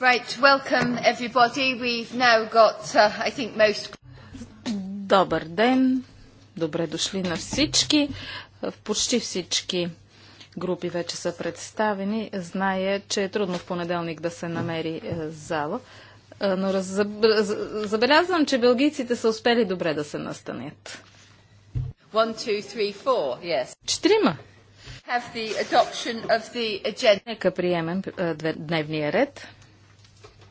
Right, welcome everybody. We've now got, uh, I think most... Добър ден! Добре дошли на всички. В почти всички групи вече са представени. Зная, че е трудно в понеделник да се намери е, зала, е, но раз... забелязвам, че белгийците са успели добре да се настанят. One, two, three, four. Yes. Четирима. Нека приемем е, дневния ред.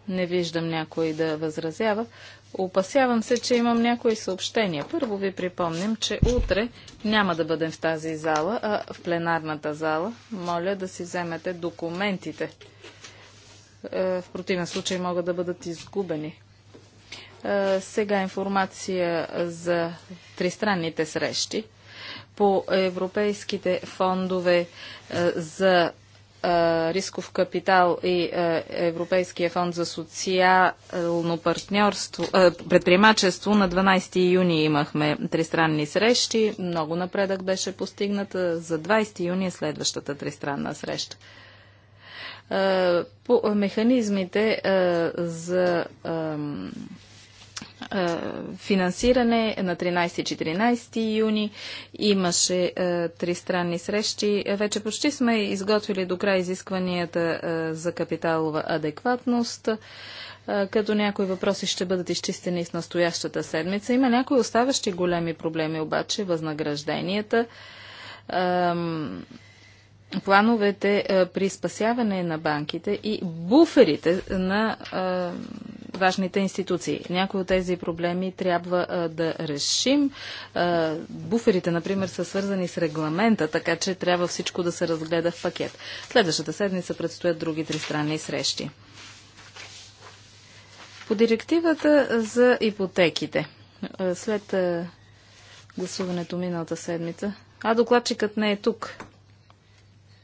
Не виждам някой да възразява. Опасявам се, че имам някои съобщения. Първо ви припомням, че утре няма да бъдем в тази зала, а в пленарната зала. Моля да си вземете документите. Е, в противен случай могат да бъдат изгубени. Е, сега информация за тристранните срещи по европейските фондове е, за рисков капитал и Европейския фонд за социално партньорство, предприемачество на 12 юни имахме тристранни срещи. Много напредък беше постигната. За 20 юни е следващата тристранна среща. По механизмите за е, финансиране на 13-14 юни. Имаше е, три странни срещи. Е, вече почти сме изготвили до край изискванията за капиталова адекватност като някои въпроси ще бъдат изчистени в настоящата седмица. Има някои оставащи големи проблеми обаче, възнагражденията, плановете при спасяване на банките и буферите на важните институции. Някои от тези проблеми трябва а, да решим. А, буферите, например, са свързани с регламента, така че трябва всичко да се разгледа в пакет. Следващата седмица предстоят други три странни срещи. По директивата за ипотеките. След гласуването миналата седмица. А докладчикът не е тук.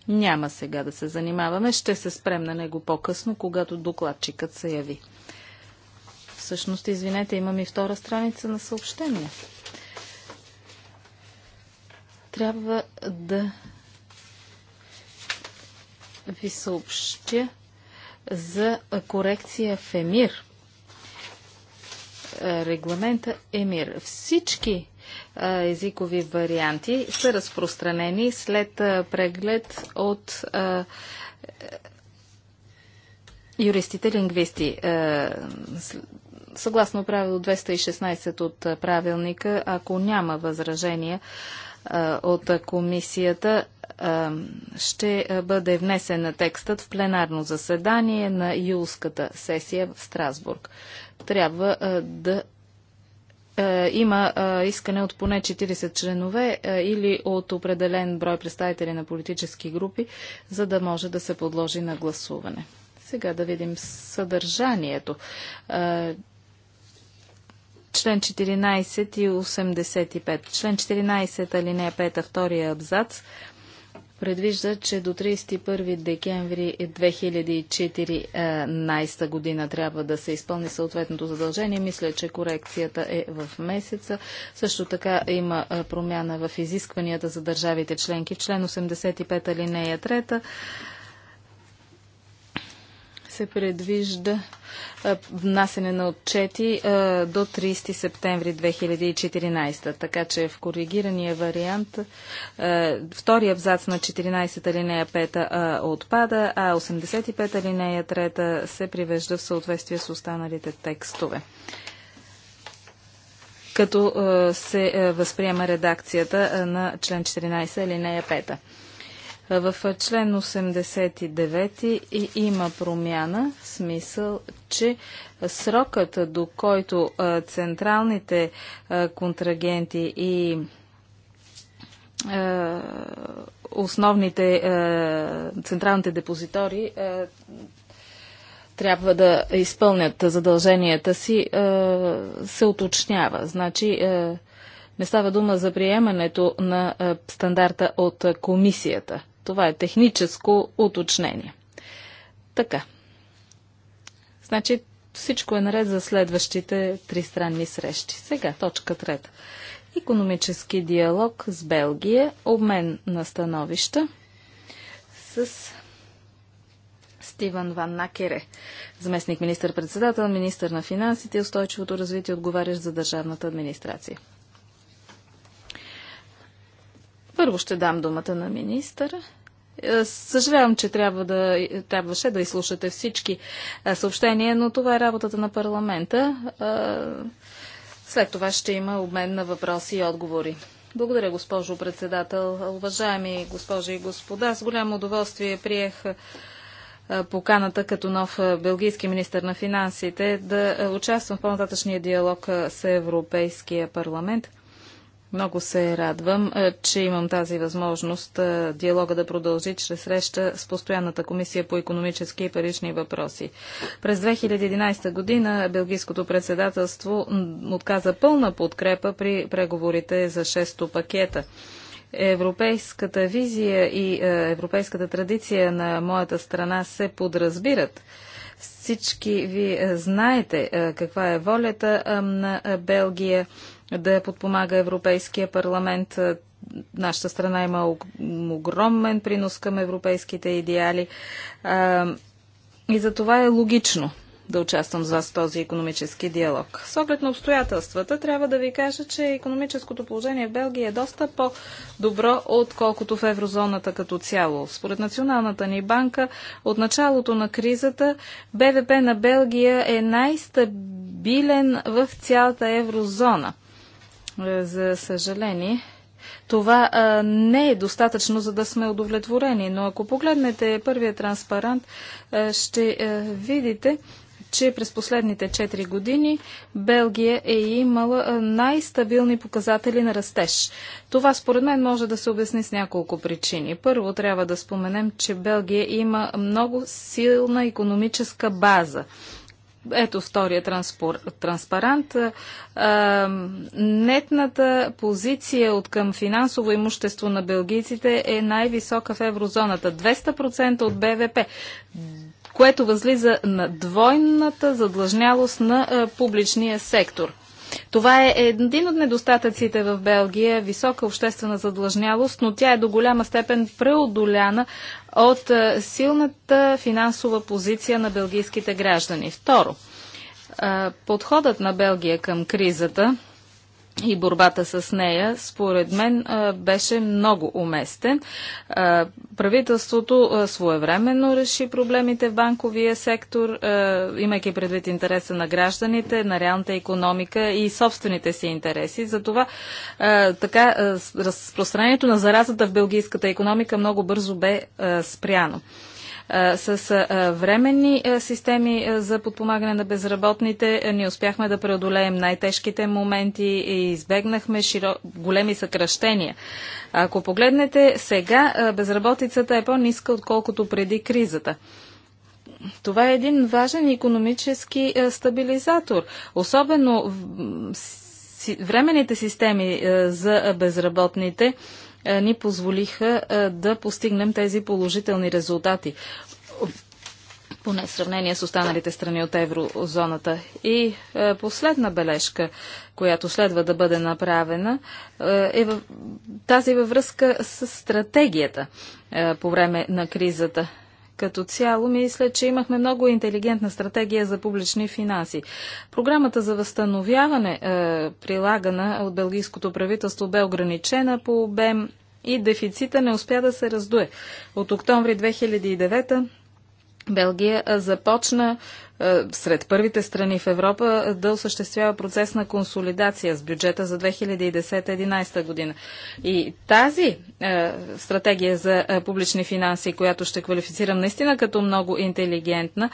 Няма сега да се занимаваме. Ще се спрем на него по-късно, когато докладчикът се яви. Всъщност, извинете, имам и втора страница на съобщение. Трябва да ви съобщя за корекция в ЕМИР. Регламента ЕМИР. Всички езикови варианти са разпространени след преглед от юристите лингвисти. Съгласно правило 216 от правилника, ако няма възражения от комисията, ще бъде внесен текстът в пленарно заседание на юлската сесия в Страсбург. Трябва да има искане от поне 40 членове или от определен брой представители на политически групи, за да може да се подложи на гласуване. Сега да видим съдържанието член 14 и 85. Член 14, алинея 5, втория абзац, предвижда, че до 31 декември 2014 година трябва да се изпълни съответното задължение. Мисля, че корекцията е в месеца. Също така има промяна в изискванията за държавите членки в член 85 алинея 3 се предвижда внасене на отчети до 30 септември 2014. Така че в коригирания вариант втори абзац на 14 линея 5 отпада, а 85 линея 3 се привежда в съответствие с останалите текстове като се възприема редакцията на член 14 линея 5. В член 89 има промяна в смисъл, че срокът до който централните контрагенти и основните централните депозитори трябва да изпълнят задълженията си, се уточнява. Значи, не става дума за приемането на стандарта от комисията. Това е техническо уточнение. Така. Значи всичко е наред за следващите три странни срещи. Сега точка трета. Економически диалог с Белгия, обмен на становища с Стиван Ван Накере, заместник министър-председател, министър на финансите и устойчивото развитие, отговарящ за държавната администрация. Първо ще дам думата на министъра е, съжалявам, че трябва да, трябваше да изслушате всички е, съобщения, но това е работата на парламента. Е, след това ще има обмен на въпроси и отговори. Благодаря, госпожо председател. Уважаеми госпожи и господа, с голямо удоволствие приех поканата като нов белгийски министр на финансите да участвам в по-нататъчния диалог с Европейския парламент. Много се радвам, е, че имам тази възможност е, диалога да продължи чрез среща с Постоянната комисия по економически и парични въпроси. През 2011 година Белгийското председателство отказа пълна подкрепа при преговорите за 6 пакета. Европейската визия и е, европейската традиция на моята страна се подразбират. Всички ви знаете каква е волята на Белгия да подпомага Европейския парламент. Е, Нашата страна има огромен принос към европейските идеали. Е, и за това е логично да участвам с вас в този економически диалог. С оглед на обстоятелствата, трябва да ви кажа, че економическото положение в Белгия е доста по-добро, отколкото в еврозоната като цяло. Според Националната ни банка, от началото на кризата, БВП на Белгия е най-стабилен в цялата еврозона – е, за съжаление, това а, не е достатъчно, за да сме удовлетворени, но ако погледнете първия транспарант, а, ще а, видите, че през последните 4 години Белгия е имала най-стабилни показатели на растеж. Това според мен може да се обясни с няколко причини. Първо трябва да споменем, че Белгия има много силна економическа база. Ето втория транспор, транспарант. Е, а, нетната позиция от към финансово имущество на белгийците е най-висока в еврозоната. 200% от БВП което възлиза на двойната задлъжнялост на а, е, публичния сектор. Това е един от недостатъците в Белгия, висока обществена задлъжнялост, но тя е до голяма степен преодоляна от е, силната финансова позиция на белгийските граждани. Второ, е, подходът на Белгия към кризата – и борбата с нея, според мен, беше много уместен. Правителството своевременно реши проблемите в банковия сектор, имайки предвид интереса на гражданите, на реалната економика и собствените си интереси. Затова така разпространението на заразата в белгийската економика много бързо бе спряно. С временни системи за подпомагане на безработните ние успяхме да преодолеем най-тежките моменти и избегнахме широ... големи съкръщения. Ако погледнете сега, безработицата е по-ниска, отколкото преди кризата. Това е един важен економически стабилизатор, особено временните системи за безработните е, ни позволиха е, да постигнем тези положителни резултати поне в сравнение с останалите страни от еврозоната. И е, последна бележка, която следва да бъде направена, е, тази във връзка с стратегията по време на кризата. Като цяло, мисля, че имахме много интелигентна стратегия за публични финанси. Програмата за възстановяване, е, прилагана от бългийското правителство, бе ограничена по обем и дефицита не успя да се раздуе. От октомври 2009 Белгия започна сред първите страни в Европа да осъществява процес на консолидация с бюджета за 2010-2011 година. И тази е, стратегия за е, публични финанси, която ще квалифицирам наистина като много интелигентна,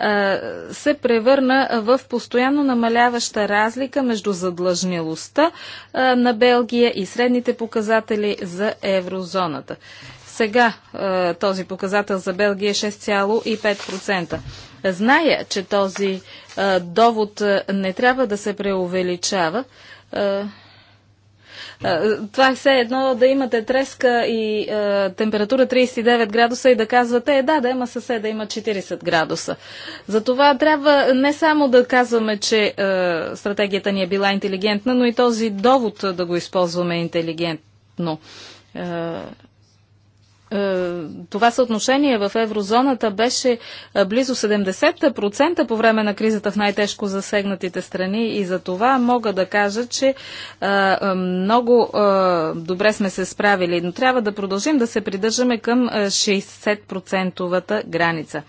е, се превърна в постоянно намаляваща разлика между задлъжнилостта е, на Белгия и средните показатели за еврозоната. Сега е, този показател за Белгия е 6,5%. Зная, че този е, довод е, не трябва да се преувеличава, това е все едно да имате треска и е, температура 39 градуса и да казвате, е да, да има съседа, има 40 градуса. Затова трябва не само да казваме, че е, стратегията ни е била интелигентна, но и този довод да го използваме интелигентно. Е, е, това съотношение в еврозоната беше е, близо 70% по време на кризата в най-тежко засегнатите страни и за това мога да кажа, че е, много добре сме се справили, но трябва да продължим да се придържаме към 60 граница.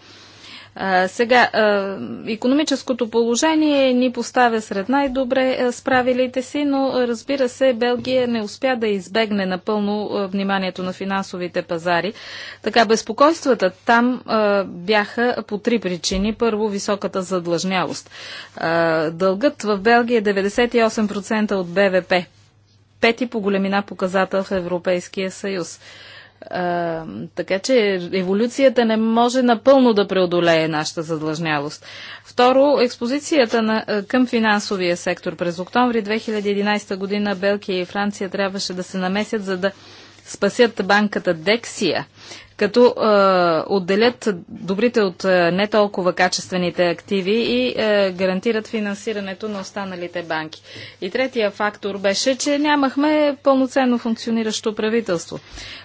А, сега, а, економическото положение ни поставя сред най-добре справилите си, но разбира се, Белгия не успя да избегне напълно вниманието на финансовите пазари. Така, безпокойствата там а, бяха по три причини. Първо, високата задлъжнявост. Дългът в Белгия е 98% от БВП пети по големина показател в Европейския съюз. А, така че еволюцията не може напълно да преодолее нашата задлъжнялост. Второ, експозицията на, към финансовия сектор. През октомври 2011 година Белгия и Франция трябваше да се намесят, за да спасят банката Дексия, като е, отделят добрите от е, не толкова качествените активи и е, гарантират финансирането на останалите банки. И третия фактор беше, че нямахме пълноценно функциониращо правителство.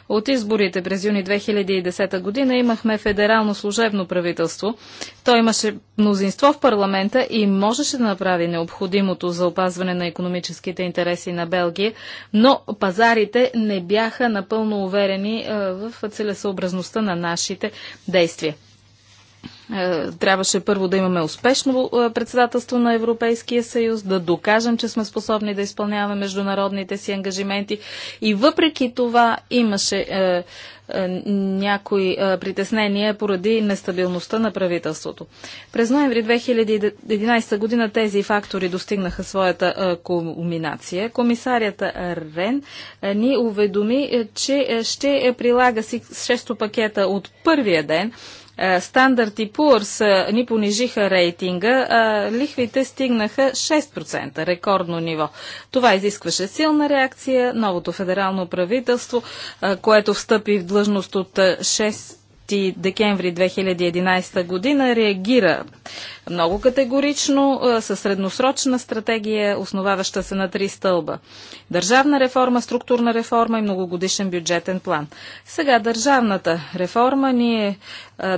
От изборите през юни 2010 година имахме федерално служебно правителство. Той имаше мнозинство в парламента и можеше да направи необходимото за опазване на економическите интереси на Белгия, но пазарите не бяха напълно уверени в целесообразността на нашите действия. Е, трябваше първо да имаме успешно е, председателство на Европейския съюз, да докажем, че сме способни да изпълняваме международните си ангажименти. И въпреки това имаше е, някои притеснения поради нестабилността на правителството. През ноември 2011 година тези фактори достигнаха своята кулминация. Комисарията Рен ни уведоми, че ще прилага си 6 пакета от първия ден Стандарт е, и Poor's е, ни понижиха рейтинга, а лихвите стигнаха 6%, рекордно ниво. Това изискваше силна реакция. Новото федерално правителство, е, което встъпи в длъжност от 6 декември 2011 година реагира много категорично със средносрочна стратегия, основаваща се на три стълба. Държавна реформа, структурна реформа и многогодишен бюджетен план. Сега държавната реформа ние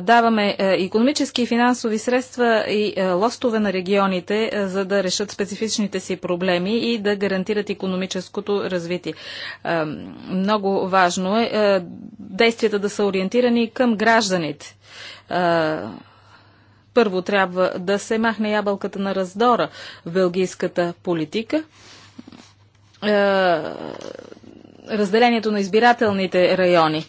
даваме економически и финансови средства и е, лостове на регионите, е, за да решат специфичните си проблеми и да гарантират економическото развитие. Е, много важно е действията да са ориентирани към гражданите първо трябва да се махне ябълката на раздора в белгийската политика. разделението на избирателните райони.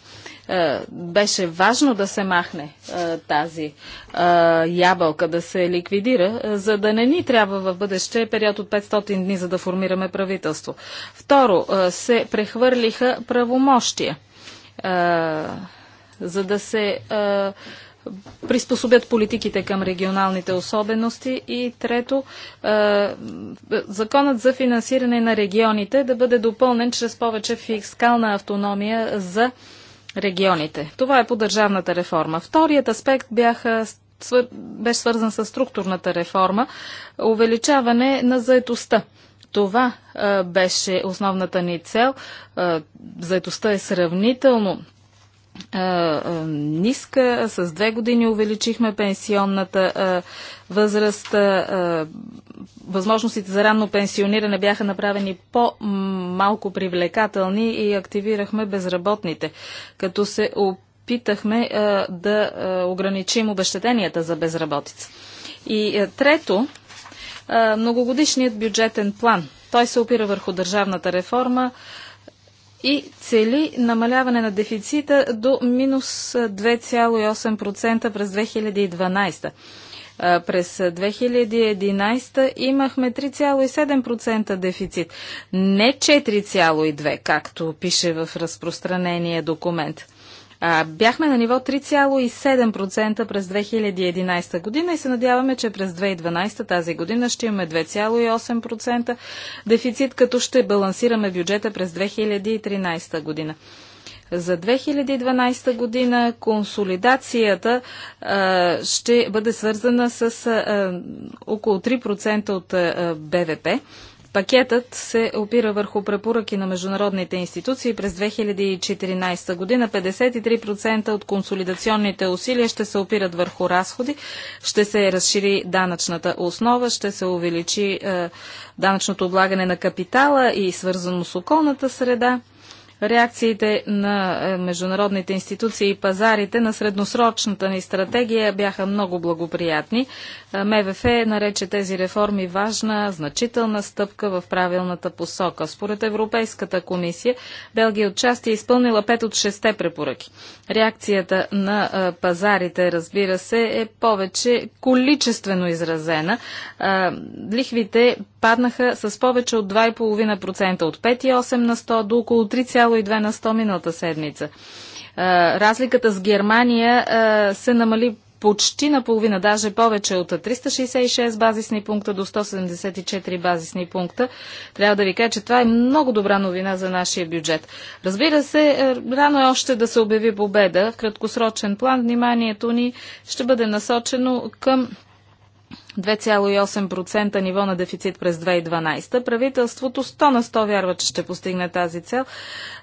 Е, беше важно да се махне е, тази е, ябълка, да се ликвидира, за да не ни трябва в бъдеще период от 500 дни, за да формираме правителство. Второ, се прехвърлиха правомощия, за да се приспособят политиките към регионалните особености и трето, законът за финансиране на регионите да бъде допълнен чрез повече фискална автономия за регионите. Това е по държавната реформа. Вторият аспект бяха беше свързан с структурната реформа, увеличаване на заетостта. Това беше основната ни цел. заетостта е сравнително ниска. С две години увеличихме пенсионната възраст. Възможностите за ранно пенсиониране бяха направени по-малко привлекателни и активирахме безработните, като се опитахме да ограничим обещетенията за безработица. И трето, многогодишният бюджетен план. Той се опира върху държавната реформа, и цели намаляване на дефицита до минус 2,8% през 2012. През 2011 имахме 3,7% дефицит, не 4,2%, както пише в разпространения документ. А, бяхме на ниво 3,7% през 2011 година и се надяваме, че през 2012 тази година ще имаме 2,8% дефицит, като ще балансираме бюджета през 2013 година. За 2012 година консолидацията а, ще бъде свързана с а, около 3% от а, БВП Пакетът се опира върху препоръки на международните институции. През 2014 година 53% от консолидационните усилия ще се опират върху разходи, ще се разшири данъчната основа, ще се увеличи е, данъчното облагане на капитала и свързано с околната среда. Реакциите на е, международните институции и пазарите на средносрочната ни стратегия бяха много благоприятни. Е, МВФ нарече тези реформи важна, значителна стъпка в правилната посока. Според Европейската комисия, Белгия отчасти е изпълнила 5 от 6 препоръки. Реакцията на е, пазарите, разбира се, е повече количествено изразена. Лихвите паднаха с повече от 2,5% от 5,8 на 100 до около 3,2 на 100 миналата седмица. Разликата с Германия се намали почти наполовина, даже повече от 366 базисни пункта до 174 базисни пункта. Трябва да ви кажа, че това е много добра новина за нашия бюджет. Разбира се, е, рано е още да се обяви победа. В краткосрочен план вниманието ни ще бъде насочено към 2,8% ниво на дефицит през 2012. Правителството 100 на 100 вярва, че ще постигне тази цел.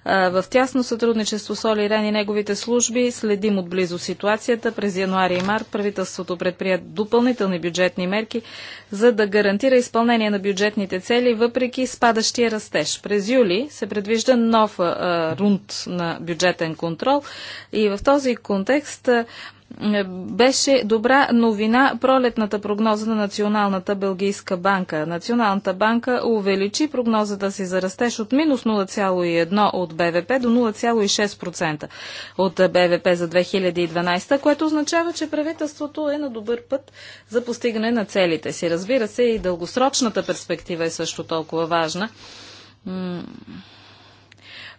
В тясно сътрудничество с Оли Рен и неговите служби следим отблизо ситуацията. През януари и март правителството предприят допълнителни бюджетни мерки, за да гарантира изпълнение на бюджетните цели, въпреки спадащия растеж. През юли се предвижда нов рунд на бюджетен контрол и в този контекст е, беше добра новина пролетната прогноза на Националната Белгийска банка. Националната банка увеличи прогнозата си за растеж от минус 0,1 от БВП до 0,6% от БВП за 2012, което означава, че правителството е на добър път за постигане на целите си. Разбира се, и дългосрочната перспектива е също толкова важна.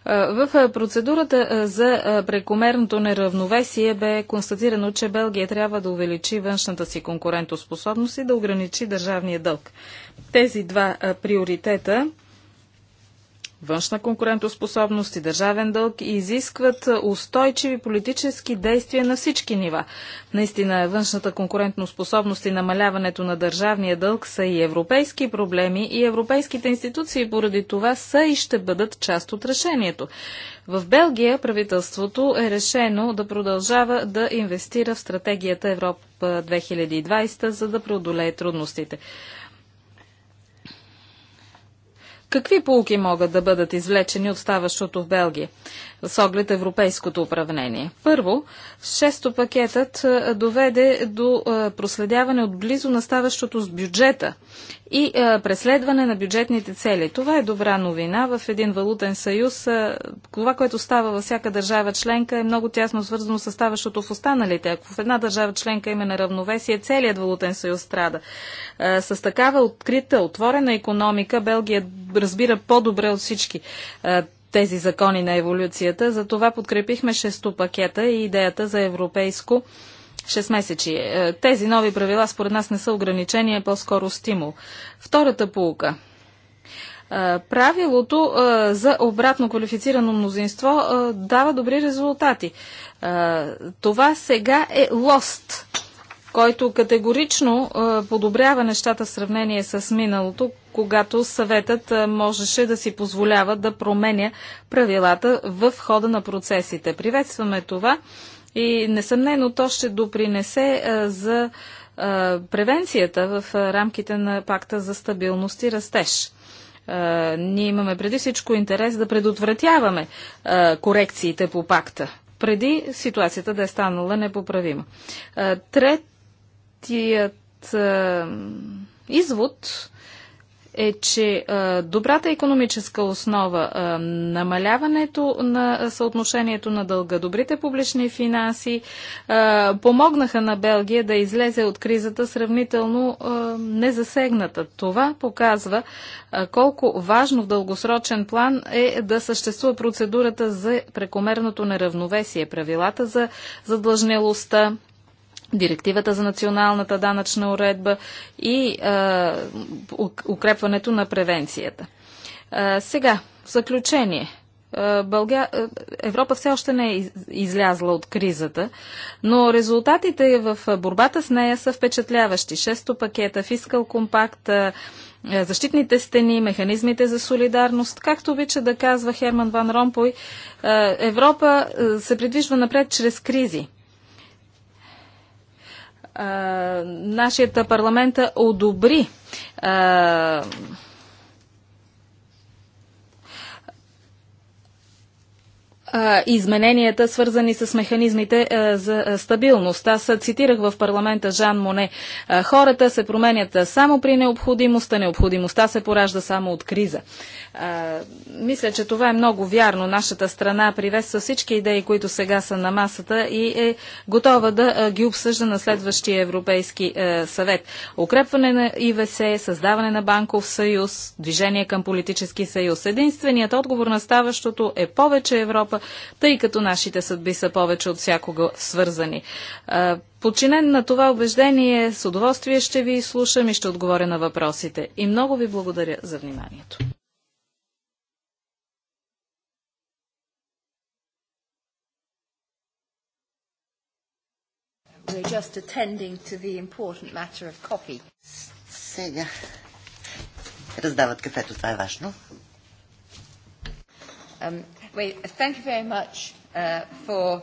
Е, в е, процедурата е, за прекомерното неравновесие бе констатирано, че Белгия трябва да увеличи външната си конкурентоспособност и да ограничи държавния дълг. Тези два приоритета външна конкурентоспособност и държавен дълг и изискват устойчиви политически действия на всички нива. Наистина, външната конкурентоспособност и намаляването на държавния дълг са и европейски проблеми и европейските институции поради това са и ще бъдат част от решението. В Белгия правителството е решено да продължава да инвестира в стратегията Европа 2020, за да преодолее трудностите. Какви полки могат да бъдат извлечени от ставащото в Белгия? с оглед европейското управление. Първо, шесто пакетът доведе до проследяване от близо наставащото с бюджета и преследване на бюджетните цели. Това е добра новина в един валутен съюз. Това, което става във всяка държава членка е много тясно свързано с ставащото в останалите. Ако в една държава членка има неравновесие, целият валутен съюз страда. С такава открита, отворена економика Белгия разбира по-добре от всички тези закони на еволюцията. Затова подкрепихме шесто пакета и идеята за европейско 6 месечи. Е, тези нови правила според нас не са ограничения, по-скоро стимул. Втората полука. Е, правилото е, за обратно квалифицирано мнозинство дава добри резултати. Това сега е лост, който категорично подобрява нещата в сравнение с миналото, когато съветът можеше да си позволява да променя правилата в хода на процесите. Приветстваме това и несъмнено то ще допринесе за превенцията в рамките на пакта за стабилност и растеж ние имаме преди всичко интерес да предотвратяваме корекциите по пакта, преди ситуацията да е станала непоправима. третият извод е, че добрата економическа основа, намаляването на съотношението на дълга, добрите публични финанси помогнаха на Белгия да излезе от кризата сравнително незасегната. Това показва колко важно в дългосрочен план е да съществува процедурата за прекомерното неравновесие, правилата за задлъжнелостта, директивата за националната данъчна уредба и а, укрепването на превенцията. А, сега, в заключение. Бълга... Европа все още не е излязла от кризата, но резултатите в борбата с нея са впечатляващи. Шесто пакета, фискал компакт, защитните стени, механизмите за солидарност. Както обича да казва Херман Ван Ромпой, Европа се придвижва напред чрез кризи нашият парламент одобри измененията, свързани с механизмите за стабилност. Аз цитирах в парламента Жан Моне. хората се променят само при необходимост, а необходимостта се поражда само от криза. мисля, че това е много вярно. Нашата страна приветства всички идеи, които сега са на масата и е готова да ги обсъжда на следващия Европейски съвет. Укрепване на ИВС, създаване на банков съюз, движение към политически съюз. Единственият отговор на ставащото е повече Европа, тъй като нашите съдби са повече от всякога свързани. Подчинен на това убеждение, с удоволствие ще ви слушам и ще отговоря на въпросите. И много ви благодаря за вниманието. We're just attending to the important matter of coffee. Сега. Раздават кафето, това е важно. Um, thank you very much uh, for...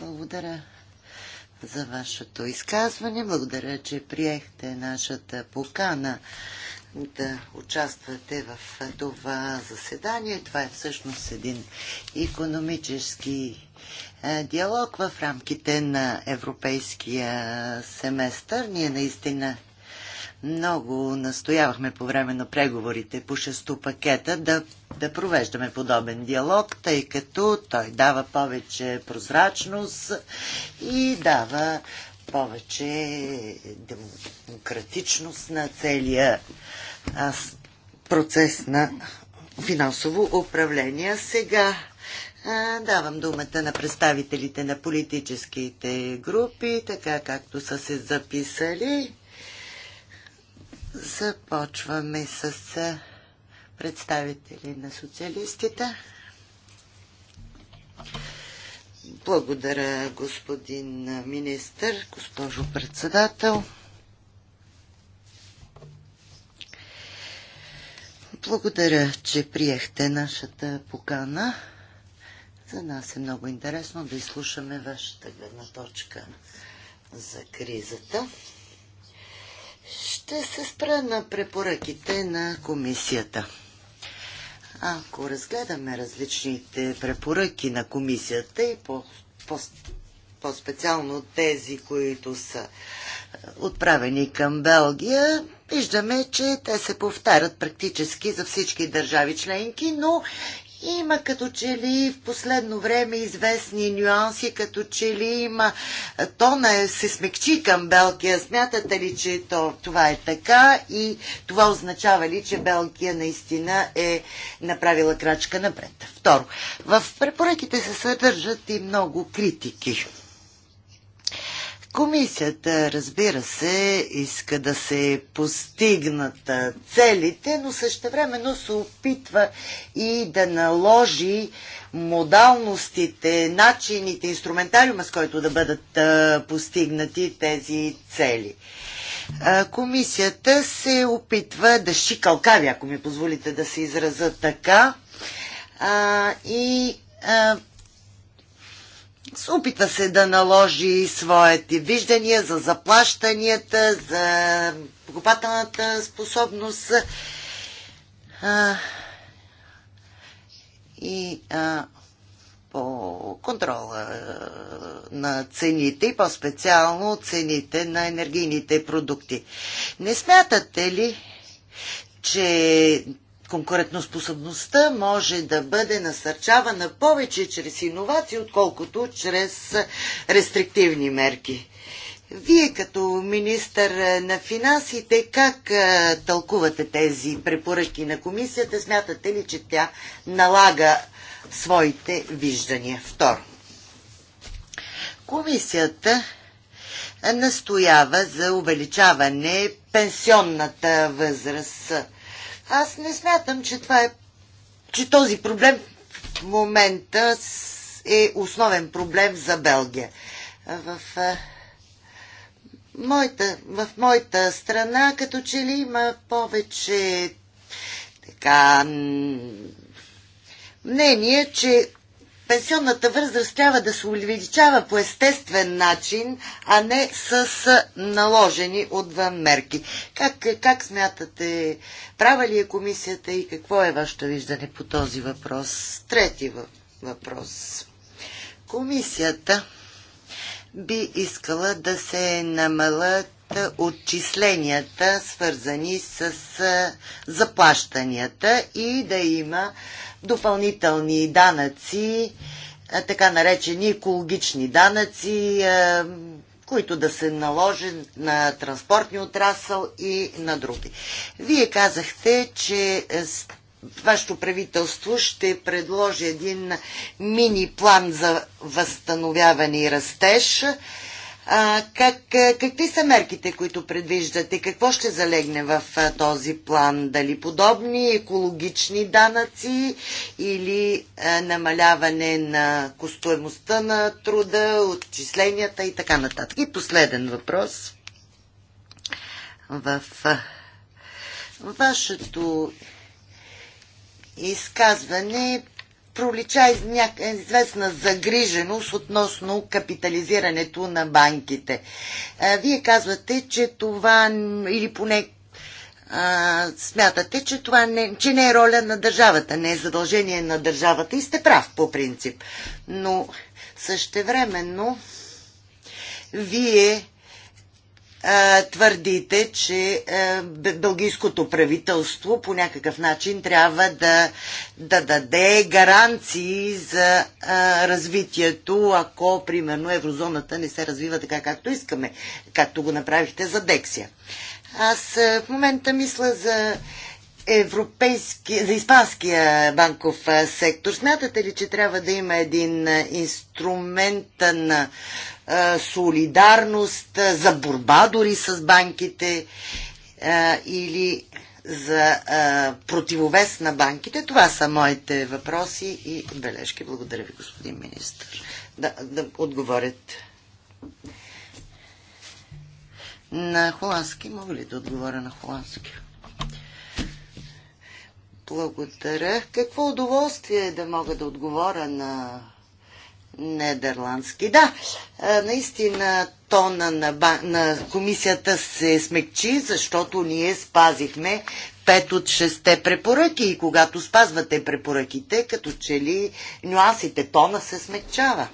Благодаря за вашето изказване. Благодаря, че приехте нашата покана да участвате в това заседание. Това е всъщност един економически е, диалог в рамките на европейския семестър. Ние наистина много настоявахме по време на преговорите по шесто пакета да, да провеждаме подобен диалог, тъй като той дава повече прозрачност и дава повече демократичност на целия процес на финансово управление. Сега Давам думата на представителите на политическите групи, така както са се записали. Започваме с представители на социалистите. Благодаря, господин министър, госпожо председател. Благодаря, че приехте нашата покана. За нас е много интересно да изслушаме вашата гледна точка за кризата. Ще се спра на препоръките на комисията. Ако разгледаме различните препоръки на комисията и по, по, по-специално тези, които са е, отправени към Белгия, виждаме, че те се повтарят практически за всички държави членки, но има като че ли в последно време известни нюанси, като че ли има е, тона е, се смекчи към Белгия. Смятате ли, че то, това е така и това означава ли, че Белгия наистина е направила крачка напред? Второ, в препоръките се съдържат и много критики Комисията, разбира се, иска да се постигнат целите, но същевременно се опитва и да наложи модалностите, начините, инструментариума, с който да бъдат постигнати тези цели. комисията се опитва да шикалкави, ако ми позволите да се израза така, и опита се да наложи своите виждания за заплащанията, за покупателната способност а, и а, по контрола на цените и по-специално цените на енергийните продукти. Не смятате ли, че конкурентоспособността може да бъде насърчавана повече чрез иновации, отколкото чрез рестриктивни мерки. Вие като министър на финансите, как тълкувате тези препоръки на комисията? Смятате ли, че тя налага своите виждания? Второ. Комисията настоява за увеличаване пенсионната възраст аз не смятам, че това е че този проблем в момента е основен проблем за Белгия. В моята, в моята страна като че ли има повече така мнение, че пенсионната възраст трябва да се увеличава по естествен начин, а не с наложени отвън мерки. Как, как смятате, права ли е комисията и какво е вашето виждане по този въпрос? Трети въпрос. Комисията би искала да се намалят отчисленията, свързани с заплащанията и да има допълнителни данъци, така наречени екологични данъци, които да се наложи на транспортни отрасъл и на други. Вие казахте, че вашето правителство ще предложи един мини план за възстановяване и растеж. А, как, какви са мерките, които предвиждате? Какво ще залегне в този план? Дали подобни екологични данъци или а, намаляване на костоемостта на труда, отчисленията и така нататък? И последен въпрос. В вашето изказване пролича известна загриженост относно капитализирането на банките. Вие казвате, че това, или поне смятате, че това не, че не е роля на държавата, не е задължение на държавата и сте прав по принцип. Но същевременно вие твърдите, че бългийското правителство по някакъв начин трябва да, да даде гаранции за развитието, ако, примерно, еврозоната не се развива така, както искаме, както го направихте за Дексия. Аз в момента мисля за европейски, за испанския банков сектор. Смятате ли, че трябва да има един инструмент на солидарност, за борба дори с банките или за противовес на банките. Това са моите въпроси и бележки. Благодаря ви, господин министр. Да, да отговорят. На холандски. Мога ли да отговоря на холандски? Благодаря. Какво удоволствие е да мога да отговоря на Нидерландски. Да, е, наистина тона на, ба... на комисията се смекчи, защото ние спазихме пет от шесте препоръки и когато спазвате препоръките, като че ли нюансите, тона се смекчава.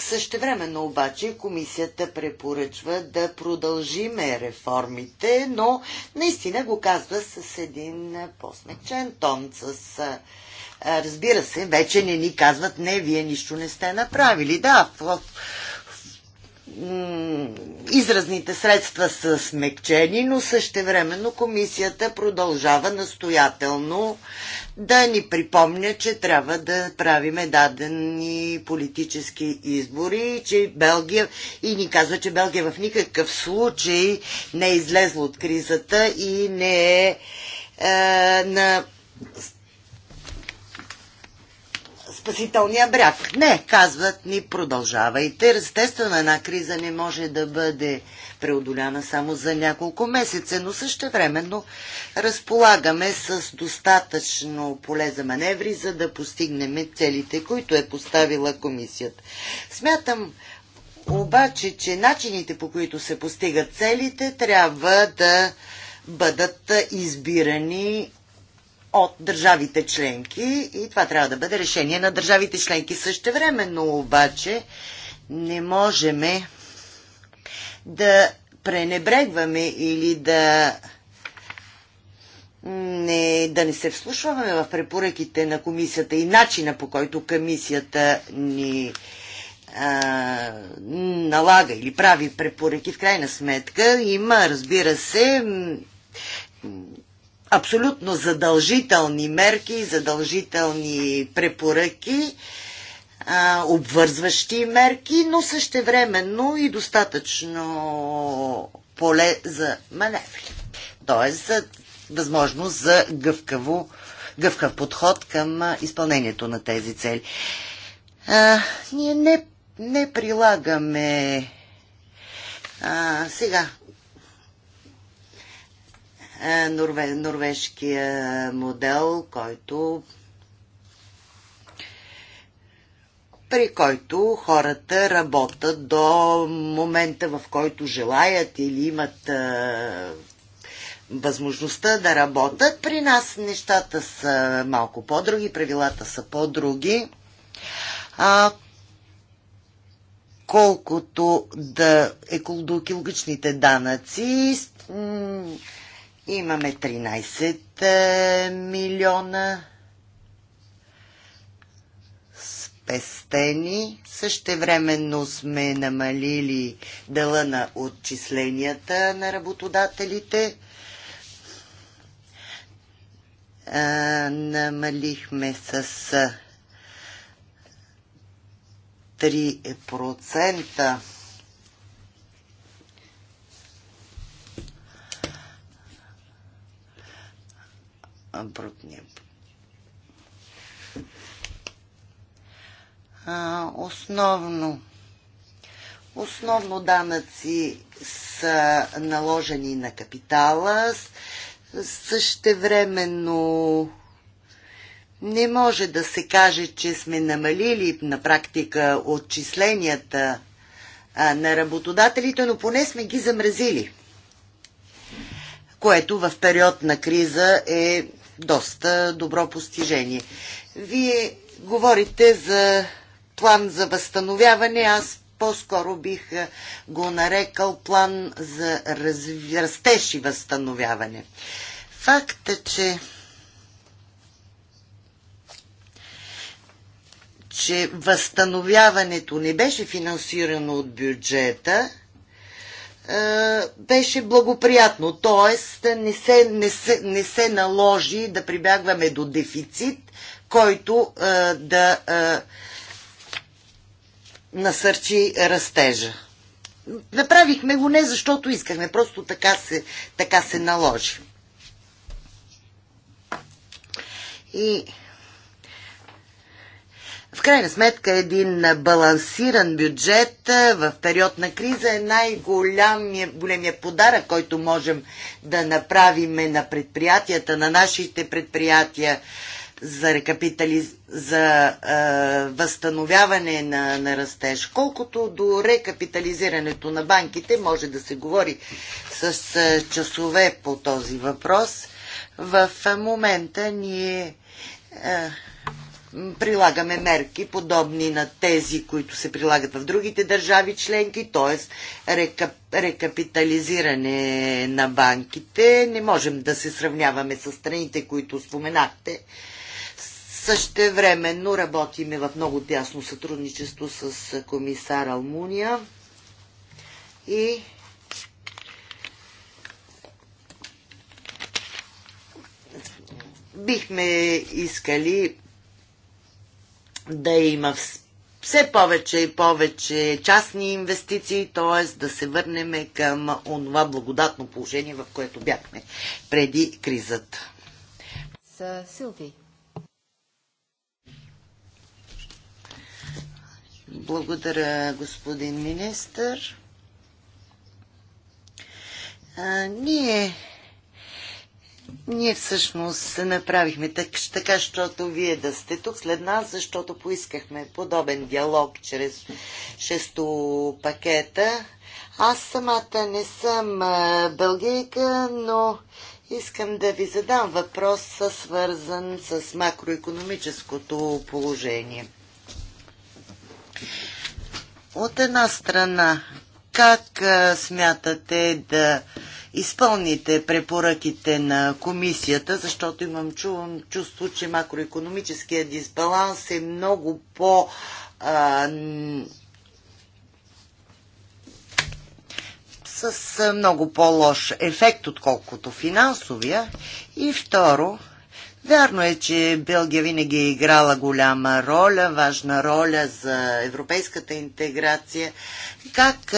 Същевременно обаче комисията препоръчва да продължиме реформите, но наистина го казва с един по-смекчен тон, с е, разбира се, вече не ни казват, не, вие нищо не сте направили. Да, в, в, изразните средства са смекчени, но същевременно комисията продължава настоятелно да ни припомня, че трябва да правиме дадени политически избори, че Белгия и ни казва, че Белгия в никакъв случай не е излезла от кризата и не е, е на спасителния бряг. Не, казват ни, продължавайте. Естествено, една криза не може да бъде преодоляна само за няколко месеца, но същевременно разполагаме с достатъчно поле за маневри, за да постигнем целите, които е поставила комисията. Смятам, обаче, че начините по които се постигат целите трябва да бъдат избирани от държавите членки и това трябва да бъде решение на държавите членки. Същевременно обаче не можем да пренебрегваме или да не, да не се вслушваме в препоръките на комисията и начина по който комисията ни а, налага или прави препоръки. В крайна сметка има, разбира се, абсолютно задължителни мерки, задължителни препоръки, а, обвързващи мерки, но същевременно и достатъчно поле за маневри. Тоест, за възможност за гъвкаво, гъвкав подход към изпълнението на тези цели. А, ние не, не прилагаме а, сега е, норвежкия модел, който при който хората работят до момента, в който желаят или имат а, е, възможността да работят. При нас нещата са малко по-други, правилата са по-други. А, колкото да екологичните данъци, Имаме 13 е, милиона спестени. Същевременно сме намалили дела на отчисленията на работодателите. Е, намалихме с 3% е, брутния. А, основно Основно данъци са наложени на капитала. Същевременно не може да се каже, че сме намалили на практика отчисленията на работодателите, но поне сме ги замразили, което в период на криза е доста добро постижение. Вие говорите за план за възстановяване, аз по-скоро бих го нарекал план за разви... растеж и възстановяване. Факта, е, че че възстановяването не беше финансирано от бюджета, е, беше благоприятно, т.е. Не се, не, се, не се наложи да прибягваме до дефицит, който а, е, да а, е, насърчи растежа. Направихме го не защото искахме, просто така се, така се наложи. И в крайна сметка един балансиран бюджет в период на криза е най-големия подарък, който можем да направим на предприятията, на нашите предприятия за, рекапитализ... за е, възстановяване на, на растеж. Колкото до рекапитализирането на банките, може да се говори с е, часове по този въпрос. В е, момента ние е, прилагаме мерки, подобни на тези, които се прилагат в другите държави членки, т.е. Рекап, рекапитализиране на банките. Не можем да се сравняваме с страните, които споменахте. Същевременно работиме в много тясно сътрудничество с комисар Алмуния и бихме искали да има все повече и повече частни инвестиции, т.е. да се върнем към онова благодатно положение, в което бяхме преди кризата. Силви. Благодаря, господин министър. А, ние ние всъщност направихме така, защото вие да сте тук след нас, защото поискахме подобен диалог чрез шесто пакета. Аз самата не съм бългейка, но искам да ви задам въпрос, свързан с макроекономическото положение. От една страна как смятате да изпълните препоръките на комисията, защото имам чувам чувство, че макроекономическия дисбаланс е много по а, с много по-лош ефект, отколкото финансовия. И второ, Вярно е, че Белгия винаги е играла голяма роля, важна роля за европейската интеграция. Как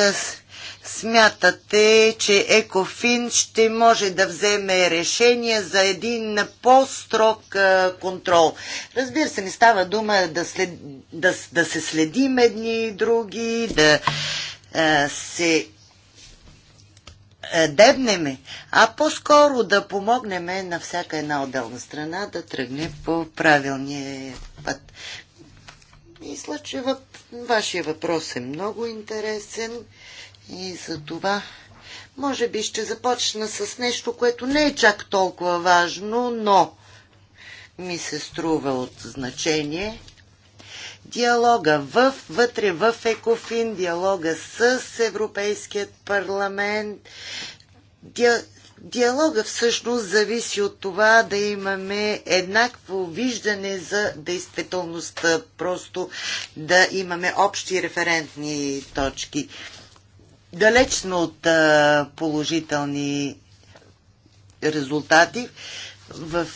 смятате, че Екофин ще може да вземе решение за един по-строг контрол? Разбира се, не става дума да, след, да, да се следим едни и други, да се е, дебнеме, а по-скоро да помогнем на всяка една отделна страна да тръгне по правилния път. Мисля, че въп... вашия въпрос е много интересен и за това може би ще започна с нещо, което не е чак толкова важно, но ми се струва от значение диалога в, вътре в Екофин, диалога с Европейският парламент. Диалога всъщност зависи от това да имаме еднакво виждане за действителността, просто да имаме общи референтни точки. Далечно от положителни резултати в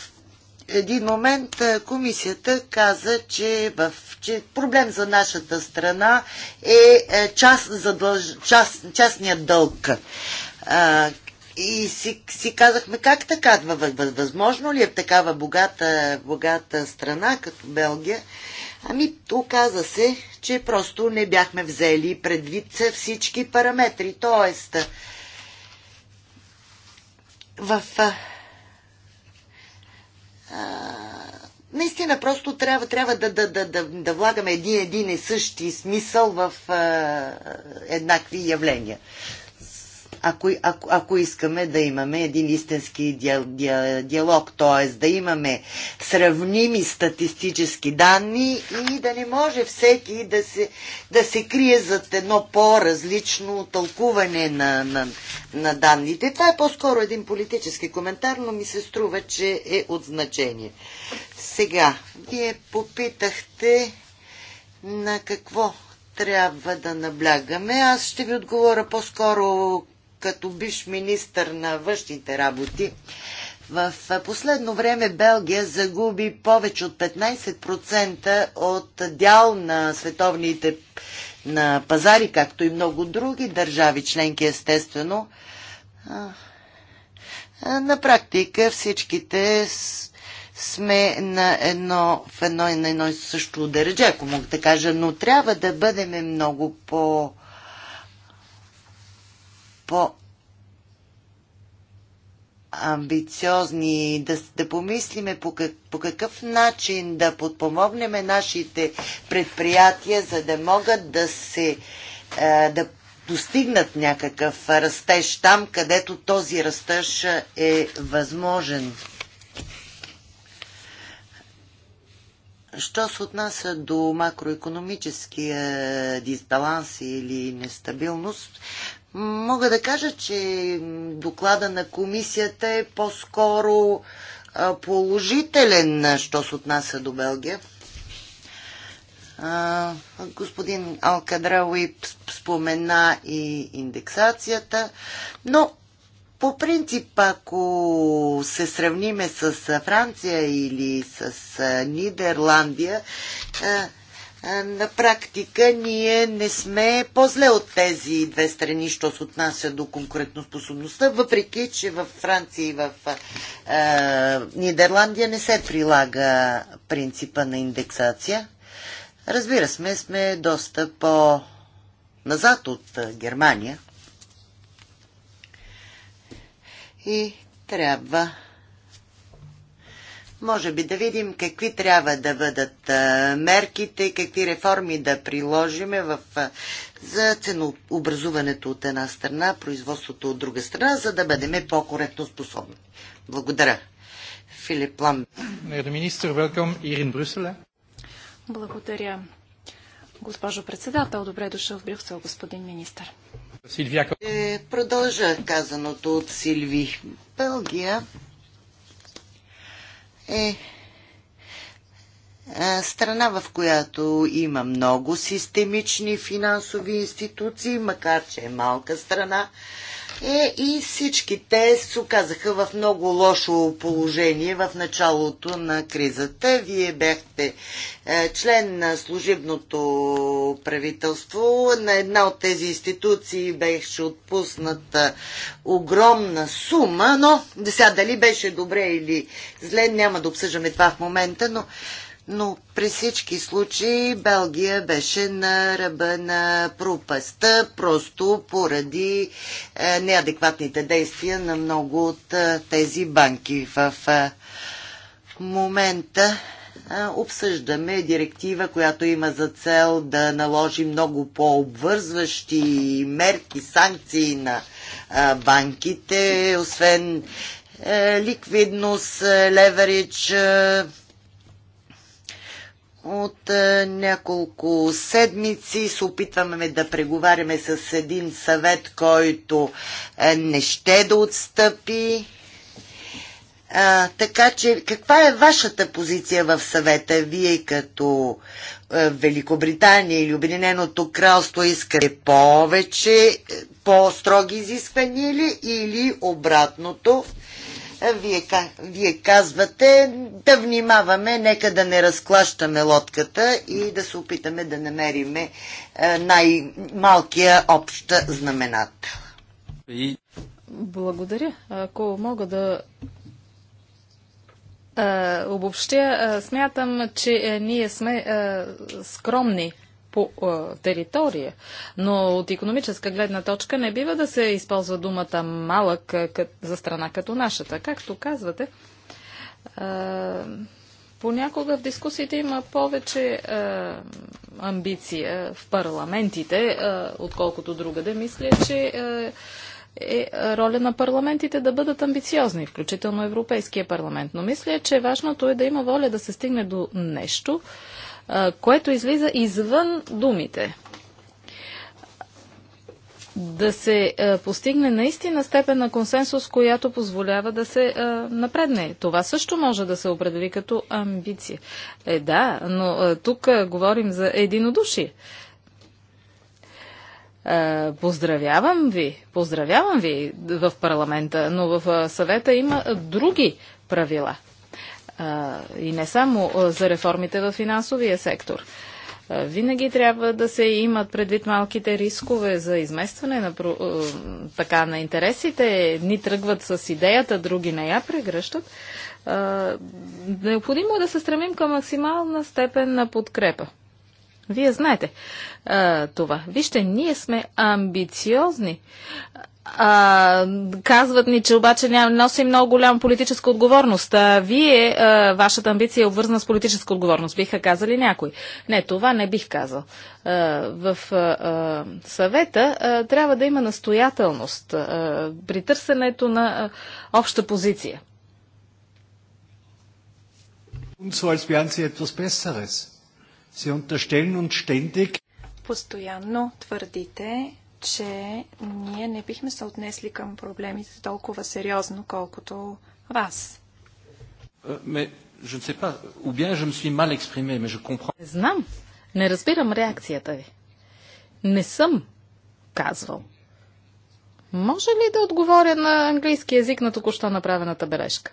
един момент комисията каза, че, в, че проблем за нашата страна е, е част, задълж, част, частният дълг. А, и си, си казахме как така, възможно ли е в такава богата, богата страна като Белгия? Ами, оказа се, че просто не бяхме взели предвид всички параметри. Тоест, в а, наистина, просто трябва, трябва да, да, да, да, да влагаме един, един и същи смисъл в а, еднакви явления ако, ако, ако искаме да имаме един истински диалог, т.е. да имаме сравними статистически данни и да не може всеки да се, да се крие зад едно по-различно тълкуване на, на, на данните. Това е по-скоро един политически коментар, но ми се струва, че е от значение. Сега, вие попитахте на какво трябва да наблягаме. Аз ще ви отговоря по-скоро като биш министър на външните работи, в последно време Белгия загуби повече от 15% от дял на световните на пазари, както и много други държави членки, естествено. На практика всичките сме на едно, в едно и на едно и също държе, ако мога да кажа, но трябва да бъдем много по- по амбициозни, да, да помислиме по, как, по какъв начин да подпомогнем нашите предприятия, за да могат да се е, да достигнат някакъв растеж там, където този растеж е възможен. Що се отнася до макроекономическия дисбаланс или нестабилност, Мога да кажа, че доклада на комисията е по-скоро положителен, що се отнася до Белгия. Господин Алкадрауи спомена и индексацията, но по принцип, ако се сравниме с Франция или с Нидерландия, на практика ние не сме по-зле от тези две страни, що се отнася до конкурентоспособността, въпреки, че в Франция и в е, Нидерландия не се прилага принципа на индексация. Разбира сме, сме доста по-назад от Германия. И трябва може би да видим какви трябва да бъдат мерките, какви реформи да приложиме в, за ценообразуването от една страна, производството от друга страна, за да бъдем по-коректно способни. Благодаря. Филип Лам. Министр, велкам Ирин Брюселе. Благодаря. Госпожо председател, добре дошъл в Брюксел, господин министър. Силвия. Е, продължа казаното от Силви. Белгия е страна, в която има много системични финансови институции, макар че е малка страна, е, и всички те се оказаха в много лошо положение в началото на кризата. Вие бяхте е, член на служебното правителство. На една от тези институции беше отпусната огромна сума, но сега дали беше добре или зле, няма да обсъждаме това в момента, но но при всички случаи Белгия беше на ръба на пропаста, просто поради е, неадекватните действия на много от е, тези банки. В е, момента обсъждаме директива, която има за цел да наложи много по-обвързващи мерки, санкции на банките, освен ликвидност, леверидж, от е, няколко седмици се опитваме да преговаряме с един съвет, който е, не ще да отстъпи. А, така че, каква е вашата позиция в съвета? Вие като е, Великобритания или Обединеното кралство искате повече, е, по-строги изисквания или, или обратното? Вие, вие казвате да внимаваме, нека да не разклащаме лодката и да се опитаме да намериме най-малкия общ знаменател. Благодаря. Ако мога да е, обобщя, е, смятам, че е, ние сме скромни по а, територия. Но от економическа гледна точка не бива да се използва думата малък а, кът, за страна като нашата. Както казвате, а, понякога в дискусиите има повече а, амбиция в парламентите, а, отколкото да Мисля, че а, е роля на парламентите да бъдат амбициозни, включително Европейския парламент. Но мисля, че важното е да има воля да се стигне до нещо, което излиза извън думите. Да се постигне наистина степен на консенсус, която позволява да се напредне. Това също може да се определи като амбиция. Е да, но тук говорим за единодушие. Поздравявам ви, поздравявам ви в парламента, но в съвета има други правила и не само за реформите в финансовия сектор. Винаги трябва да се имат предвид малките рискове за изместване на, така, на интересите. Едни тръгват с идеята, други не я прегръщат. Необходимо е да се стремим към максимална степен на подкрепа. Вие знаете това. Вижте, ние сме амбициозни. А, казват ни, че обаче носи много голяма политическа отговорност. А, вие, а, вашата амбиция е обвързана с политическа отговорност, биха казали някой. Не, това не бих казал. А, в а, съвета а, трябва да има настоятелност а, при търсенето на а, обща позиция. Постоянно твърдите, че ние не бихме се отнесли към проблемите толкова сериозно, колкото вас. Е, не Знам, не разбирам реакцията ви. Не съм казвал. Може ли да отговоря на английски язик на току-що направената бележка?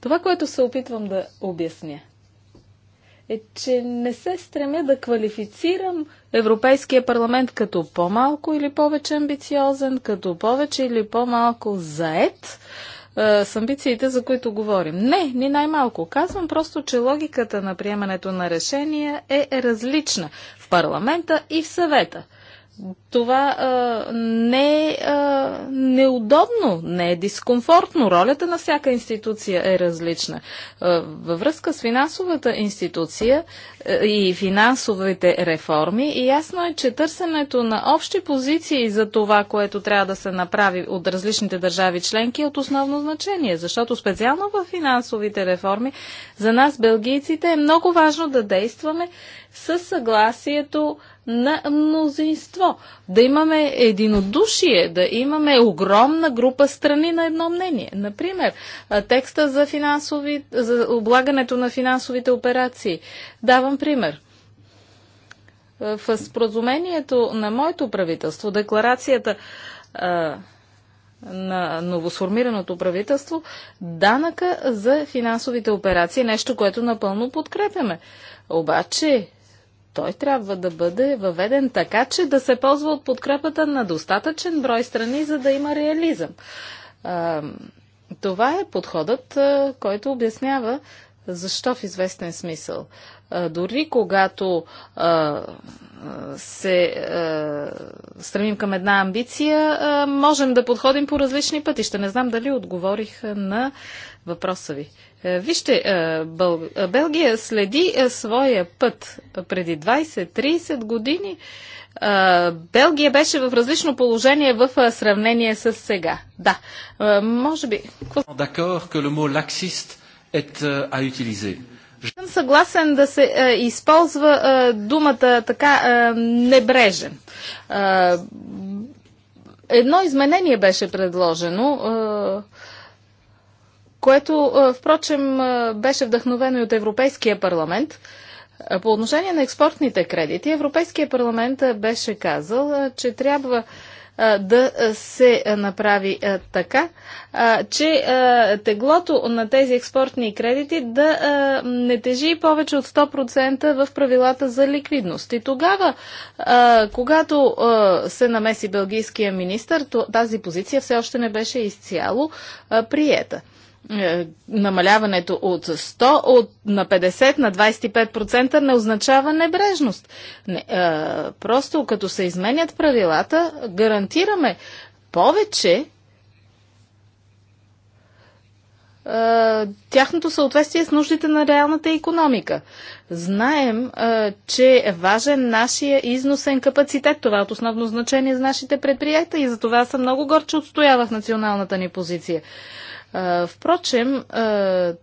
Това, което се опитвам да обясня, е, че не се стремя да квалифицирам Европейския парламент като по-малко или повече амбициозен, като повече или по-малко заед е, с амбициите, за които говорим. Не, ни най-малко. Казвам просто, че логиката на приемането на решения е различна в парламента и в съвета. Това а, не е а, неудобно, не е дискомфортно. Ролята на всяка институция е различна. А, във връзка с финансовата институция а, и финансовите реформи, и ясно е, че търсенето на общи позиции за това, което трябва да се направи от различните държави членки е от основно значение, защото специално в финансовите реформи за нас, белгийците, е много важно да действаме със съгласието на мнозинство. Да имаме единодушие, да имаме огромна група страни на едно мнение. Например, текста за, финансови, за облагането на финансовите операции. Давам пример. В споразумението на моето правителство, декларацията на новосформираното правителство данъка за финансовите операции, е нещо, което напълно подкрепяме. Обаче той трябва да бъде въведен така, че да се ползва от подкрепата на достатъчен брой страни, за да има реализъм. А, това е подходът, а, който обяснява защо в известен смисъл. А, дори когато а, се а, стремим към една амбиция, а, можем да подходим по различни пътища. Не знам дали отговорих на въпроса ви. Е, вижте, е, е, Белгия следи своя път. Преди 20-30 години Белгия беше в различно положение в сравнение с сега. Да, може би... Съм съгласен да се използва думата така небрежен. едно изменение беше предложено което, впрочем, беше вдъхновено и от Европейския парламент. По отношение на експортните кредити, Европейския парламент беше казал, че трябва да се направи така, че теглото на тези експортни кредити да не тежи повече от 100% в правилата за ликвидност. И тогава, когато се намеси бългийския министр, тази позиция все още не беше изцяло приета. Е, намаляването от 100 от, на 50 на 25% не означава небрежност. Не, е, просто като се изменят правилата, гарантираме повече е, тяхното съответствие с нуждите на реалната економика. Знаем, е, че е важен нашия износен капацитет. Това е от основно значение за нашите предприятия и за това съм много горче отстоявах националната ни позиция. Впрочем,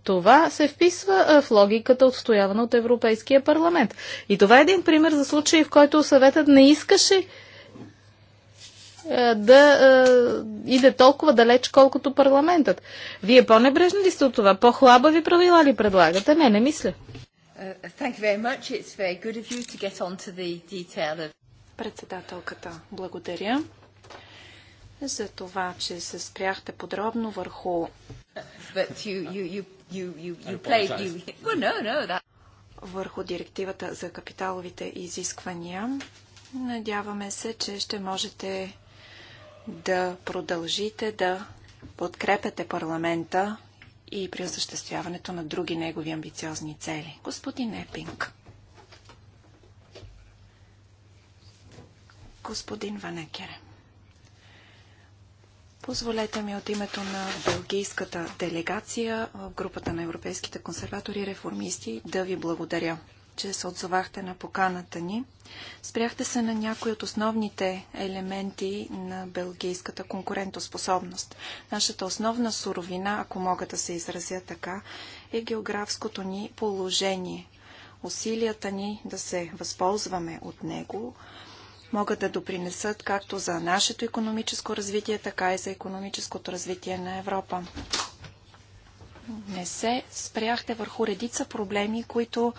това се вписва в логиката отстоявана от Европейския парламент. И това е един пример за случай, в който съветът не искаше да е, иде толкова далеч, колкото парламентът. Вие по-небрежни ли сте от това? По-хлабави правила ли предлагате? Не, не мисля. Uh, Председателката, благодаря за това, че се спряхте подробно върху... върху директивата за капиталовите изисквания. Надяваме се, че ще можете да продължите да подкрепяте парламента и при осъществяването на други негови амбициозни цели. Господин Епинг. Господин Ванекере. Позволете ми от името на бългийската делегация в групата на европейските консерватори и реформисти да ви благодаря, че се отзовахте на поканата ни. Спряхте се на някои от основните елементи на бългийската конкурентоспособност. Нашата основна суровина, ако мога да се изразя така, е географското ни положение. Усилията ни да се възползваме от него – могат да допринесат както за нашето економическо развитие, така и за економическото развитие на Европа. Не се спряхте върху редица проблеми, които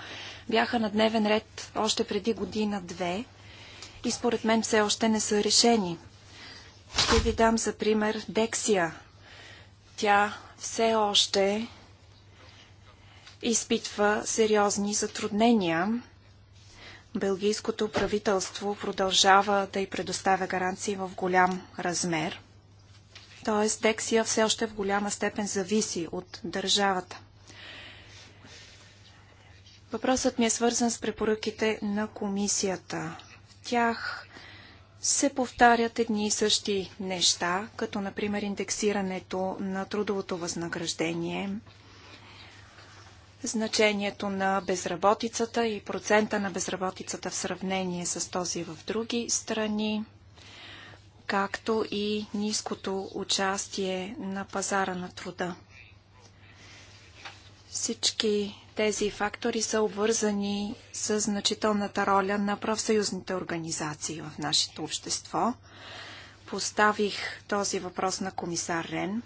бяха на дневен ред още преди година-две и според мен все още не са решени. Ще ви дам за пример Дексия. Тя все още изпитва сериозни затруднения Белгийското правителство продължава да й предоставя гаранции в голям размер. Тоест, Дексия все още в голяма степен зависи от държавата. Въпросът ми е свързан с препоръките на комисията. В тях се повтарят едни и същи неща, като например индексирането на трудовото възнаграждение, значението на безработицата и процента на безработицата в сравнение с този в други страни, както и ниското участие на пазара на труда. Всички тези фактори са обвързани с значителната роля на профсъюзните организации в нашето общество. Поставих този въпрос на комисар Рен,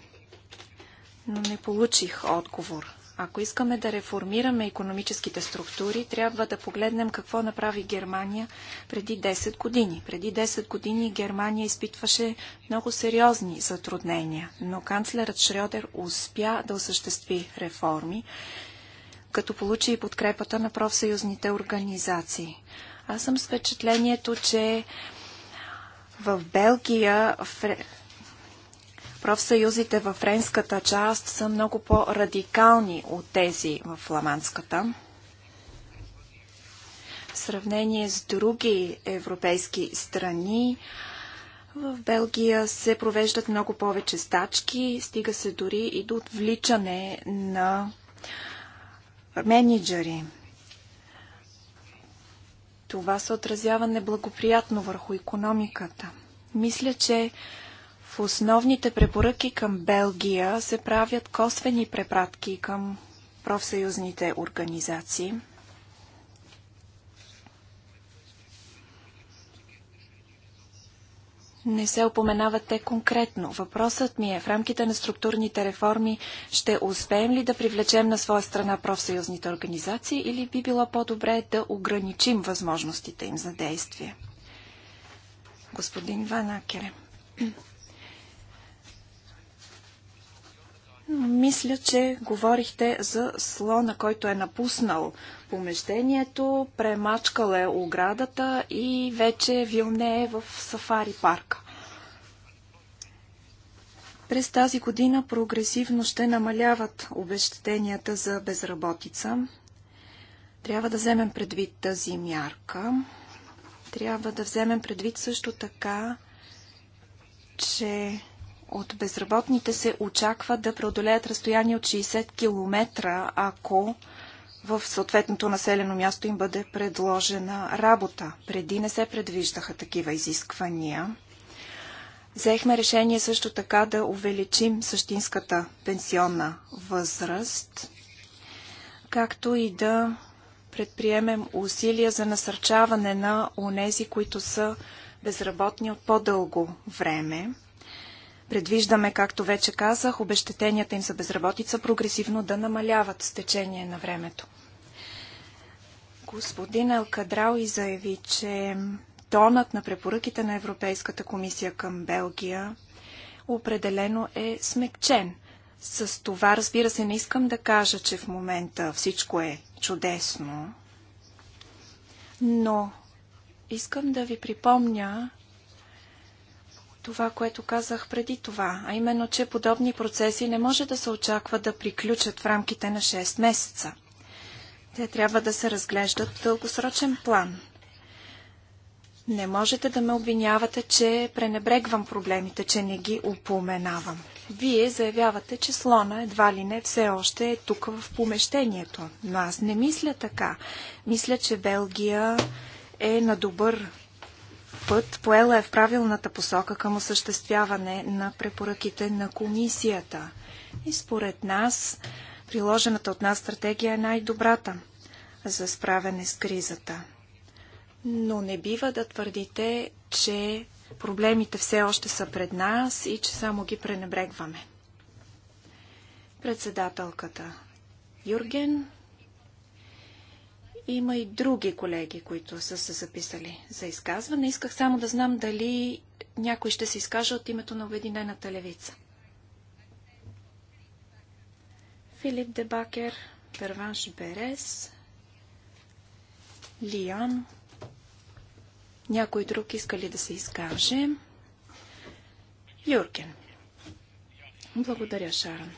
но не получих отговор ако искаме да реформираме економическите структури, трябва да погледнем какво направи Германия преди 10 години. Преди 10 години Германия изпитваше много сериозни затруднения, но канцлерът Шрёдер успя да осъществи реформи, като получи и подкрепата на профсъюзните организации. Аз съм с впечатлението, че в Белгия Профсъюзите във френската част са много по-радикални от тези в фламандската. В сравнение с други европейски страни, в Белгия се провеждат много повече стачки, стига се дори и до отвличане на менеджери. Това се отразява неблагоприятно върху економиката. Мисля, че в основните препоръки към Белгия се правят косвени препратки към профсъюзните организации. Не се упоменават те конкретно. Въпросът ми е, в рамките на структурните реформи ще успеем ли да привлечем на своя страна профсъюзните организации или би било по-добре да ограничим възможностите им за действие? Господин Ван Акере. Мисля, че говорихте за слона, който е напуснал помещението, премачкал е оградата и вече вилне е в сафари парка. През тази година прогресивно ще намаляват обещетенията за безработица. Трябва да вземем предвид тази мярка. Трябва да вземем предвид също така, че от безработните се очаква да преодолеят разстояние от 60 км, ако в съответното населено място им бъде предложена работа. Преди не се предвиждаха такива изисквания. Взехме решение също така да увеличим същинската пенсионна възраст, както и да предприемем усилия за насърчаване на онези, които са безработни от по-дълго време. Предвиждаме, както вече казах, обещетенията им за безработица прогресивно да намаляват с течение на времето. Господин и заяви, че тонът на препоръките на Европейската комисия към Белгия определено е смекчен. С това, разбира се, не искам да кажа, че в момента всичко е чудесно, но искам да ви припомня, това, което казах преди това, а именно, че подобни процеси не може да се очаква да приключат в рамките на 6 месеца. Те трябва да се разглеждат в дългосрочен план. Не можете да ме обвинявате, че пренебрегвам проблемите, че не ги упоменавам. Вие заявявате, че слона едва ли не все още е тук в помещението. Но аз не мисля така. Мисля, че Белгия е на добър път поела е в правилната посока към осъществяване на препоръките на комисията. И според нас, приложената от нас стратегия е най-добрата за справяне с кризата. Но не бива да твърдите, че проблемите все още са пред нас и че само ги пренебрегваме. Председателката Юрген, има и други колеги, които са се записали за изказване. Исках само да знам дали някой ще се изкаже от името на Обединената левица. Филип Дебакер, Перванш Берес, Лиан. Някой друг иска ли да се изкаже? Юркен. Благодаря, Шаран.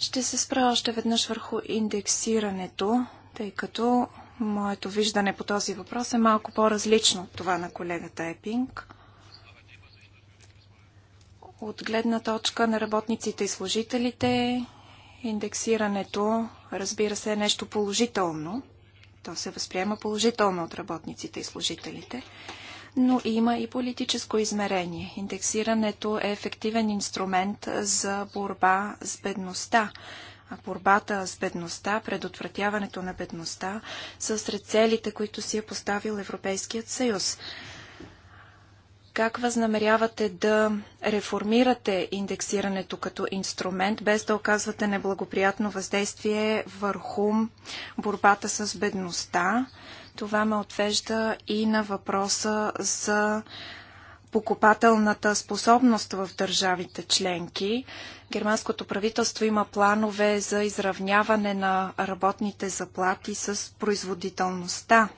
Ще се спра още веднъж върху индексирането, тъй като моето виждане по този въпрос е малко по-различно от това на колегата Епинг. От гледна точка на работниците и служителите, индексирането, разбира се, е нещо положително. То се възприема положително от работниците и служителите но има и политическо измерение. Индексирането е ефективен инструмент за борба с бедността. А борбата с бедността, предотвратяването на бедността са сред целите, които си е поставил Европейският съюз. Как възнамерявате да реформирате индексирането като инструмент, без да оказвате неблагоприятно въздействие върху борбата с бедността? Това ме отвежда и на въпроса за покупателната способност в държавите членки. Германското правителство има планове за изравняване на работните заплати с производителността.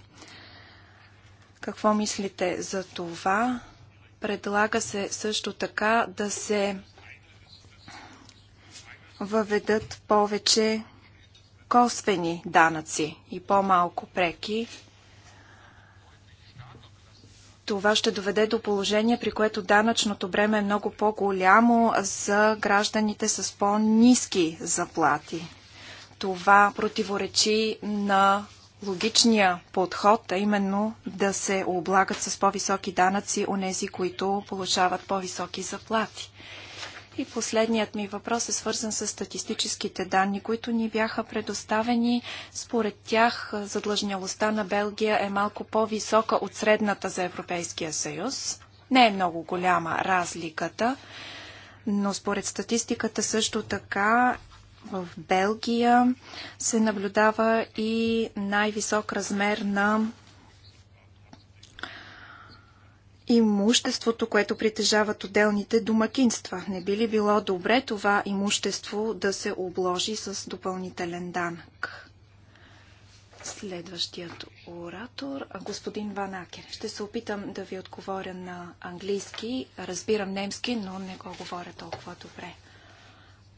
Какво мислите за това? Предлага се също така да се въведат повече косвени данъци и по-малко преки, това ще доведе до положение, при което данъчното бреме е много по-голямо за гражданите с по-низки заплати. Това противоречи на логичния подход, а именно да се облагат с по-високи данъци у нези, които получават по-високи заплати. И последният ми въпрос е свързан с статистическите данни, които ни бяха предоставени. Според тях задлъжнялостта на Белгия е малко по-висока от средната за Европейския съюз. Не е много голяма разликата, но според статистиката също така в Белгия се наблюдава и най-висок размер на имуществото, което притежават отделните домакинства. Не би ли било добре това имущество да се обложи с допълнителен данък? Следващият оратор, господин Ван Акер. Ще се опитам да ви отговоря на английски. Разбирам немски, но не го говоря толкова добре.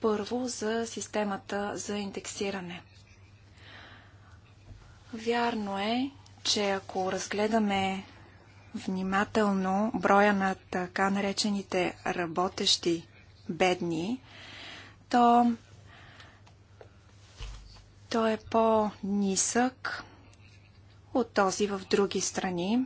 Първо за системата за индексиране. Вярно е, че ако разгледаме внимателно броя на така наречените работещи бедни, то то е по-нисък от този в други страни.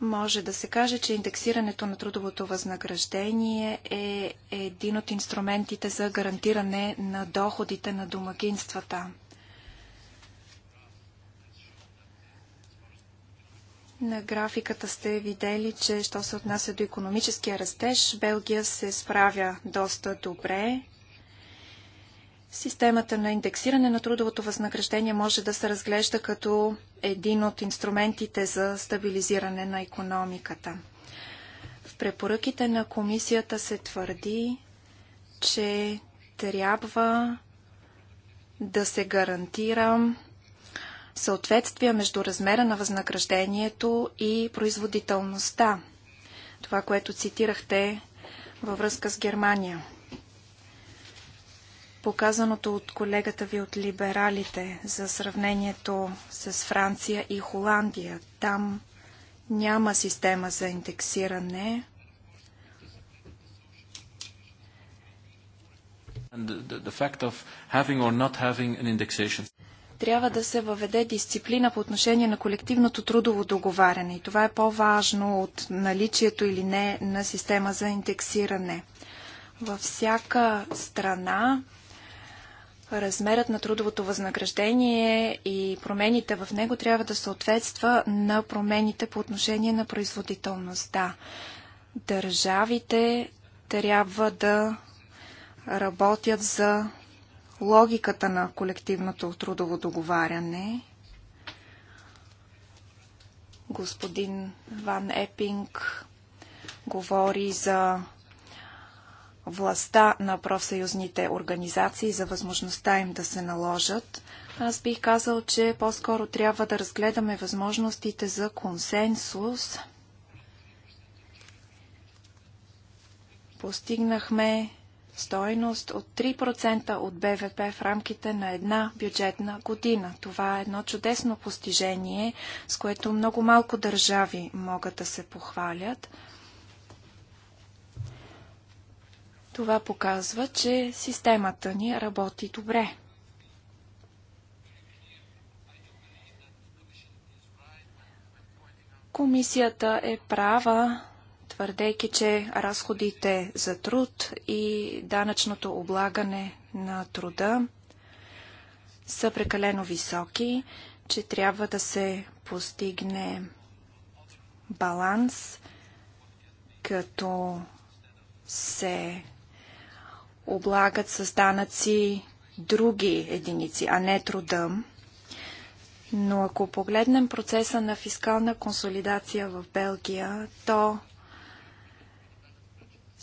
Може да се каже, че индексирането на трудовото възнаграждение е един от инструментите за гарантиране на доходите на домакинствата. На графиката сте видели, че що се отнася до економическия растеж, Белгия се справя доста добре. Системата на индексиране на трудовото възнаграждение може да се разглежда като един от инструментите за стабилизиране на економиката. В препоръките на комисията се твърди, че трябва да се гарантира съответствие между размера на възнаграждението и производителността. Това, което цитирахте във връзка с Германия. Показаното от колегата ви от либералите за сравнението с Франция и Холандия. Там няма система за индексиране. And the, the fact of having or not having an indexation трябва да се въведе дисциплина по отношение на колективното трудово договаряне. И това е по-важно от наличието или не на система за индексиране. Във всяка страна размерът на трудовото възнаграждение и промените в него трябва да съответства на промените по отношение на производителността. Държавите трябва да работят за логиката на колективното трудово договаряне. Господин Ван Епинг говори за властта на профсъюзните организации, за възможността им да се наложат. Аз бих казал, че по-скоро трябва да разгледаме възможностите за консенсус. Постигнахме стойност от 3% от БВП в рамките на една бюджетна година. Това е едно чудесно постижение, с което много малко държави могат да се похвалят. Това показва, че системата ни работи добре. Комисията е права, твърдейки, че разходите за труд и данъчното облагане на труда са прекалено високи, че трябва да се постигне баланс, като се облагат с данъци други единици, а не труда. Но ако погледнем процеса на фискална консолидация в Белгия, то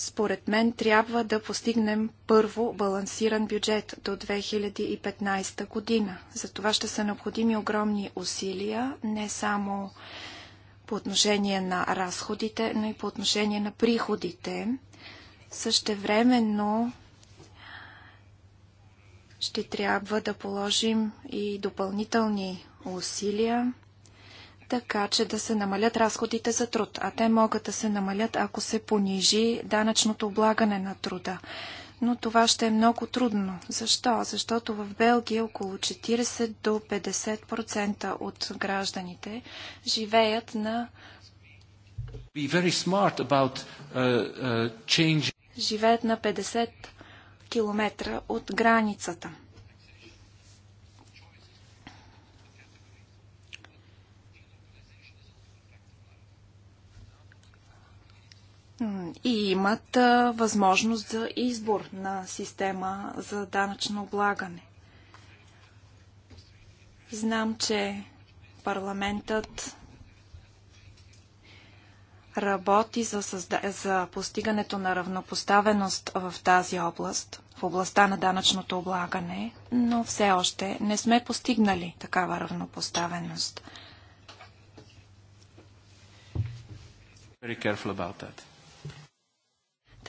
според мен трябва да постигнем първо балансиран бюджет до 2015 година. За това ще са необходими огромни усилия, не само по отношение на разходите, но и по отношение на приходите. Същевременно ще трябва да положим и допълнителни усилия така че да се намалят разходите за труд, а те могат да се намалят, ако се понижи данъчното облагане на труда. Но това ще е много трудно. Защо? Защото в Белгия около 40 до 50% от гражданите живеят на about, uh, uh, живеят на 50 километра от границата. и имат възможност за избор на система за данъчно облагане. Знам, че парламентът работи за, създа... за постигането на равнопоставеност в тази област, в областта на данъчното облагане, но все още не сме постигнали такава равнопоставеност. Very careful about that.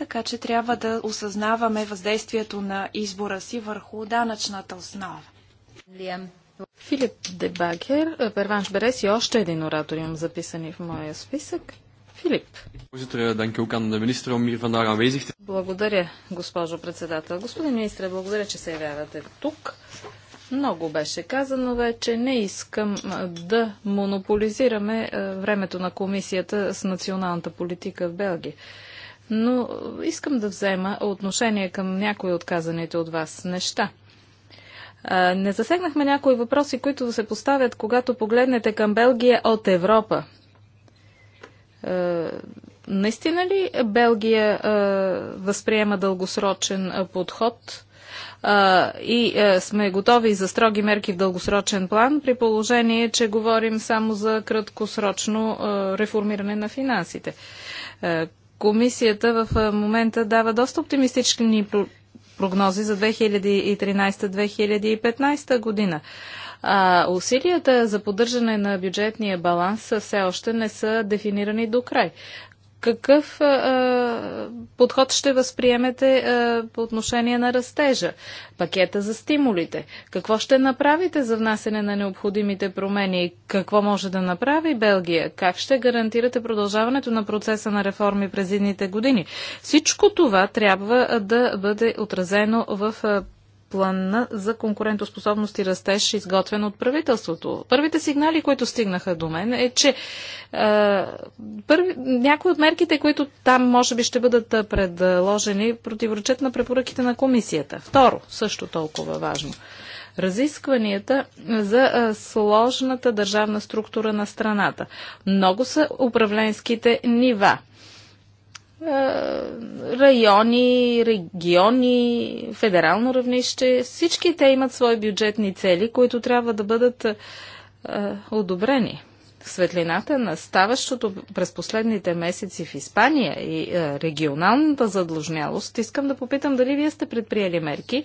Така че трябва да осъзнаваме въздействието на избора си върху данъчната основа. Филип Дебагер, Перванш Берес и още един оратор имам записани в моя списък. Филип. Благодаря, госпожо председател. Господин министр, благодаря, че се явявате тук. Много беше казано вече. Не искам да монополизираме времето на комисията с националната политика в Белгия но искам да взема отношение към някои от казаните от вас неща. Не засегнахме някои въпроси, които се поставят, когато погледнете към Белгия от Европа. Наистина ли Белгия възприема дългосрочен подход? и сме готови за строги мерки в дългосрочен план, при положение, че говорим само за краткосрочно реформиране на финансите. Комисията в момента дава доста оптимистични прогнози за 2013-2015 година. А, усилията за поддържане на бюджетния баланс все още не са дефинирани до край. Какъв а, подход ще възприемете а, по отношение на растежа? Пакета за стимулите? Какво ще направите за внасене на необходимите промени? Какво може да направи Белгия? Как ще гарантирате продължаването на процеса на реформи през едните години? Всичко това трябва да бъде отразено в плана за конкурентоспособност и растеж, изготвен от правителството. Първите сигнали, които стигнаха до мен, е, че първи, някои от мерките, които там може би ще бъдат предложени, противоречат на препоръките на комисията. Второ, също толкова важно. Разискванията за сложната държавна структура на страната. Много са управленските нива. Е, райони, региони, федерално равнище. Всички те имат свои бюджетни цели, които трябва да бъдат е, одобрени. Светлината на ставащото през последните месеци в Испания и е, регионалната задлъжнялост, искам да попитам дали вие сте предприели мерки,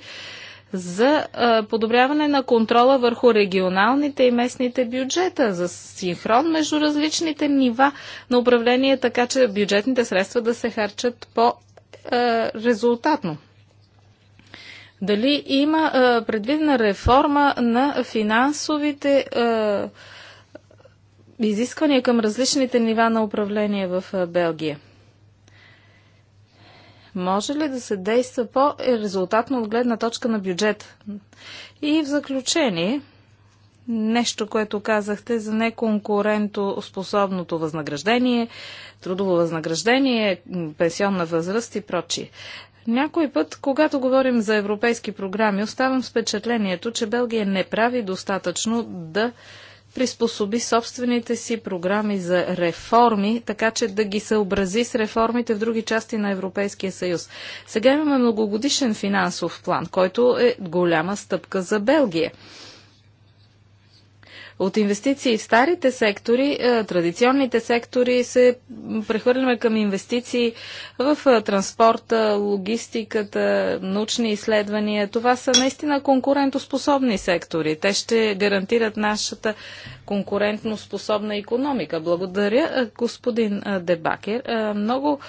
за подобряване на контрола върху регионалните и местните бюджета, за синхрон между различните нива на управление, така че бюджетните средства да се харчат по-резултатно. Дали има предвидна реформа на финансовите изисквания към различните нива на управление в Белгия? Може ли да се действа по-резултатно от гледна точка на бюджет? И в заключение, нещо, което казахте за неконкурентоспособното възнаграждение, трудово възнаграждение, пенсионна възраст и прочие. Някой път, когато говорим за европейски програми, оставам с впечатлението, че Белгия не прави достатъчно да приспособи собствените си програми за реформи, така че да ги съобрази с реформите в други части на Европейския съюз. Сега имаме многогодишен финансов план, който е голяма стъпка за Белгия. От инвестиции в старите сектори, е, традиционните сектори, се прехвърляме към инвестиции в е, транспорта, логистиката, научни изследвания. Това са наистина конкурентоспособни сектори. Те ще гарантират нашата конкурентно способна економика. Благодаря, е, господин Дебакер. Много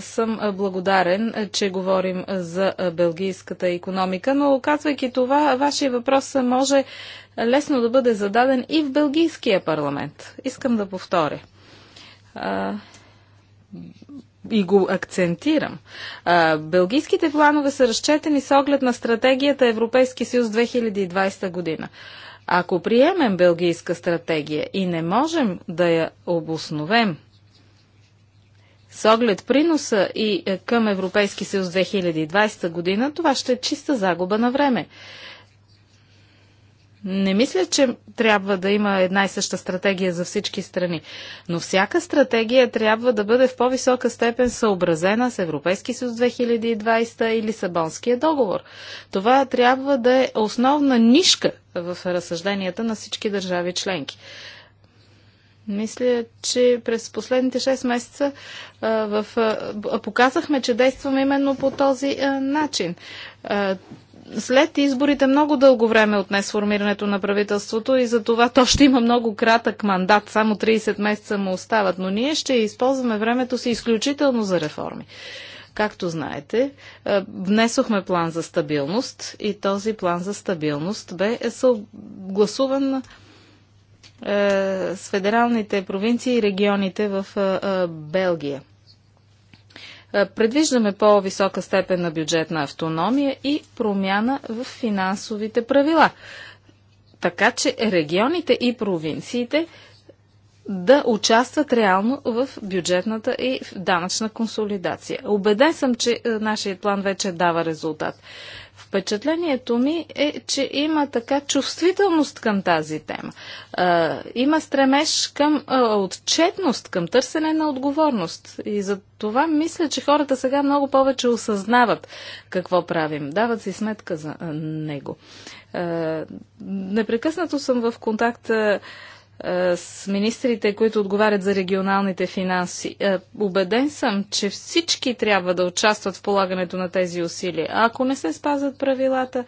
съм благодарен, че говорим за белгийската економика, но казвайки това, вашия въпрос може лесно да бъде зададен и в Белгийския парламент. Искам да повторя. А, и го акцентирам. А, белгийските планове са разчетени с оглед на стратегията Европейски съюз 2020 година. Ако приемем белгийска стратегия и не можем да я обосновем с оглед приноса и е, към Европейски съюз 2020 година, това ще е чиста загуба на време. Не мисля, че трябва да има една и съща стратегия за всички страни, но всяка стратегия трябва да бъде в по-висока степен съобразена с Европейски съюз 2020 или Сабонския договор. Това трябва да е основна нишка в разсъжденията на всички държави членки. Мисля, че през последните 6 месеца а, в, а, показахме, че действаме именно по този а, начин след изборите много дълго време отне сформирането на правителството и за това то ще има много кратък мандат, само 30 месеца му остават, но ние ще използваме времето си изключително за реформи. Както знаете, е, внесохме план за стабилност и този план за стабилност бе съгласуван е, с федералните провинции и регионите в е, Белгия – е, предвиждаме по-висока степен на бюджетна автономия и промяна в финансовите правила. Така че регионите и провинциите да участват реално в бюджетната и в данъчна консолидация. Обеден съм, че е, нашия план вече дава резултат. Впечатлението ми е, че има така чувствителност към тази тема. А, има стремеж към а, отчетност, към търсене на отговорност. И за това мисля, че хората сега много повече осъзнават какво правим. Дават си сметка за него. А, непрекъснато съм в контакт е, с министрите, които отговарят за регионалните финанси. Е, убеден съм, че всички трябва да участват в полагането на тези усилия. А ако не се спазват правилата,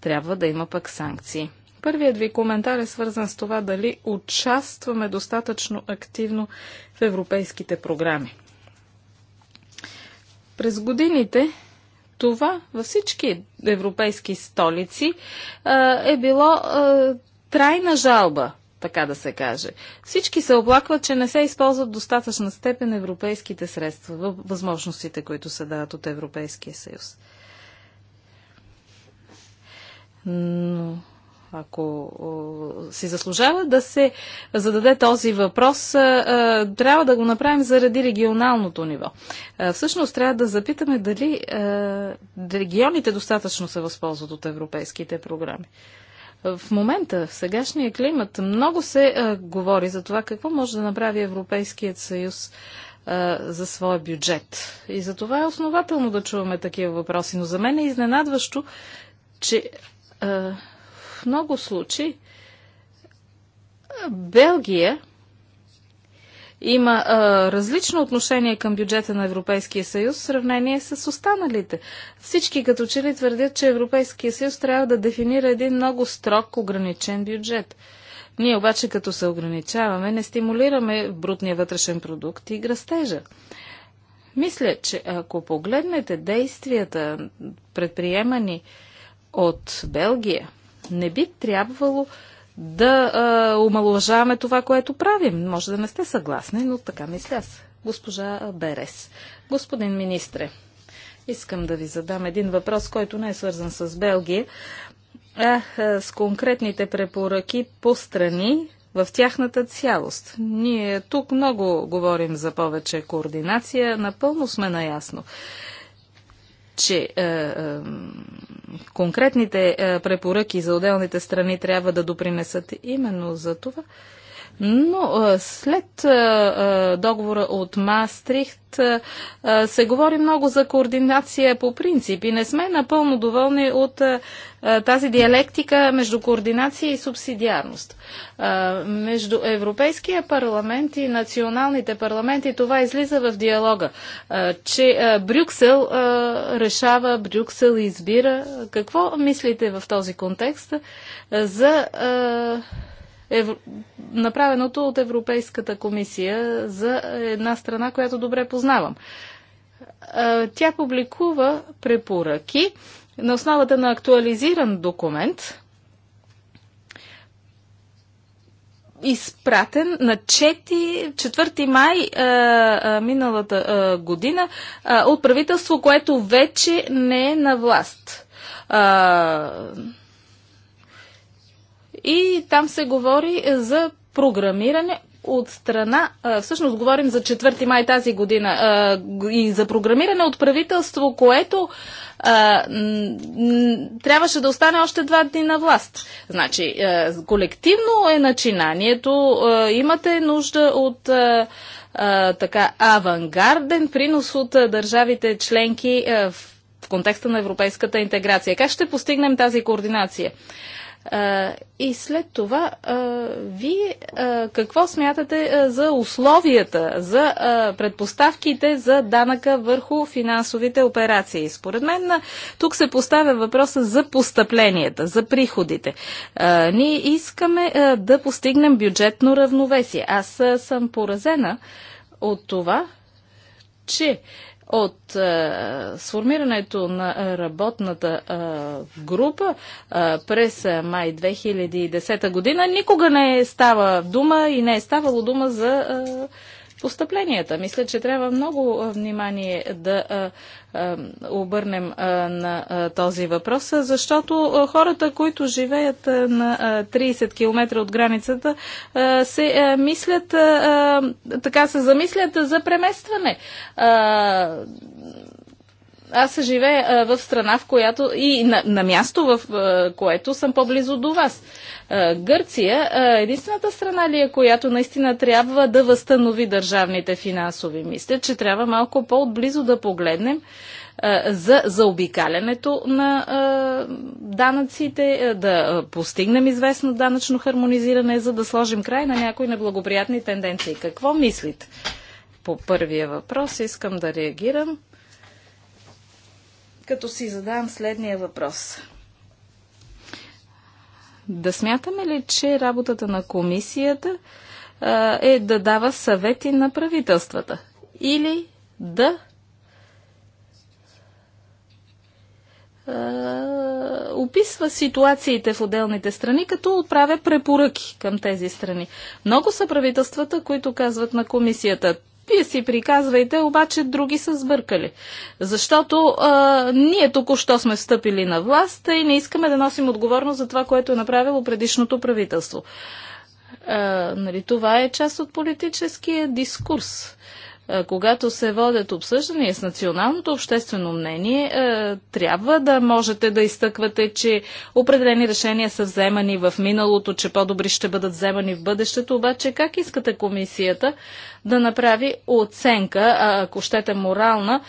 трябва да има пък санкции. Първият ви коментар е свързан с това дали участваме достатъчно активно в европейските програми. През годините това във всички европейски столици е, е било трайна жалба така да се каже. Всички се оплакват, че не се използват достатъчна степен европейските средства, възможностите, които се дават от Европейския съюз. Но ако си заслужава да се зададе този въпрос, трябва да го направим заради регионалното ниво. Всъщност трябва да запитаме дали регионите достатъчно се възползват от европейските програми. В момента, в сегашния климат, много се а, говори за това какво може да направи Европейският съюз а, за своя бюджет. И за това е основателно да чуваме такива въпроси. Но за мен е изненадващо, че а, в много случаи Белгия има а, различно отношение към бюджета на Европейския съюз в сравнение с останалите. Всички като че ли твърдят, че Европейския съюз трябва да дефинира един много строг ограничен бюджет. Ние обаче като се ограничаваме, не стимулираме брутния вътрешен продукт и растежа. Мисля, че ако погледнете действията, предприемани от Белгия, не би трябвало да а, омалуважаваме това, което правим. Може да не сте съгласни, но така мисля аз. Госпожа Берес. Господин министре, искам да ви задам един въпрос, който не е свързан с Белгия, а с конкретните препоръки по страни в тяхната цялост. Ние тук много говорим за повече координация, напълно сме наясно че е, конкретните е, препоръки за отделните страни трябва да допринесат именно за това, но след договора от Мастрихт се говори много за координация по принцип и не сме напълно доволни от тази диалектика между координация и субсидиарност. Между Европейския парламент и националните парламенти това излиза в диалога, че Брюксел решава, Брюксел избира. Какво мислите в този контекст за евро... направеното от Европейската комисия за една страна, която добре познавам. Тя публикува препоръки на основата на актуализиран документ, изпратен на 4, 4 май а, а, миналата а, година а, от правителство, което вече не е на власт. А, и там се говори за програмиране от страна, всъщност говорим за 4 май тази година и за програмиране от правителство, което трябваше да остане още два дни на власт. Значи, колективно е начинанието, имате нужда от така авангарден принос от държавите членки в контекста на европейската интеграция. Как ще постигнем тази координация? И след това, вие какво смятате за условията, за предпоставките за данъка върху финансовите операции? Според мен тук се поставя въпроса за постъпленията, за приходите. Ние искаме да постигнем бюджетно равновесие. Аз съм поразена от това, че от а, е, сформирането на работната а, е, група а, е, през май 2010 година никога не е става дума и не е ставало дума за а, постъпленията. Мисля, че трябва много внимание да обърнем на този въпрос, защото хората, които живеят на 30 км от границата, се мислят, така се замислят за преместване аз живея в страна, в която и на, на място, в а, което съм по-близо до вас. А, Гърция е единствената страна ли е, която наистина трябва да възстанови държавните финансови? Мисля, че трябва малко по-отблизо да погледнем а, за заобикалянето на данъците, да постигнем известно данъчно хармонизиране, за да сложим край на някои неблагоприятни тенденции. Какво мислите? По първия въпрос искам да реагирам като си задам следния въпрос. Да смятаме ли, че работата на комисията а, е да дава съвети на правителствата? Или да описва ситуациите в отделните страни, като отправя препоръки към тези страни. Много са правителствата, които казват на комисията, вие си приказвайте, обаче други са сбъркали. Защото а, ние току-що сме встъпили на власт и не искаме да носим отговорност за това, което е направило предишното правителство. А, нали, това е част от политическия дискурс когато се водят обсъждания с националното обществено мнение, трябва да можете да изтъквате, че определени решения са вземани в миналото, че по-добри ще бъдат вземани в бъдещето, обаче как искате комисията да направи оценка, ако щете морална,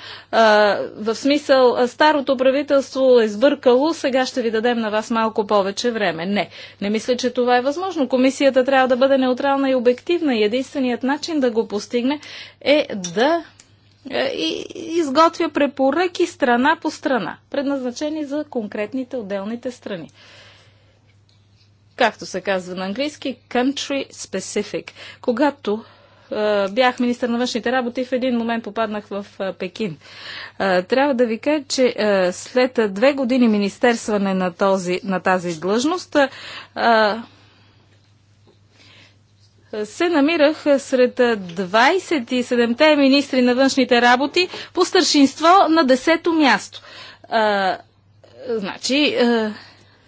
в смисъл старото правителство е сбъркало, сега ще ви дадем на вас малко повече време. Не, не мисля, че това е възможно. Комисията трябва да бъде неутрална и обективна и единственият начин да го постигне е да е, и изготвя препоръки страна по страна, предназначени за конкретните отделните страни. Както се казва на английски, country specific. Когато е, бях министър на външните работи и в един момент попаднах в е, Пекин. Е, трябва да ви кажа, че след две години министерстване на, този, на тази длъжност се намирах сред 27-те министри на външните работи по старшинство на 10-то място. Значи,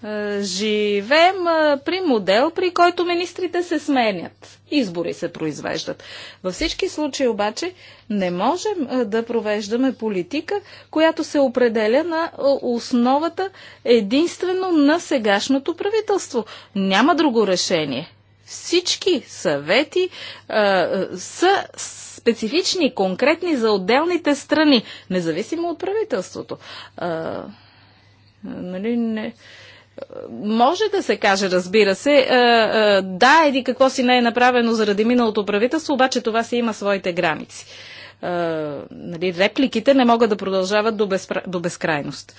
е, Живеем е, при модел, при който министрите се сменят. Избори се произвеждат. Във всички случаи обаче не можем е, да провеждаме политика, която се определя на основата единствено на сегашното правителство. Няма друго решение. Всички съвети а, са специфични, конкретни за отделните страни, независимо от правителството. А, нали, не, може да се каже, разбира се, е, е, да, еди какво си не е направено заради миналото правителство, обаче това си има своите граници. Е, нали, репликите не могат да продължават до, без, до безкрайност.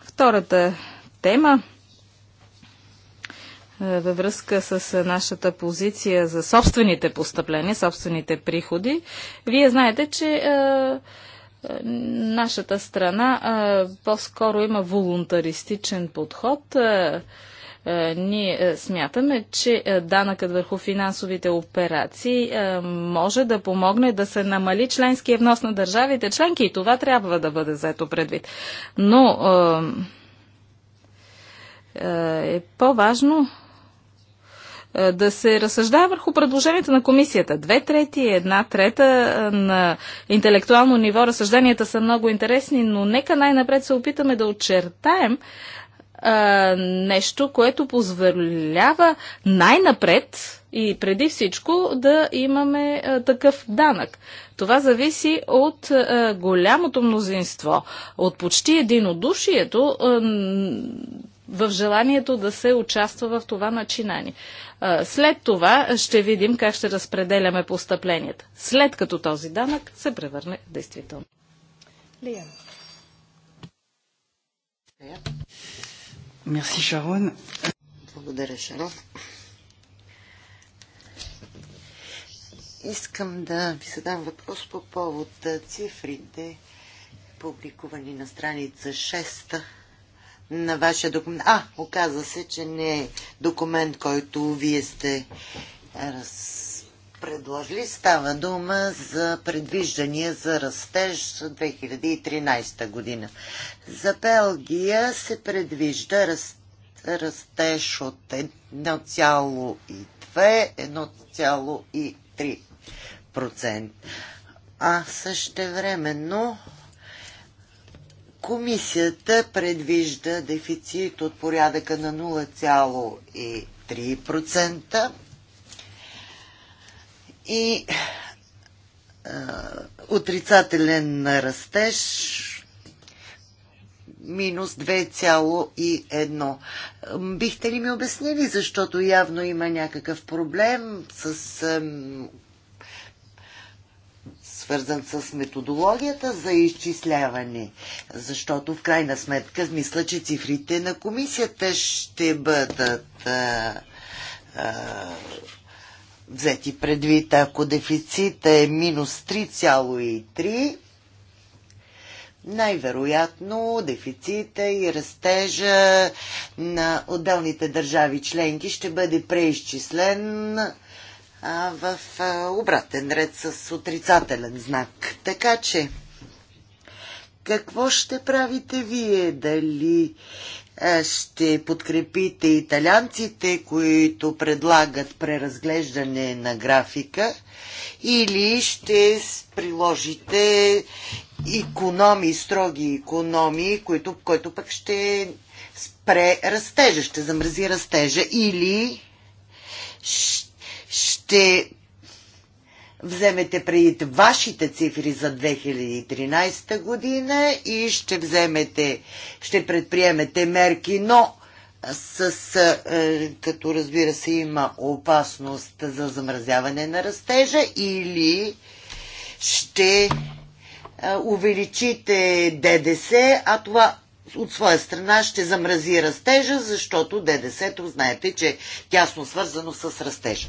Втората тема във връзка с нашата позиция за собствените постъпления, собствените приходи. Вие знаете, че Нашата страна по-скоро има волонтаристичен подход. Ние смятаме, че данъкът върху финансовите операции може да помогне да се намали членския внос на държавите членки и това трябва да бъде заето предвид. Но е по-важно е, да се разсъждава върху предложенията на комисията. Две трети и една трета е, на интелектуално ниво разсъжденията са много интересни, но нека най-напред се опитаме да очертаем а, е, нещо, което позволява най-напред и преди всичко да имаме а, такъв данък. Това зависи от а, голямото мнозинство, от почти единодушието а, в желанието да се участва в това начинание. След това ще видим как ще разпределяме постъпленията, след като този данък се превърне в действително. Лия. Мерси, Шарон. Благодаря, Шарон. Искам да ви задам въпрос по повод цифрите, публикувани на страница 6 на вашия документ. А, оказа се, че не е документ, който вие сте предложили. Става дума за предвиждания за растеж 2013 година. За Белгия се предвижда раст... растеж от 1,2-1,3%. А също времено Комисията предвижда дефицит от порядъка на 0,3% и отрицателен растеж минус 2,1. Бихте ли ми обяснили, защото явно има някакъв проблем с свързан с методологията за изчисляване, защото в крайна сметка мисля, че цифрите на комисията ще бъдат а, а, взети предвид. Ако дефицита е минус 3,3, най-вероятно дефицита е и растежа на отделните държави членки ще бъде преизчислен в обратен ред с отрицателен знак. Така че, какво ще правите вие? Дали ще подкрепите италянците, които предлагат преразглеждане на графика, или ще приложите економии, строги економии, които, който пък ще спре растежа, ще замрази растежа, или ще ще вземете преди вашите цифри за 2013 година и ще вземете, ще предприемете мерки, но с, с, е, като разбира се има опасност за замразяване на растежа или ще е, увеличите ДДС, а това от своя страна ще замрази растежа, защото ДДС-то знаете, че е тясно свързано с растеж. Е,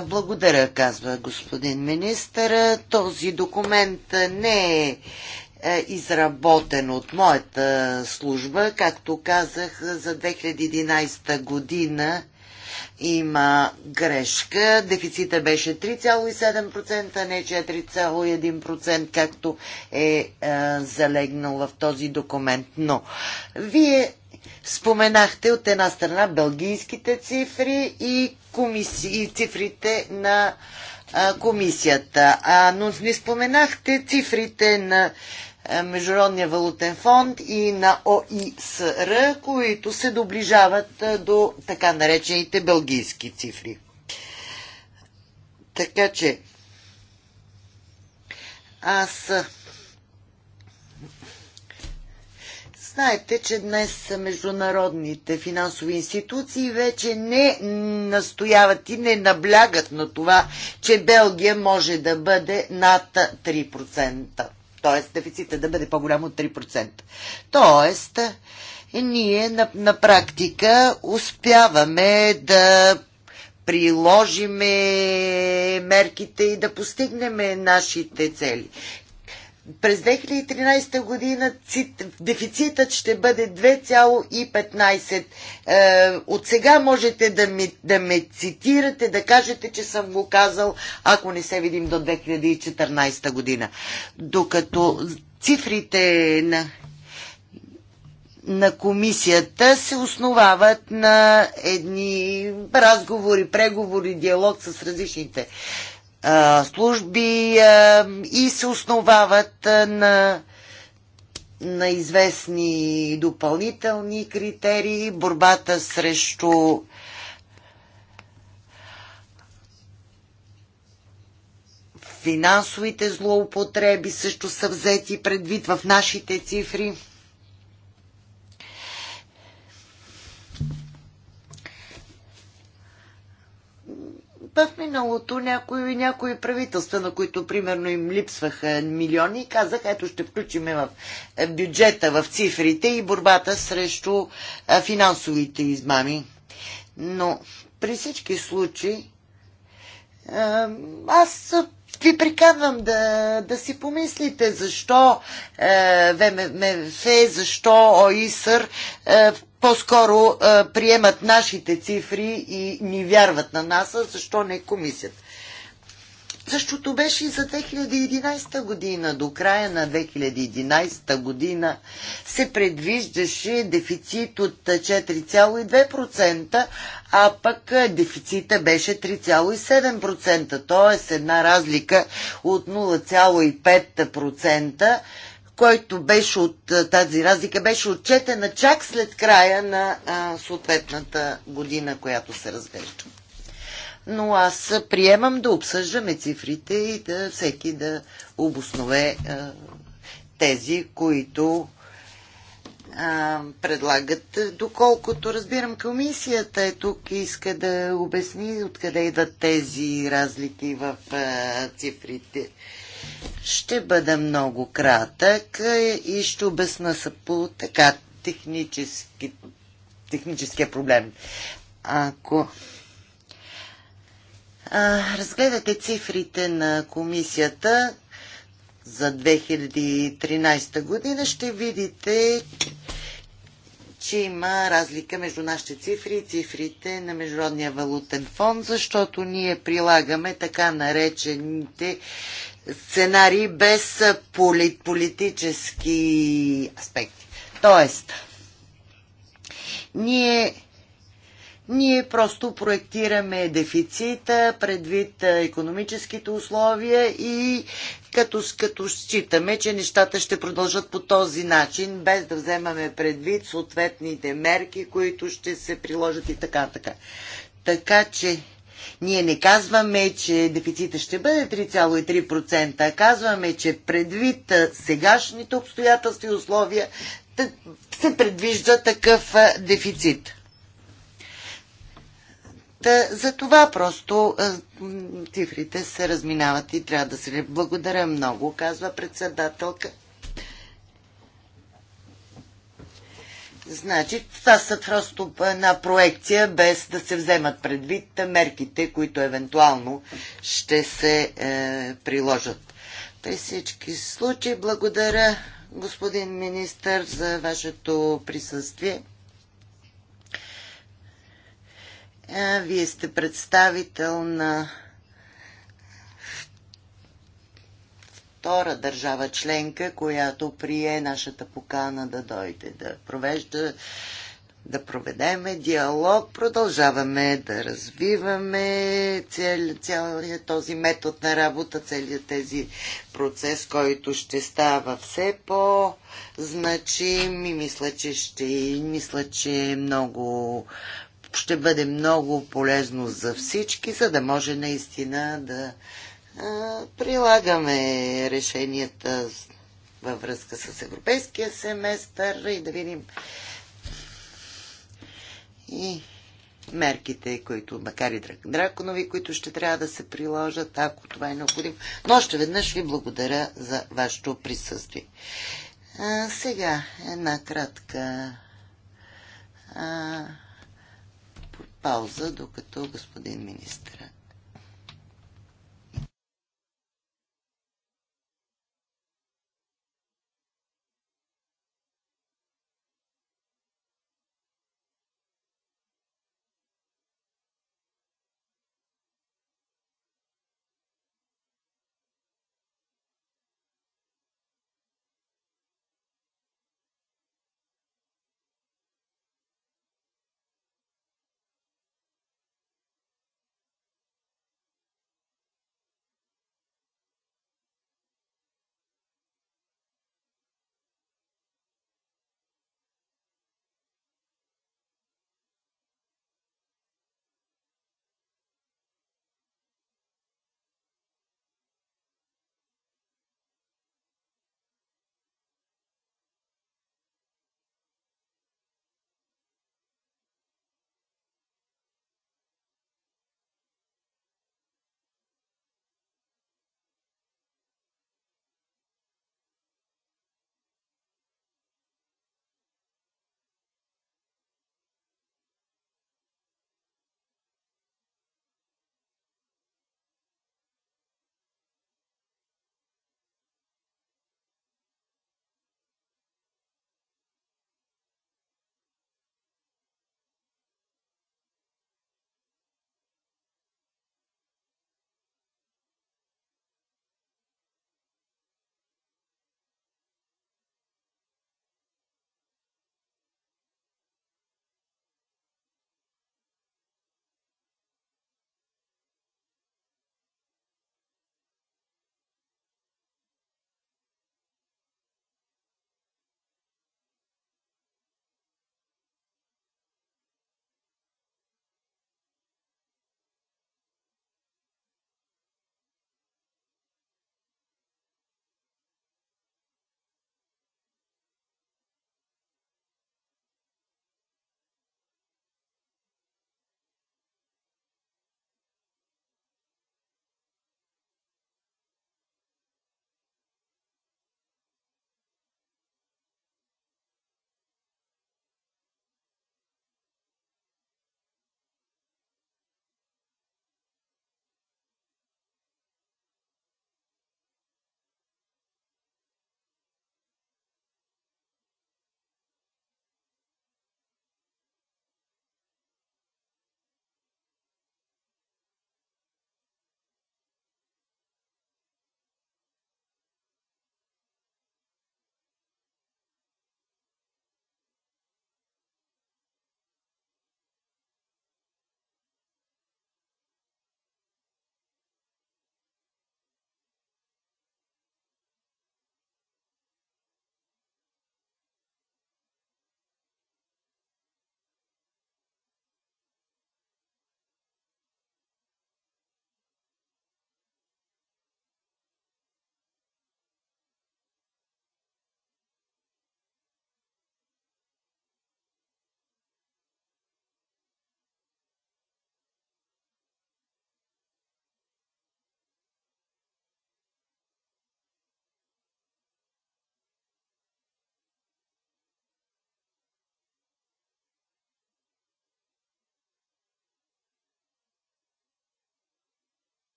благодаря, казва господин министър. Този документ не е, е изработен от моята служба. Както казах, за 2011 година има грешка. Дефицита беше 3,7%, а не 4,1%, както е, е залегнал в този документ. Но вие споменахте от една страна бългийските цифри и, комиси... и цифрите на е, комисията. А, но не споменахте цифрите на е, Международния валутен фонд и на ОИСР, които се доближават е, до така наречените бългийски цифри. Така че аз е, Знаете, че днес международните финансови институции вече не настояват и не наблягат на това, че Белгия може да бъде над 3% т.е. дефицита да бъде по-голям от 3%. Т.е. ние на, на практика успяваме да приложиме мерките и да постигнем нашите цели. През 2013 година дефицитът ще бъде 2,15. Е, от сега можете да ме, да ме цитирате, да кажете, че съм го казал, ако не се видим до 2014 година. Докато цифрите на, на комисията се основават на едни разговори, преговори, диалог с различните служби и се основават на на известни допълнителни критерии, борбата срещу финансовите злоупотреби също са взети предвид в нашите цифри. в миналото някои, някои правителства, на които примерно им липсваха милиони, и казаха, ето ще включиме в е, бюджета, в цифрите и борбата срещу е, финансовите измами. Но при всички случаи е, аз ви приканвам да, да си помислите защо ВМФ, защо ОИСР по-скоро е, приемат нашите цифри и ни вярват на нас, а защо не комисията. Същото беше и за 2011 година. До края на 2011 година се предвиждаше дефицит от 4,2%, а пък е, дефицита беше 3,7%, т.е. една разлика от 0,5%, който беше от тази разлика, беше отчетена чак след края на а, съответната година, която се разглежда. Но аз приемам да обсъждаме цифрите и да всеки да обоснове а, тези, които а, предлагат. Доколкото разбирам, комисията е тук и иска да обясни откъде идват тези разлики в а, цифрите. Ще бъда много кратък и ще обясна са по така технически, техническия проблем. Ако а, разгледате цифрите на комисията за 2013 година, ще видите, че има разлика между нашите цифри и цифрите на Международния валутен фонд, защото ние прилагаме така наречените сценарии без полит, политически аспекти. Тоест, ние, ние просто проектираме дефицита предвид економическите условия и като, като считаме, че нещата ще продължат по този начин, без да вземаме предвид съответните мерки, които ще се приложат и така, така. Така че ние не казваме, че дефицита ще бъде 3,3%, а казваме, че предвид сегашните обстоятелства и условия се предвижда такъв дефицит. за това просто цифрите се разминават и трябва да се... Благодаря много, казва председателка. Значи, това са просто една проекция, без да се вземат предвид мерките, които евентуално ще се е, приложат. При всички случаи, благодаря, господин министър, за вашето присъствие. Е, вие сте представител на втора държава членка, която прие нашата покана да дойде да провежда да проведеме диалог, продължаваме да развиваме цял, цялият този метод на работа, целият тези процес, който ще става все по-значим и мисля, че ще мисля, че е много ще бъде много полезно за всички, за да може наистина да прилагаме решенията във връзка с европейския семестър и да видим и мерките, които, макар и драконови, които ще трябва да се приложат, ако това е необходимо. Но още веднъж ви благодаря за вашето присъствие. А, сега една кратка а, пауза, докато господин министър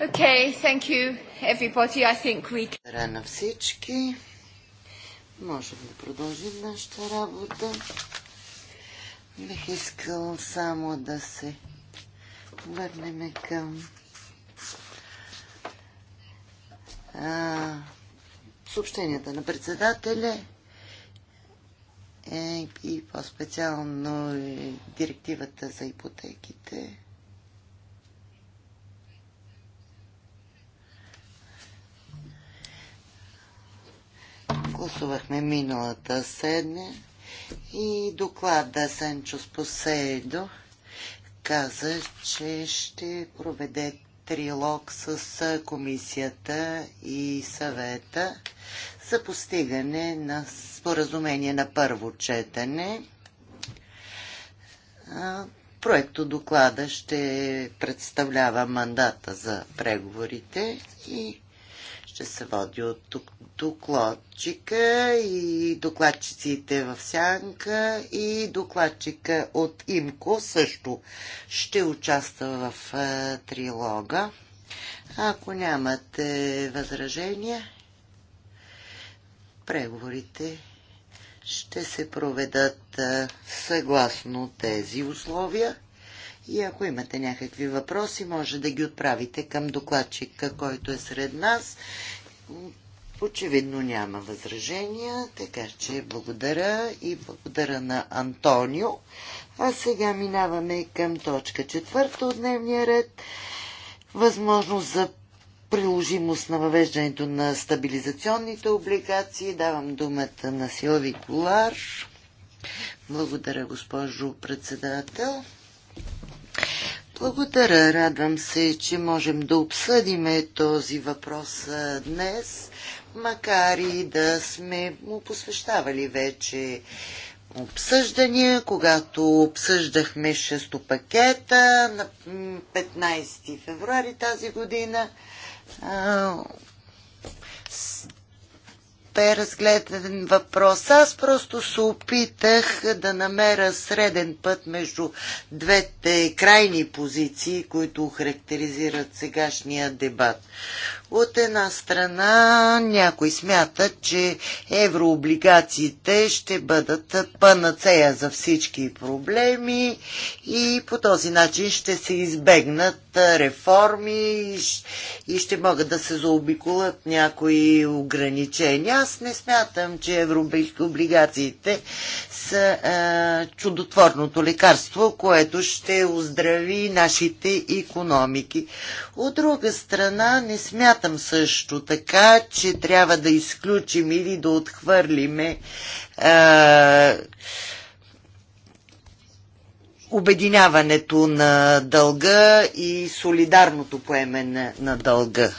Okay, thank you everybody. I think we... Здравейте на всички. Можем да продължим нашата работа. Бих искал само да се върнем към а, съобщенията на председателя е, и по-специално е, директивата за ипотеките. Гласувахме миналата седне и доклада Санчо Спосейдо каза, че ще проведе трилог с комисията и съвета за постигане на споразумение на първо четене. Проекто доклада ще представлява мандата за преговорите и ще се води от докладчика и докладчиците в сянка и докладчика от Имко също ще участва в е, трилога. Ако нямате възражения, преговорите ще се проведат е, съгласно тези условия. И ако имате някакви въпроси, може да ги отправите към докладчика, който е сред нас. Очевидно няма възражения, така че благодаря и благодаря на Антонио. А сега минаваме към точка четвърта от дневния ред. Възможност за приложимост на въвеждането на стабилизационните облигации. Давам думата на Силви Колар. Благодаря, госпожо председател. Благодаря. Радвам се, че можем да обсъдим този въпрос днес, макар и да сме му посвещавали вече обсъждания, когато обсъждахме 6 пакета на 15 февруари тази година бе разгледан въпрос. Аз просто се опитах да намеря среден път между двете крайни позиции, които характеризират сегашния дебат. От една страна някой смята, че еврооблигациите ще бъдат панацея за всички проблеми и по този начин ще се избегнат реформи и ще могат да се заобиколят някои ограничения. Аз не смятам, че еврооблигациите са а, чудотворното лекарство, което ще оздрави нашите економики. От друга страна не смятам, Смятам също така, че трябва да изключим или да отхвърлиме а, обединяването на дълга и солидарното поемене на дълга.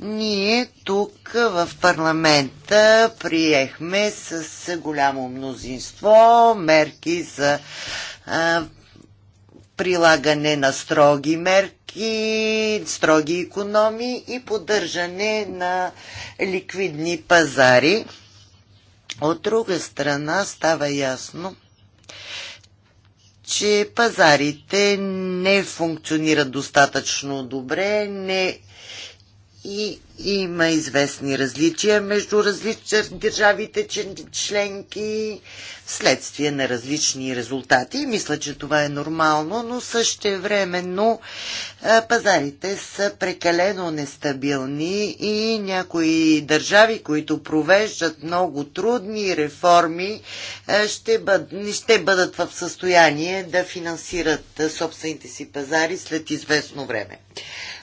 Ние тук в парламента приехме с голямо мнозинство мерки за а, прилагане на строги мерки и строги економии и поддържане на ликвидни пазари. От друга страна става ясно, че пазарите не функционират достатъчно добре, не и има известни различия между различни държавите членки вследствие на различни резултати. Мисля, че това е нормално, но същевременно пазарите са прекалено нестабилни и някои държави, които провеждат много трудни реформи, ще, бъд, ще бъдат в състояние да финансират собствените си пазари след известно време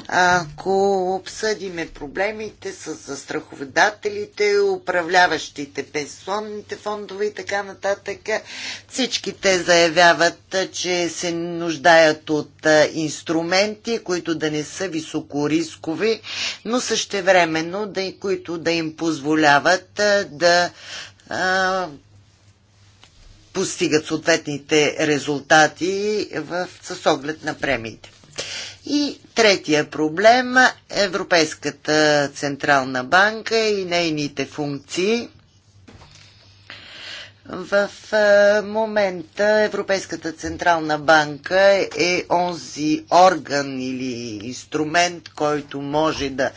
ако обсъдиме проблемите с застраховедателите, управляващите пенсионните фондове и така нататък, всички те заявяват, че се нуждаят от инструменти, които да не са високорискови, но същевременно да, и които да им позволяват да постигат съответните резултати в, с оглед на премиите. И третия проблем – Европейската Централна банка и нейните функции. В е, момента Европейската Централна банка е онзи орган или инструмент, който може да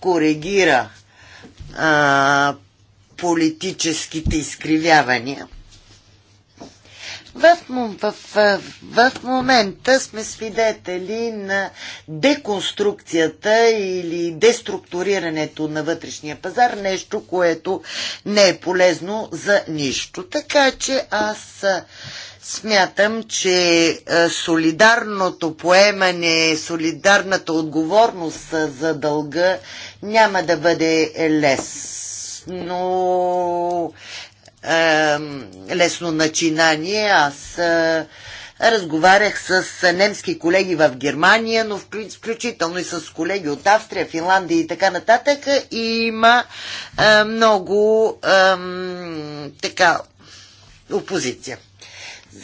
коригира а, политическите изкривявания – в, в, в, в момента сме свидетели на деконструкцията или деструктурирането на вътрешния пазар, нещо, което не е полезно за нищо. Така че аз смятам, че солидарното поемане, солидарната отговорност за дълга няма да бъде лес. но лесно начинание. Аз е, разговарях с немски колеги в Германия, но включително и с колеги от Австрия, Финландия и така нататък. И има а, е, много а, така опозиция.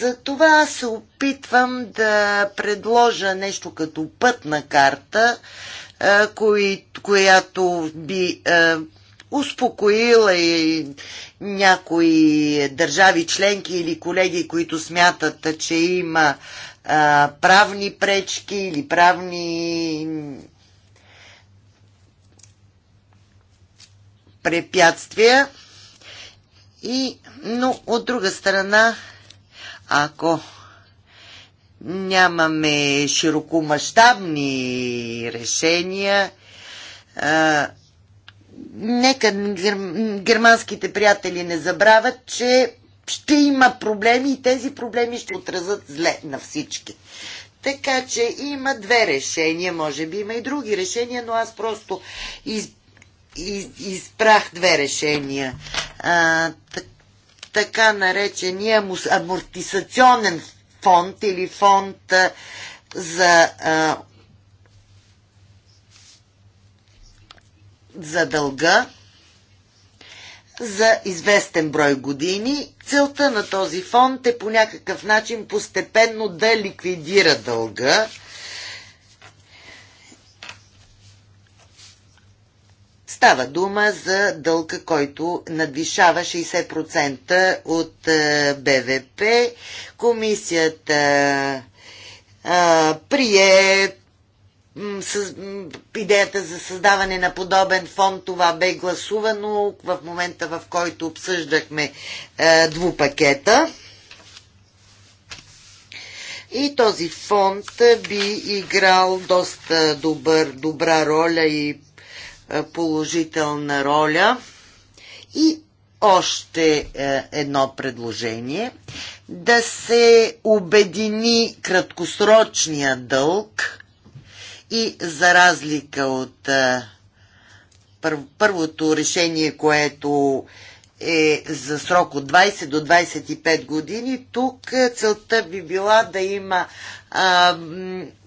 Затова се опитвам да предложа нещо като пътна карта, е, кои, която би успокоила и някои държави членки или колеги, които смятат, че има а, правни пречки или правни препятствия. И, но от друга страна, ако нямаме широкомащабни решения, а, нека германските приятели не забравят, че ще има проблеми и тези проблеми ще отразят зле на всички. Така че има две решения, може би има и други решения, но аз просто из, из, изпрах две решения. А, така наречения амортизационен фонд или фонд за а, за дълга за известен брой години. Целта на този фонд е по някакъв начин постепенно да ликвидира дълга. Става дума за дълга, който надвишава 60% от е, БВП. Комисията а, е, прие с, идеята за създаване на подобен фонд, това бе гласувано в момента, в който обсъждахме е, двупакета. И този фонд би играл доста добър, добра роля и е, положителна роля. И още е, едно предложение да се обедини краткосрочния дълг и за разлика от пър, първото решение, което е за срок от 20 до 25 години, тук целта би била да има а,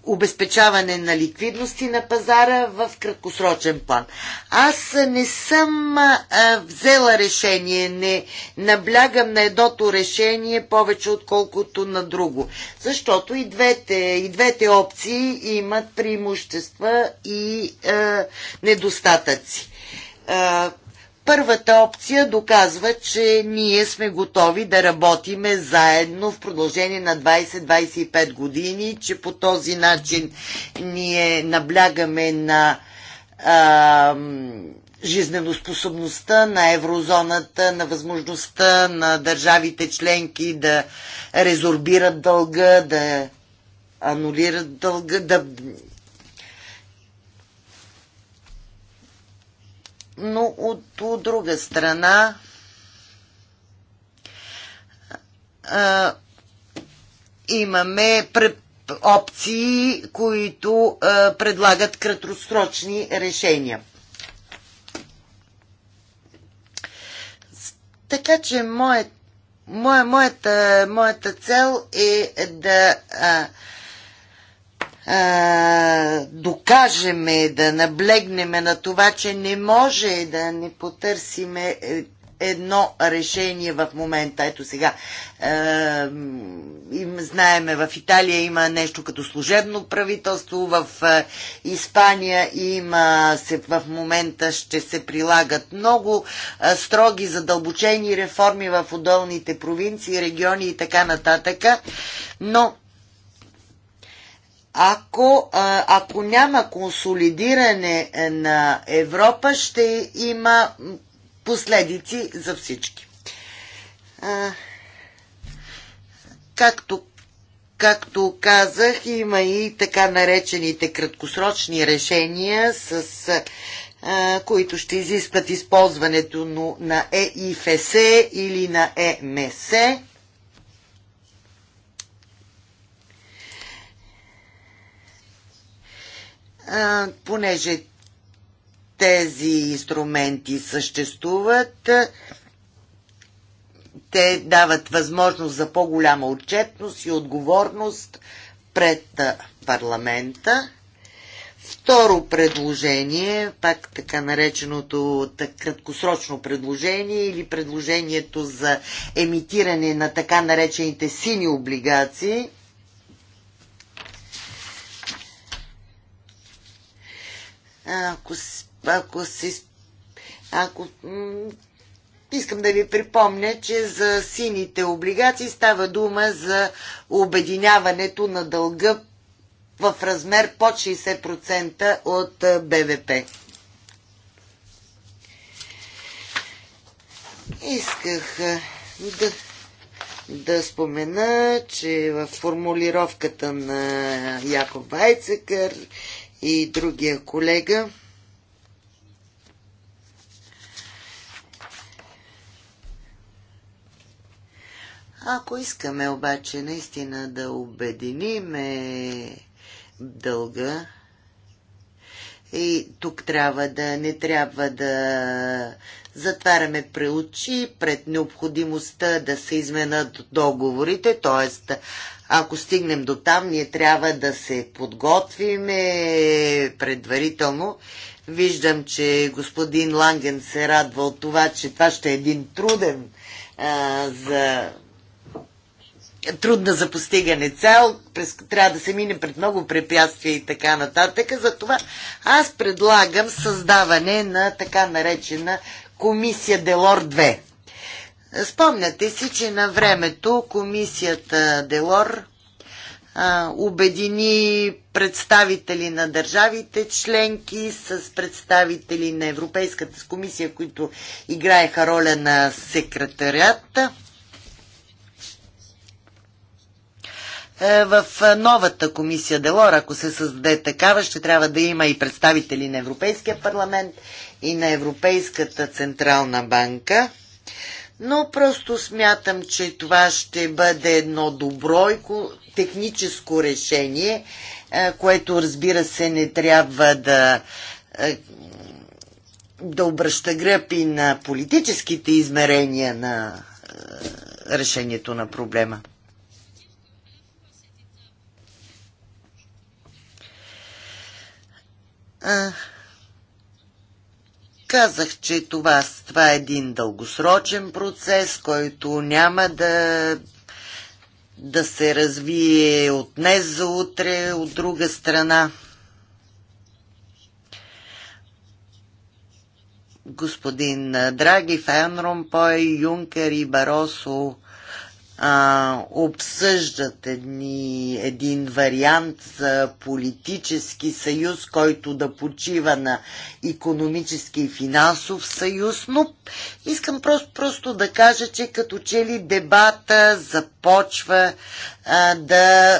обезпечаване на ликвидности на пазара в краткосрочен план. Аз не съм а, взела решение, не наблягам на едното решение повече отколкото на друго, защото и двете, и двете опции имат преимущества и а, недостатъци. А, Първата опция доказва, че ние сме готови да работиме заедно в продължение на 20-25 години, че по този начин ние наблягаме на а, жизненоспособността на еврозоната, на възможността на държавите членки да резорбират дълга, да анулират дълга, да но от, от друга страна а, имаме опции, които а, предлагат краткосрочни решения. Така че моят, моя, моята, моята цел е да а, а, докажеме, да наблегнеме на това, че не може да не потърсиме е, едно решение в момента. Ето сега, е, им, знаеме, в Италия има нещо като служебно правителство, в е, Испания има се, в момента ще се прилагат много е, строги, задълбочени реформи в отдолните провинции, региони и така нататък. Но ако, ако няма консолидиране е, на Европа, ще има последици за всички. Както, както казах, има и така наречените краткосрочни решения, с, а, които ще изискват използването на ЕИФС или на ЕМСЕ. понеже тези инструменти съществуват, те дават възможност за по-голяма отчетност и отговорност пред парламента. Второ предложение, пак така нареченото краткосрочно предложение или предложението за емитиране на така наречените сини облигации – Ако, ако си... Ако... Искам да ви припомня, че за сините облигации става дума за обединяването на дълга в размер под 60% от БВП. Исках да, да спомена, че в формулировката на Яков Вайцекър и другия колега. Ако искаме обаче наистина да обединиме дълга, и тук трябва да не трябва да затваряме очи пред необходимостта да се изменят договорите, т.е. Ако стигнем до там, ние трябва да се подготвим предварително. Виждам, че господин Ланген се радва от това, че това ще е един труден а, за трудна за постигане цел, през, трябва да се мине пред много препятствия и така нататък. Затова аз предлагам създаване на така наречена комисия Делор 2. Спомняте си, че на времето комисията Делор обедини представители на държавите членки с представители на Европейската комисия, които играеха роля на секретарията. Е, в новата комисия Делор, ако се създаде такава, ще трябва да има и представители на Европейския парламент и на Европейската централна банка но просто смятам, че това ще бъде едно добро и техническо решение, е, което разбира се не трябва да е, да обръща гръпи на политическите измерения на е, решението на проблема. А, Казах, че това, това е един дългосрочен процес, който няма да, да се развие от днес за утре, от друга страна. Господин Драги, Фенромпой, Юнкер и Баросо – а, обсъждат едни, един вариант за политически съюз, който да почива на економически и финансов съюз, но искам просто, просто да кажа, че като че ли дебата започва а, да,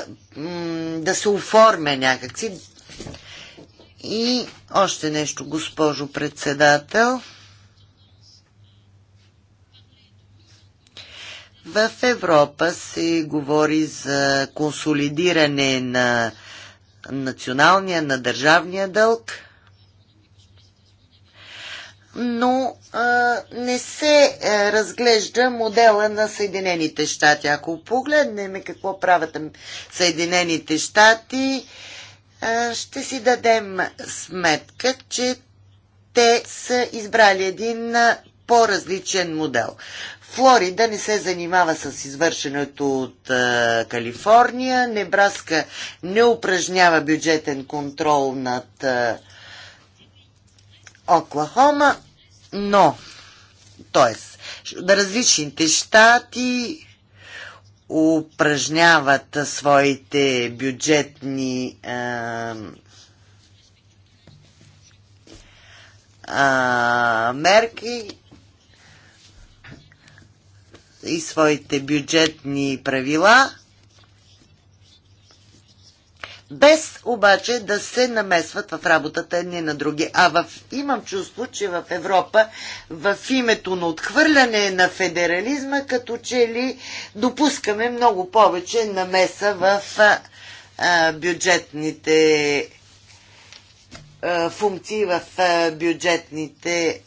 да се оформя някакси. И още нещо, госпожо председател. В Европа се говори за консолидиране на националния, на държавния дълг, но а, не се а, разглежда модела на Съединените щати. Ако погледнем какво правят Съединените щати, ще си дадем сметка, че те са избрали един по-различен модел. Флорида не се занимава с извършеното от а, е, Калифорния, Небраска не упражнява бюджетен контрол над а, е, Оклахома, но, т.е. различните щати упражняват а, своите бюджетни а, е, а, мерки и своите бюджетни правила, без обаче да се намесват в работата едни на други. А в, имам чувство, че в Европа в името на отхвърляне на федерализма, като че ли допускаме много повече намеса в а, бюджетните функции в бюджетните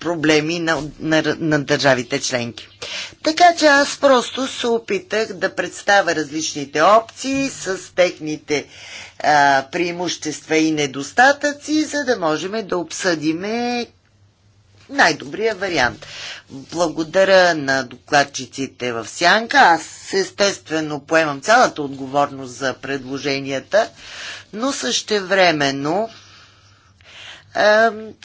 проблеми на, на, на държавите членки. Така че аз просто се опитах да представя различните опции с техните а, преимущества и недостатъци, за да можем да обсъдиме най-добрия вариант. Благодаря на докладчиците в Сянка. Аз естествено поемам цялата отговорност за предложенията, но същевременно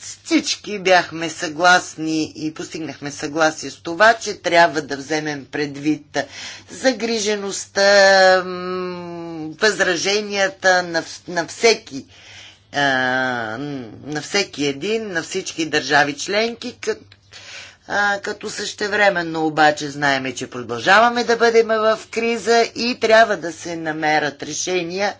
всички бяхме съгласни и постигнахме съгласие с това, че трябва да вземем предвид загрижеността, възраженията на, на всеки на всеки един, на всички държави членки, като, като същевременно обаче знаеме, че продължаваме да бъдем в криза и трябва да се намерят решения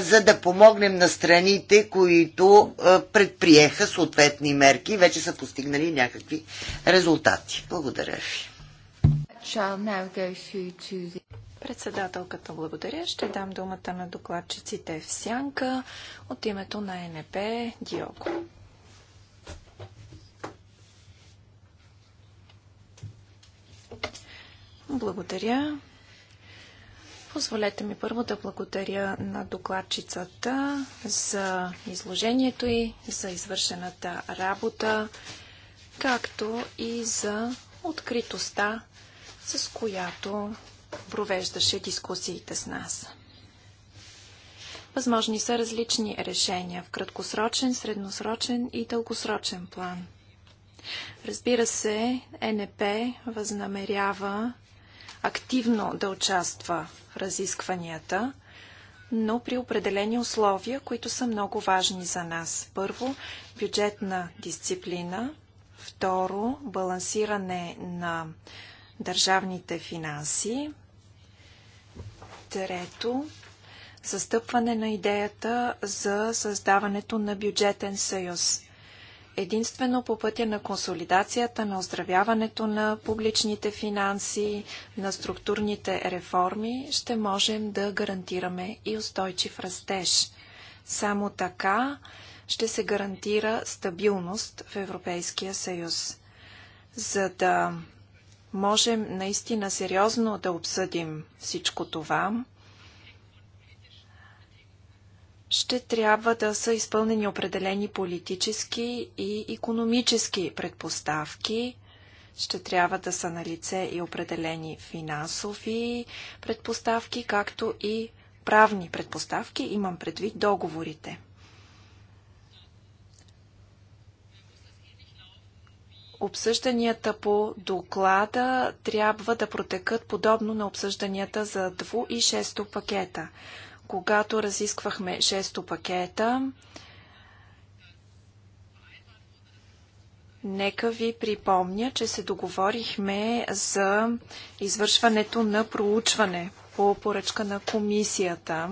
за да помогнем на страните, които предприеха съответни мерки и вече са постигнали някакви резултати. Благодаря ви. Председателката благодаря. Ще дам думата на докладчиците в сянка от името на НП Диоко. Благодаря. Позволете ми първо да благодаря на докладчицата за изложението и за извършената работа, както и за откритостта, с която провеждаше дискусиите с нас. Възможни са различни решения в краткосрочен, средносрочен и дългосрочен план. Разбира се, НП възнамерява активно да участва в разискванията, но при определени условия, които са много важни за нас. Първо, бюджетна дисциплина. Второ, балансиране на държавните финанси. Трето, застъпване на идеята за създаването на бюджетен съюз единствено по пътя на консолидацията, на оздравяването на публичните финанси, на структурните реформи, ще можем да гарантираме и устойчив растеж. Само така ще се гарантира стабилност в Европейския съюз. За да можем наистина сериозно да обсъдим всичко това, ще трябва да са изпълнени определени политически и економически предпоставки. Ще трябва да са на лице и определени финансови предпоставки, както и правни предпоставки, имам предвид договорите. Обсъжданията по доклада трябва да протекат подобно на обсъжданията за 2 и 6 пакета. Когато разисквахме шесто пакета, Нека ви припомня, че се договорихме за извършването на проучване по поръчка на комисията.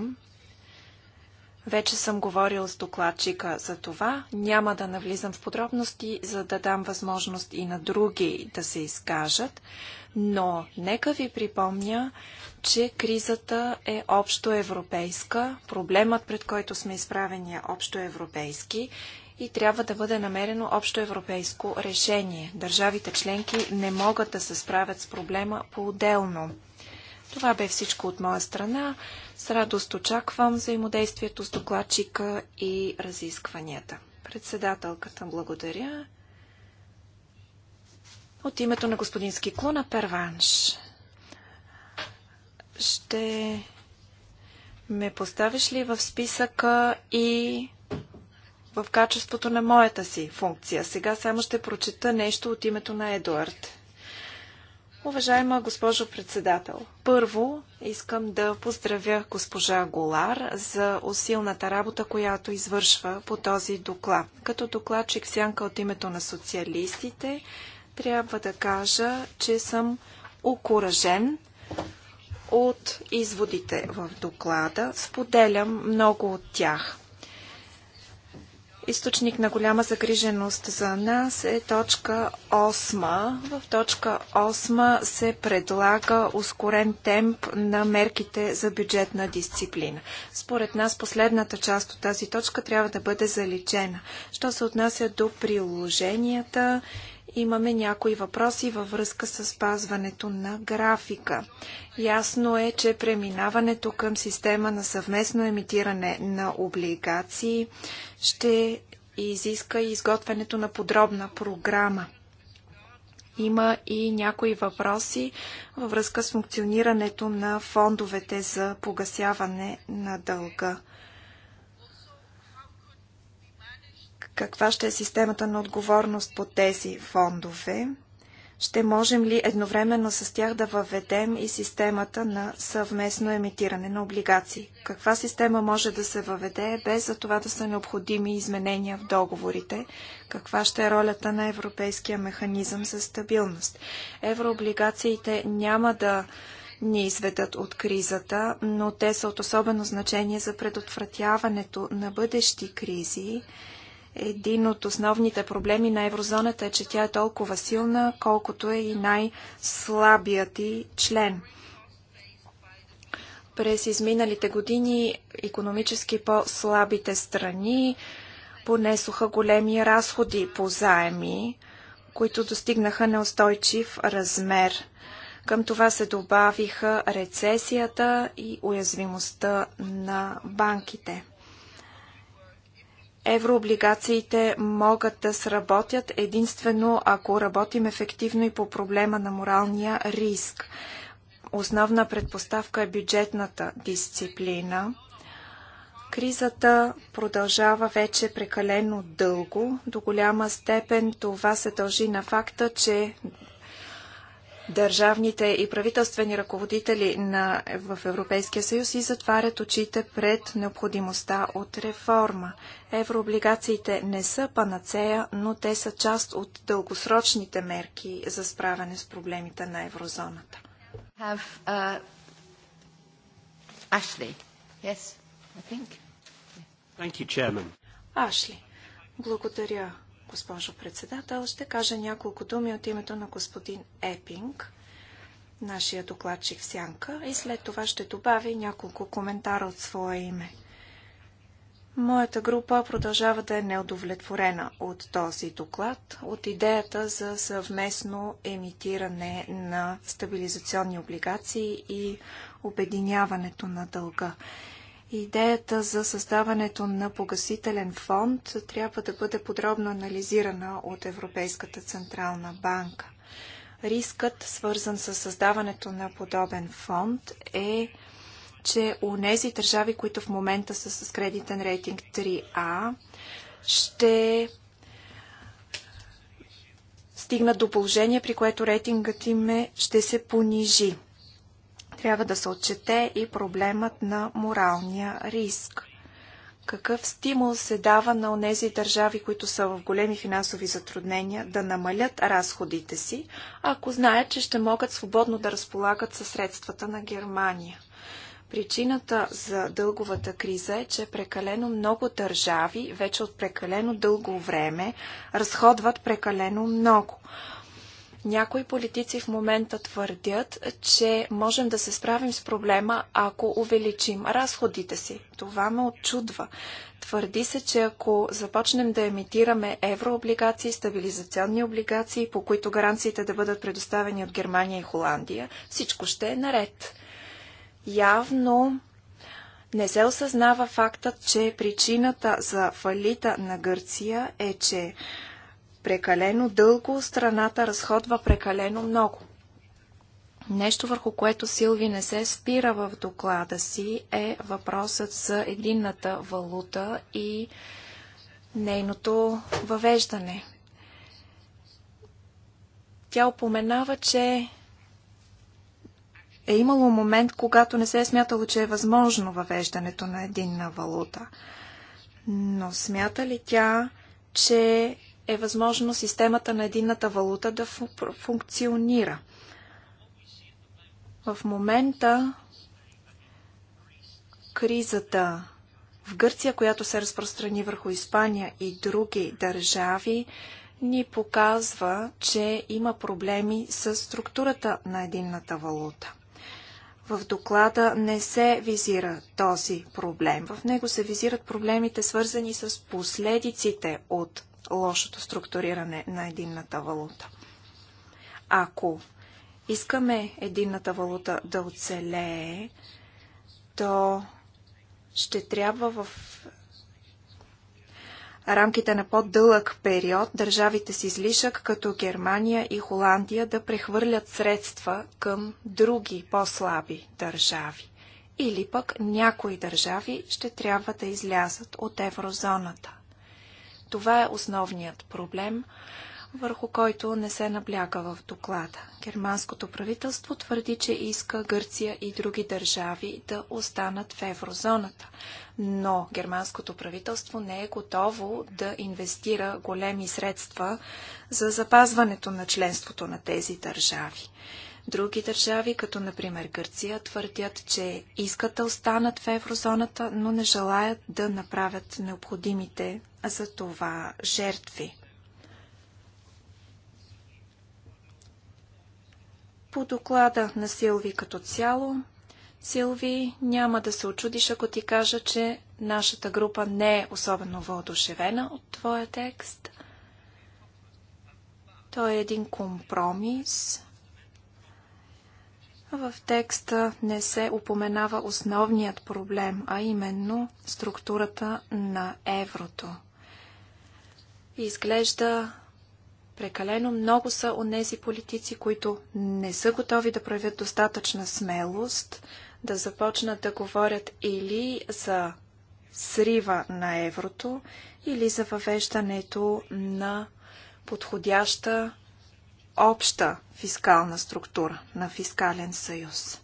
Вече съм говорил с докладчика за това. Няма да навлизам в подробности, за да дам възможност и на други да се изкажат. Но нека ви припомня, че кризата е общо европейска, проблемът, пред който сме изправени е общо европейски и трябва да бъде намерено общо европейско решение. Държавите членки не могат да се справят с проблема по-отделно. Това бе всичко от моя страна. С радост очаквам взаимодействието с докладчика и разискванията. Председателката благодаря. От името на господин Скиклуна Перванш. Ще ме поставиш ли в списъка и в качеството на моята си функция? Сега само ще прочета нещо от името на Едуард. Уважаема госпожо председател, първо искам да поздравя госпожа Голар за усилната работа, която извършва по този доклад. Като докладчик сянка от името на социалистите, трябва да кажа, че съм окуражен от изводите в доклада. Споделям много от тях. Източник на голяма загриженост за нас е точка 8. В точка 8 се предлага ускорен темп на мерките за бюджетна дисциплина. Според нас последната част от тази точка трябва да бъде заличена. Що се отнася до приложенията имаме някои въпроси във връзка с спазването на графика. Ясно е, че преминаването към система на съвместно емитиране на облигации ще изиска и изготвянето на подробна програма. Има и някои въпроси във връзка с функционирането на фондовете за погасяване на дълга. каква ще е системата на отговорност по тези фондове? Ще можем ли едновременно с тях да въведем и системата на съвместно емитиране на облигации? Каква система може да се въведе без за това да са необходими изменения в договорите? Каква ще е ролята на Европейския механизъм за стабилност? Еврооблигациите няма да ни изведат от кризата, но те са от особено значение за предотвратяването на бъдещи кризи един от основните проблеми на еврозоната е, че тя е толкова силна, колкото е и най-слабият и член. През изминалите години економически по-слабите страни понесоха големи разходи по заеми, които достигнаха неустойчив размер. Към това се добавиха рецесията и уязвимостта на банките. Еврооблигациите могат да сработят единствено ако работим ефективно и по проблема на моралния риск. Основна предпоставка е бюджетната дисциплина. Кризата продължава вече прекалено дълго. До голяма степен това се дължи на факта, че държавните и правителствени ръководители на, в Европейския съюз и затварят очите пред необходимостта от реформа. Еврооблигациите не са панацея, но те са част от дългосрочните мерки за справяне с проблемите на еврозоната. Ашли, uh, благодаря, госпожо председател. Ще кажа няколко думи от името на господин Епинг, нашия докладчик в Сянка, и след това ще добавя няколко коментара от своя име. Моята група продължава да е неудовлетворена от този доклад, от идеята за съвместно емитиране на стабилизационни облигации и обединяването на дълга. Идеята за създаването на погасителен фонд трябва да бъде подробно анализирана от Европейската централна банка. Рискът, свързан с създаването на подобен фонд, е, че у нези държави, които в момента са с кредитен рейтинг 3А, ще стигнат до положение, при което рейтингът им е, ще се понижи трябва да се отчете и проблемът на моралния риск. Какъв стимул се дава на онези държави, които са в големи финансови затруднения, да намалят разходите си, ако знаят, че ще могат свободно да разполагат със средствата на Германия? Причината за дълговата криза е, че прекалено много държави вече от прекалено дълго време разходват прекалено много. Някои политици в момента твърдят, че можем да се справим с проблема, ако увеличим разходите си. Това ме очудва. Твърди се, че ако започнем да емитираме еврооблигации, стабилизационни облигации, по които гаранциите да бъдат предоставени от Германия и Холандия, всичко ще е наред. Явно не се осъзнава фактът, че причината за фалита на Гърция е, че прекалено дълго, страната разходва прекалено много. Нещо върху което Силви не се спира в доклада си е въпросът за единната валута и нейното въвеждане. Тя упоменава, че е имало момент, когато не се е смятало, че е възможно въвеждането на единна валута. Но смята ли тя, че е възможно системата на единната валута да функционира. В момента кризата в Гърция, която се разпространи върху Испания и други държави, ни показва, че има проблеми с структурата на единната валута. В доклада не се визира този проблем. В него се визират проблемите, свързани с последиците от лошото структуриране на единната валута. Ако искаме единната валута да оцелее, то ще трябва в рамките на по-дълъг период държавите с излишък, като Германия и Холандия, да прехвърлят средства към други по-слаби държави. Или пък някои държави ще трябва да излязат от еврозоната. Това е основният проблем, върху който не се набляга в доклада. Германското правителство твърди, че иска Гърция и други държави да останат в еврозоната. Но германското правителство не е готово да инвестира големи средства за запазването на членството на тези държави. Други държави, като например Гърция, твърдят, че искат да останат в еврозоната, но не желаят да направят необходимите за това жертви. По доклада на Силви като цяло, Силви, няма да се очудиш, ако ти кажа, че нашата група не е особено въодушевена от твоя текст. Той е един компромис, в текста не се упоменава основният проблем, а именно структурата на еврото. Изглежда прекалено много са онези политици, които не са готови да проявят достатъчна смелост, да започнат да говорят или за срива на еврото, или за въвеждането на подходяща обща фискална структура на фискален съюз.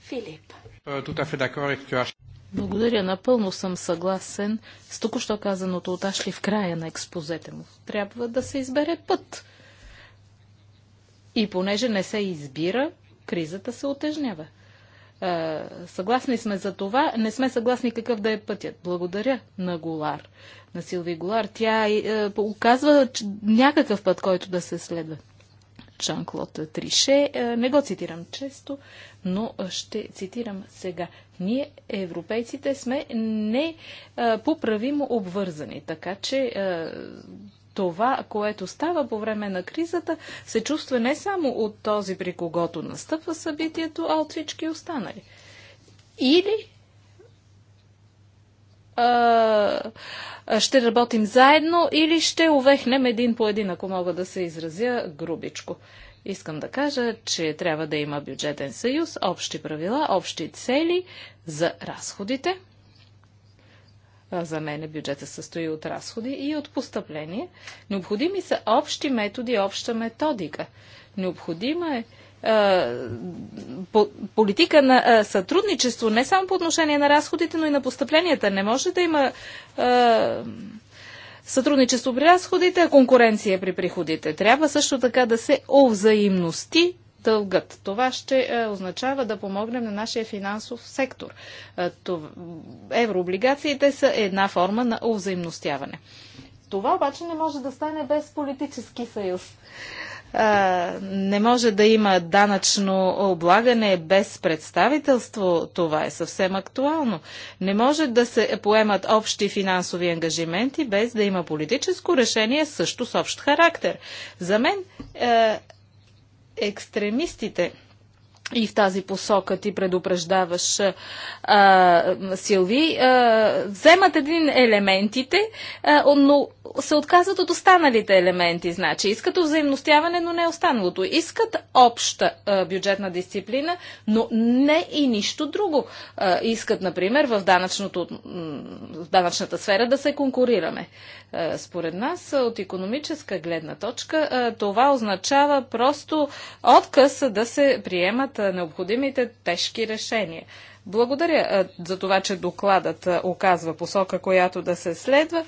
Филип. Е, е е, Благодаря. Напълно съм съгласен с току-що казаното от Ашли в края на експозете му. Трябва да се избере път. И понеже не се избира, кризата се отежнява. Е, съгласни сме за това, не сме съгласни какъв да е пътят. Благодаря на Голар, на Силви Голар. Тя е, е, оказва някакъв път, който да се следва. Жан-Клод Трише. Не го цитирам често, но ще цитирам сега. Ние, европейците, сме непоправимо обвързани, така че това, което става по време на кризата, се чувства не само от този, при когото настъпва събитието, а от всички останали. Или а, ще работим заедно, или ще увехнем един по един, ако мога да се изразя грубичко. Искам да кажа, че трябва да има бюджетен съюз, общи правила, общи цели за разходите – за мен бюджета състои от разходи и от постъпления. Необходими са общи методи, обща методика. Необходима е политика на сътрудничество, не само по отношение на разходите, но и на постъпленията. Не може да има сътрудничество при разходите, а конкуренция при приходите. Трябва също така да се овзаимности дългът. Това ще е, означава да помогнем на нашия финансов сектор. Е, еврооблигациите са една форма на взаимностяване. Това обаче не може да стане без политически съюз. Е, не може да има данъчно облагане без представителство. Това е съвсем актуално. Не може да се поемат общи финансови ангажименти без да има политическо решение също с общ характер. За мен екстремистите. И в тази посока ти предупреждаваш а, Силви. А, вземат един елементите, а, но се отказват от останалите елементи. Значи искат взаимностяване, но не останалото. Искат обща а, бюджетна дисциплина, но не и нищо друго. А, искат, например, в, в данъчната сфера да се конкурираме. А, според нас, от економическа гледна точка, а, това означава просто отказ да се приемат необходимите тежки решения. Благодаря за това, че докладът оказва посока, която да се следва.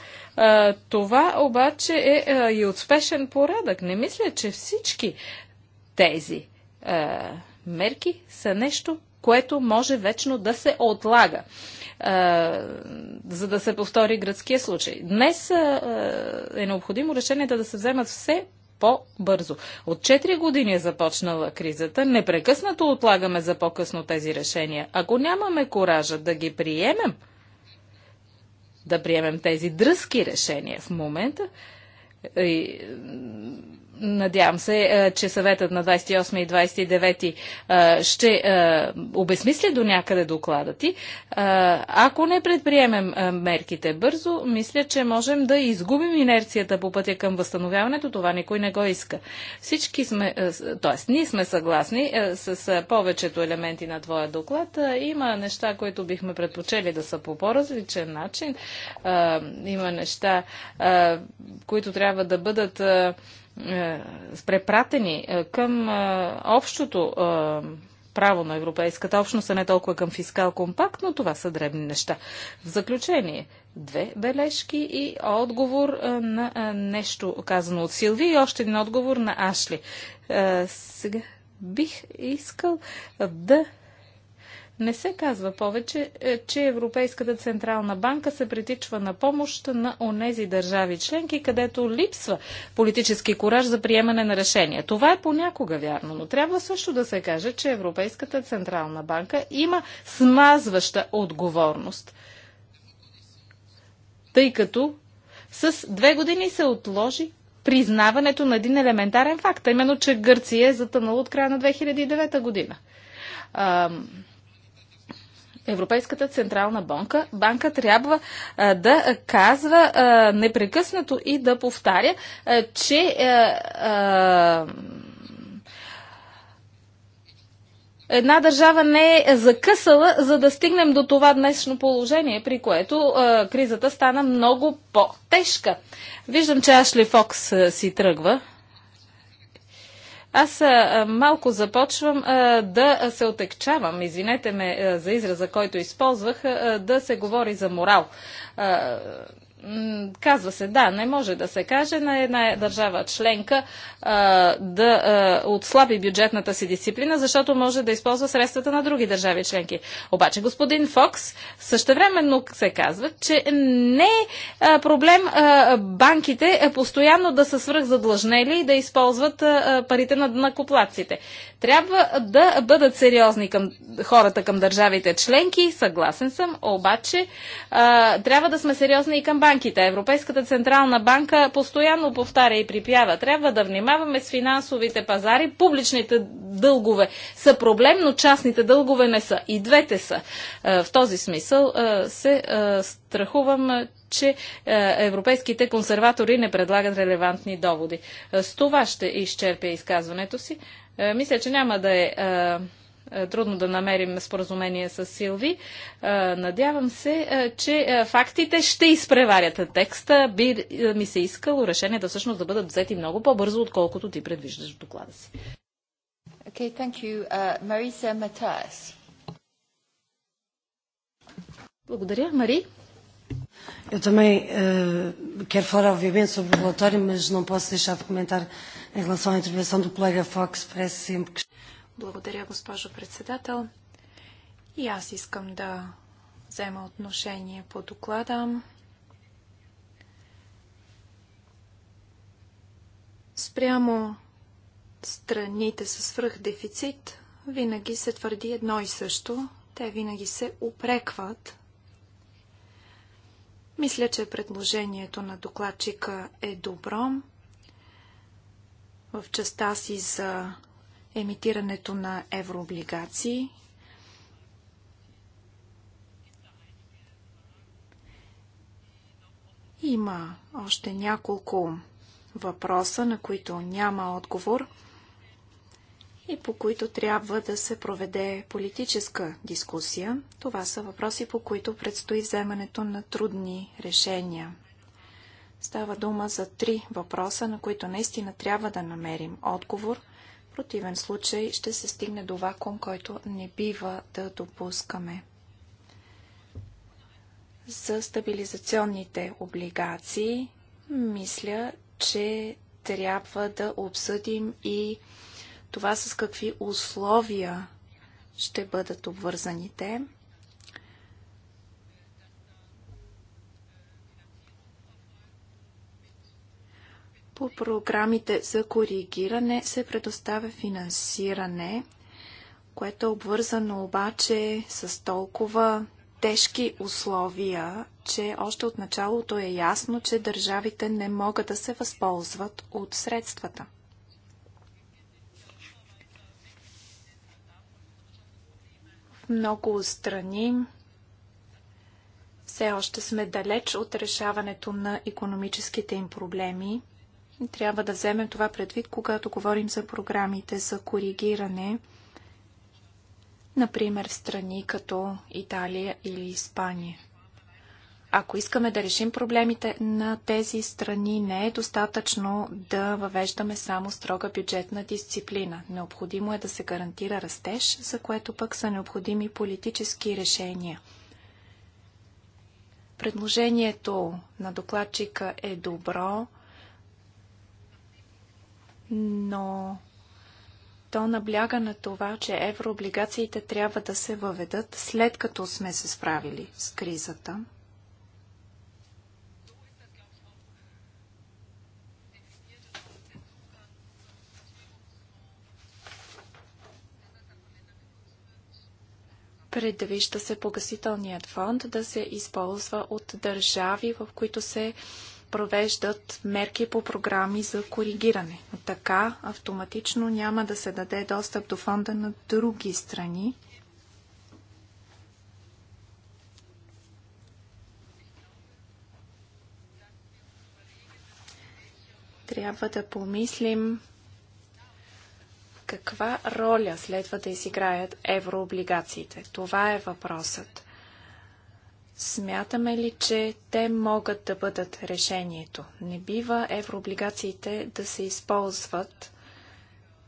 Това обаче е и от спешен порядък. Не мисля, че всички тези мерки са нещо, което може вечно да се отлага, за да се повтори градския случай. Днес е необходимо решение да се вземат все по-бързо. От 4 години е започнала кризата. Непрекъснато отлагаме за по-късно тези решения. Ако нямаме коража да ги приемем, да приемем тези дръзки решения в момента, и Надявам се, е, че съветът на 28 и 29 е, ще е, обесмисля до някъде доклада ти. Ако не предприемем мерките бързо, мисля, че можем да изгубим инерцията по пътя към възстановяването. Това никой не го иска. Всички сме, т.е. ние сме съгласни с повечето елементи на твоя доклад. Има неща, които бихме предпочели да са по по-различен начин. Има неща, които трябва да бъдат е, препратени е, към е, общото право на Европейската общност, а не толкова към фискал компакт, но това са дребни неща. В заключение, две бележки и отговор на нещо казано от Силви и още един отговор на Ашли. Сега бих искал да не се казва повече, е, че Европейската Централна банка се притичва на помощ на онези държави членки, където липсва политически кораж за приемане на решение. Това е понякога вярно, но трябва също да се каже, че Европейската Централна банка има смазваща отговорност. Тъй като с две години се отложи признаването на един елементарен факт, именно, че Гърция е затънала от края на 2009 година. Европейската централна банка, банка трябва а, да казва а, непрекъснато и да повтаря, а, че една държава не е закъсала, за да стигнем до това днешно положение, при което а, кризата стана много по-тежка. Виждам, че Ашли Фокс а, си тръгва. Аз а, малко започвам а, да се отекчавам, извинете ме а, за израза, който използвах, а, да се говори за морал. А, казва се, да, не може да се каже на една държава членка а, да а, отслаби бюджетната си дисциплина, защото може да използва средствата на други държави членки. Обаче господин Фокс същевременно се казва, че не е проблем а, банките постоянно да са свръхзадлъжнели и да използват а, парите на накоплаците. Трябва да бъдат сериозни към хората, към държавите членки, съгласен съм, обаче а, трябва да сме сериозни и към банките банките. Европейската централна банка постоянно повтаря и припява. Трябва да внимаваме с финансовите пазари. Публичните дългове са проблем, но частните дългове не са. И двете са. Е, в този смисъл е, се е, страхувам, че европейските консерватори не предлагат релевантни доводи. С това ще изчерпя изказването си. Мисля, че няма да е е, трудно да намерим споразумение с Силви. Е, надявам се, е, че фактите ще изпреварят текста. Би ми се искало решенията всъщност да бъдат взети много по-бързо, отколкото ти предвиждаш в доклада си. Okay, thank you. Uh, Благодаря. Мари? Eu também uh, quero falar, obviamente, sobre o relatório, mas não posso deixar de comentar em relação à intervenção do colega Fox. Parece sempre que благодаря, госпожо председател. И аз искам да взема отношение по доклада. Спрямо страните с свръхдефицит, винаги се твърди едно и също. Те винаги се упрекват. Мисля, че предложението на докладчика е добро. В частта си за емитирането на еврооблигации. Има още няколко въпроса, на които няма отговор и по които трябва да се проведе политическа дискусия. Това са въпроси, по които предстои вземането на трудни решения. Става дума за три въпроса, на които наистина трябва да намерим отговор – противен случай ще се стигне до вакуум, който не бива да допускаме. За стабилизационните облигации мисля, че трябва да обсъдим и това с какви условия ще бъдат обвързани те. По програмите за коригиране се предоставя финансиране, което е обвързано обаче с толкова тежки условия, че още от началото е ясно, че държавите не могат да се възползват от средствата. В много страни все още сме далеч от решаването на економическите им проблеми – трябва да вземем това предвид, когато говорим за програмите за коригиране, например в страни като Италия или Испания. Ако искаме да решим проблемите на тези страни, не е достатъчно да въвеждаме само строга бюджетна дисциплина. Необходимо е да се гарантира растеж, за което пък са необходими политически решения. Предложението на докладчика е добро но то набляга на това, че еврооблигациите трябва да се въведат след като сме се справили с кризата. Предвижда се погасителният фонд да се използва от държави, в които се провеждат мерки по програми за коригиране. така автоматично няма да се даде достъп до фонда на други страни. Трябва да помислим каква роля следва да изиграят еврооблигациите. Това е въпросът. Смятаме ли, че те могат да бъдат решението? Не бива еврооблигациите да се използват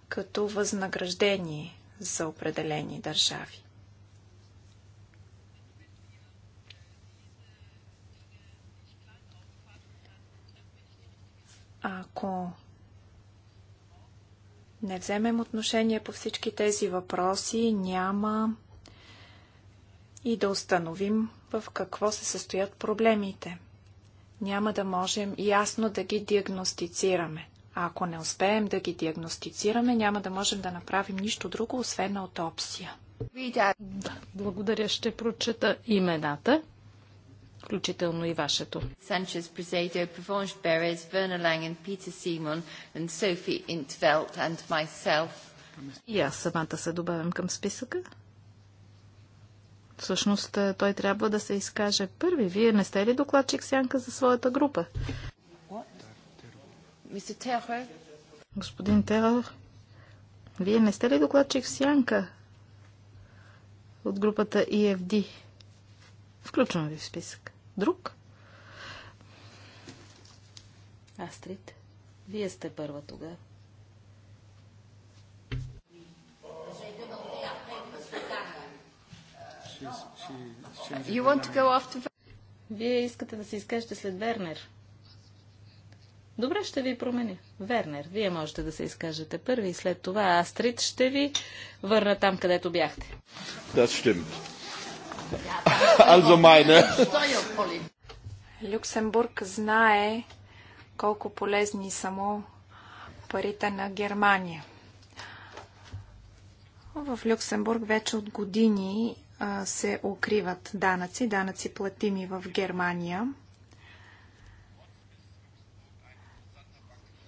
като възнаграждение за определени държави. Ако не вземем отношение по всички тези въпроси, няма и да установим в какво се състоят проблемите. Няма да можем ясно да ги диагностицираме. А ако не успеем да ги диагностицираме, няма да можем да направим нищо друго, освен аутопсия. Благодаря. Ще прочета имената, включително и вашето. Санчес Презедо, Павонж Берез, Верна Ланген, Питер Симон, Софи Интвелт и myself. И аз самата се добавям към списъка. Всъщност е, той трябва да се изкаже първи. Вие не сте ли докладчик сянка за своята група? Господин Терър, вие не сте ли докладчик сянка от групата EFD? Включвам ви в списък. Друг? Астрид, вие сте първа тогава. You want to go after... Вие искате да се изкажете след Вернер. Добре, ще ви променя. Вернер, вие можете да се изкажете първи и след това Астрид ще ви върна там, където бяхте. Das stimmt. Also meine. Люксембург знае колко полезни му парите на Германия. В Люксембург вече от години се укриват данъци, данъци платими в Германия.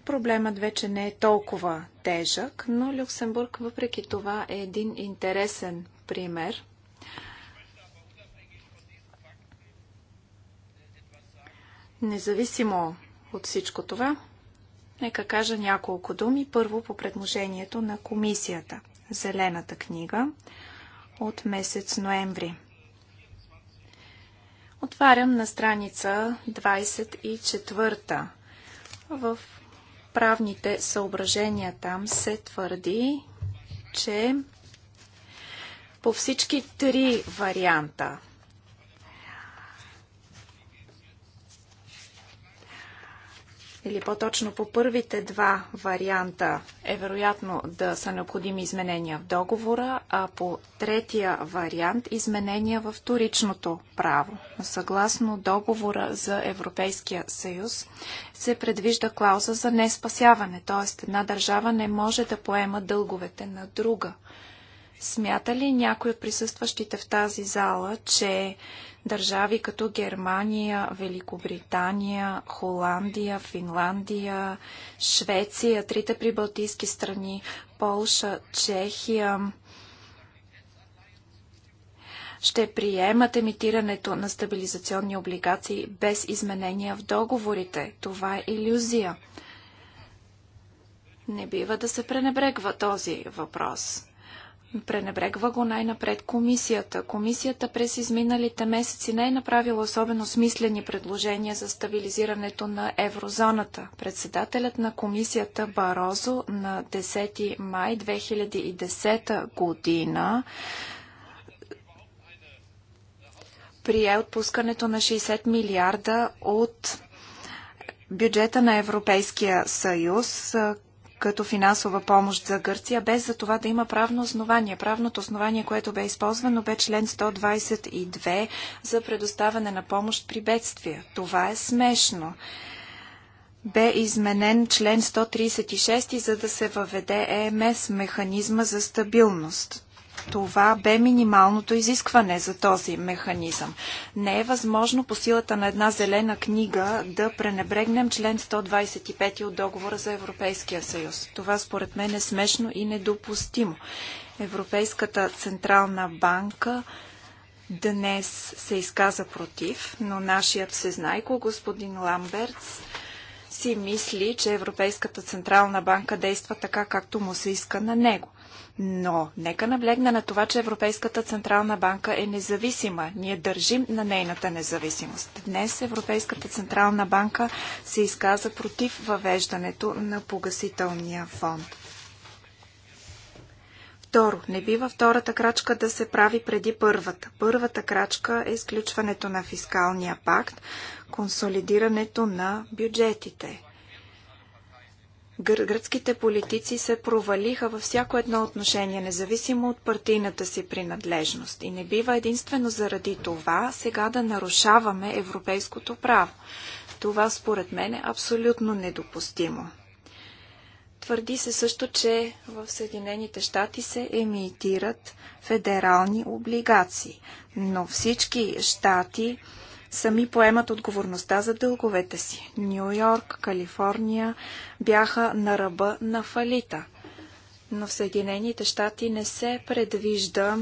Проблемът вече не е толкова тежък, но Люксембург въпреки това е един интересен пример. Независимо от всичко това, нека кажа няколко думи. Първо по предложението на комисията. Зелената книга от месец ноември. Отварям на страница 24. В правните съображения там се твърди, че по всички три варианта или по-точно по първите два варианта е вероятно да са необходими изменения в договора, а по третия вариант изменения в вторичното право. Съгласно договора за Европейския съюз се предвижда клауза за неспасяване, т.е. една държава не може да поема дълговете на друга. Смята ли някой от присъстващите в тази зала, че Държави като Германия, Великобритания, Холандия, Финландия, Швеция, трите прибалтийски страни, Полша, Чехия, ще приемат емитирането на стабилизационни облигации без изменения в договорите. Това е иллюзия. Не бива да се пренебрегва този въпрос. Пренебрегва го най-напред комисията. Комисията през изминалите месеци не е направила особено смислени предложения за стабилизирането на еврозоната. Председателят на комисията Барозо на 10 май 2010 година прие отпускането на 60 милиарда от бюджета на Европейския съюз като финансова помощ за Гърция, без за това да има правно основание. Правното основание, което бе използвано, бе член 122 за предоставяне на помощ при бедствия. Това е смешно. Бе изменен член 136, за да се въведе ЕМС, механизма за стабилност. Това бе минималното изискване за този механизъм. Не е възможно по силата на една зелена книга да пренебрегнем член 125 от договора за Европейския съюз. Това според мен е смешно и недопустимо. Европейската централна банка днес се изказа против, но нашият всезнайко господин Ламбертс си мисли, че Европейската Централна банка действа така, както му се иска на него. Но нека наблегна на това, че Европейската Централна банка е независима. Ние държим на нейната независимост. Днес Европейската Централна банка се изказа против въвеждането на погасителния фонд. Второ, не бива втората крачка да се прави преди първата. Първата крачка е изключването на фискалния пакт, консолидирането на бюджетите гръцките политици се провалиха във всяко едно отношение, независимо от партийната си принадлежност. И не бива единствено заради това сега да нарушаваме европейското право. Това според мен е абсолютно недопустимо. Твърди се също, че в Съединените щати се емитират федерални облигации, но всички щати сами поемат отговорността за дълговете си. Нью Йорк, Калифорния бяха на ръба на фалита. Но в Съединените щати не се предвижда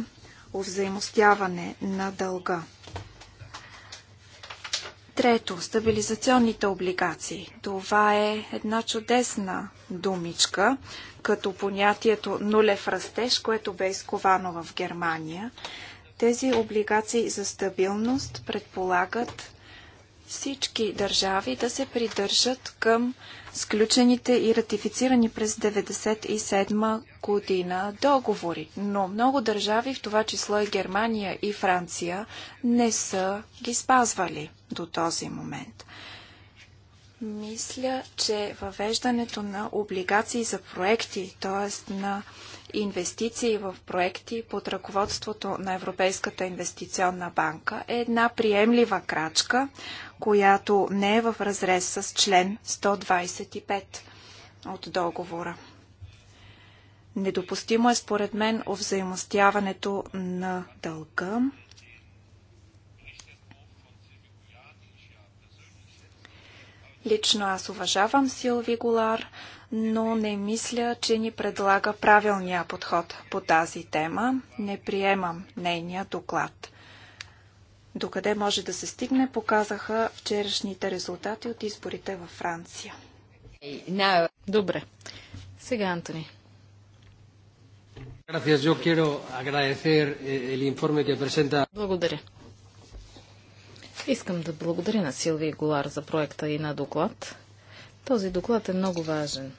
взаимостяване на дълга. Трето, стабилизационните облигации. Това е една чудесна думичка, като понятието нулев растеж, което бе изковано в Германия. Тези облигации за стабилност предполагат всички държави да се придържат към сключените и ратифицирани през 1997 година договори. Но много държави, в това число и Германия и Франция, не са ги спазвали до този момент. Мисля, че въвеждането на облигации за проекти, т.е. на инвестиции в проекти под ръководството на Европейската инвестиционна банка е една приемлива крачка, която не е в разрез с член 125 от договора. Недопустимо е според мен овзаимостяването на дълга. Лично аз уважавам Силви Голар – но не мисля, че ни предлага правилния подход по тази тема. Не приемам нейния доклад. Докъде може да се стигне, показаха вчерашните резултати от изборите във Франция. Добре. Сега, Антони. Eh, благодаря. Искам да благодаря на Силвия Голар за проекта и на доклад. Този доклад е много важен.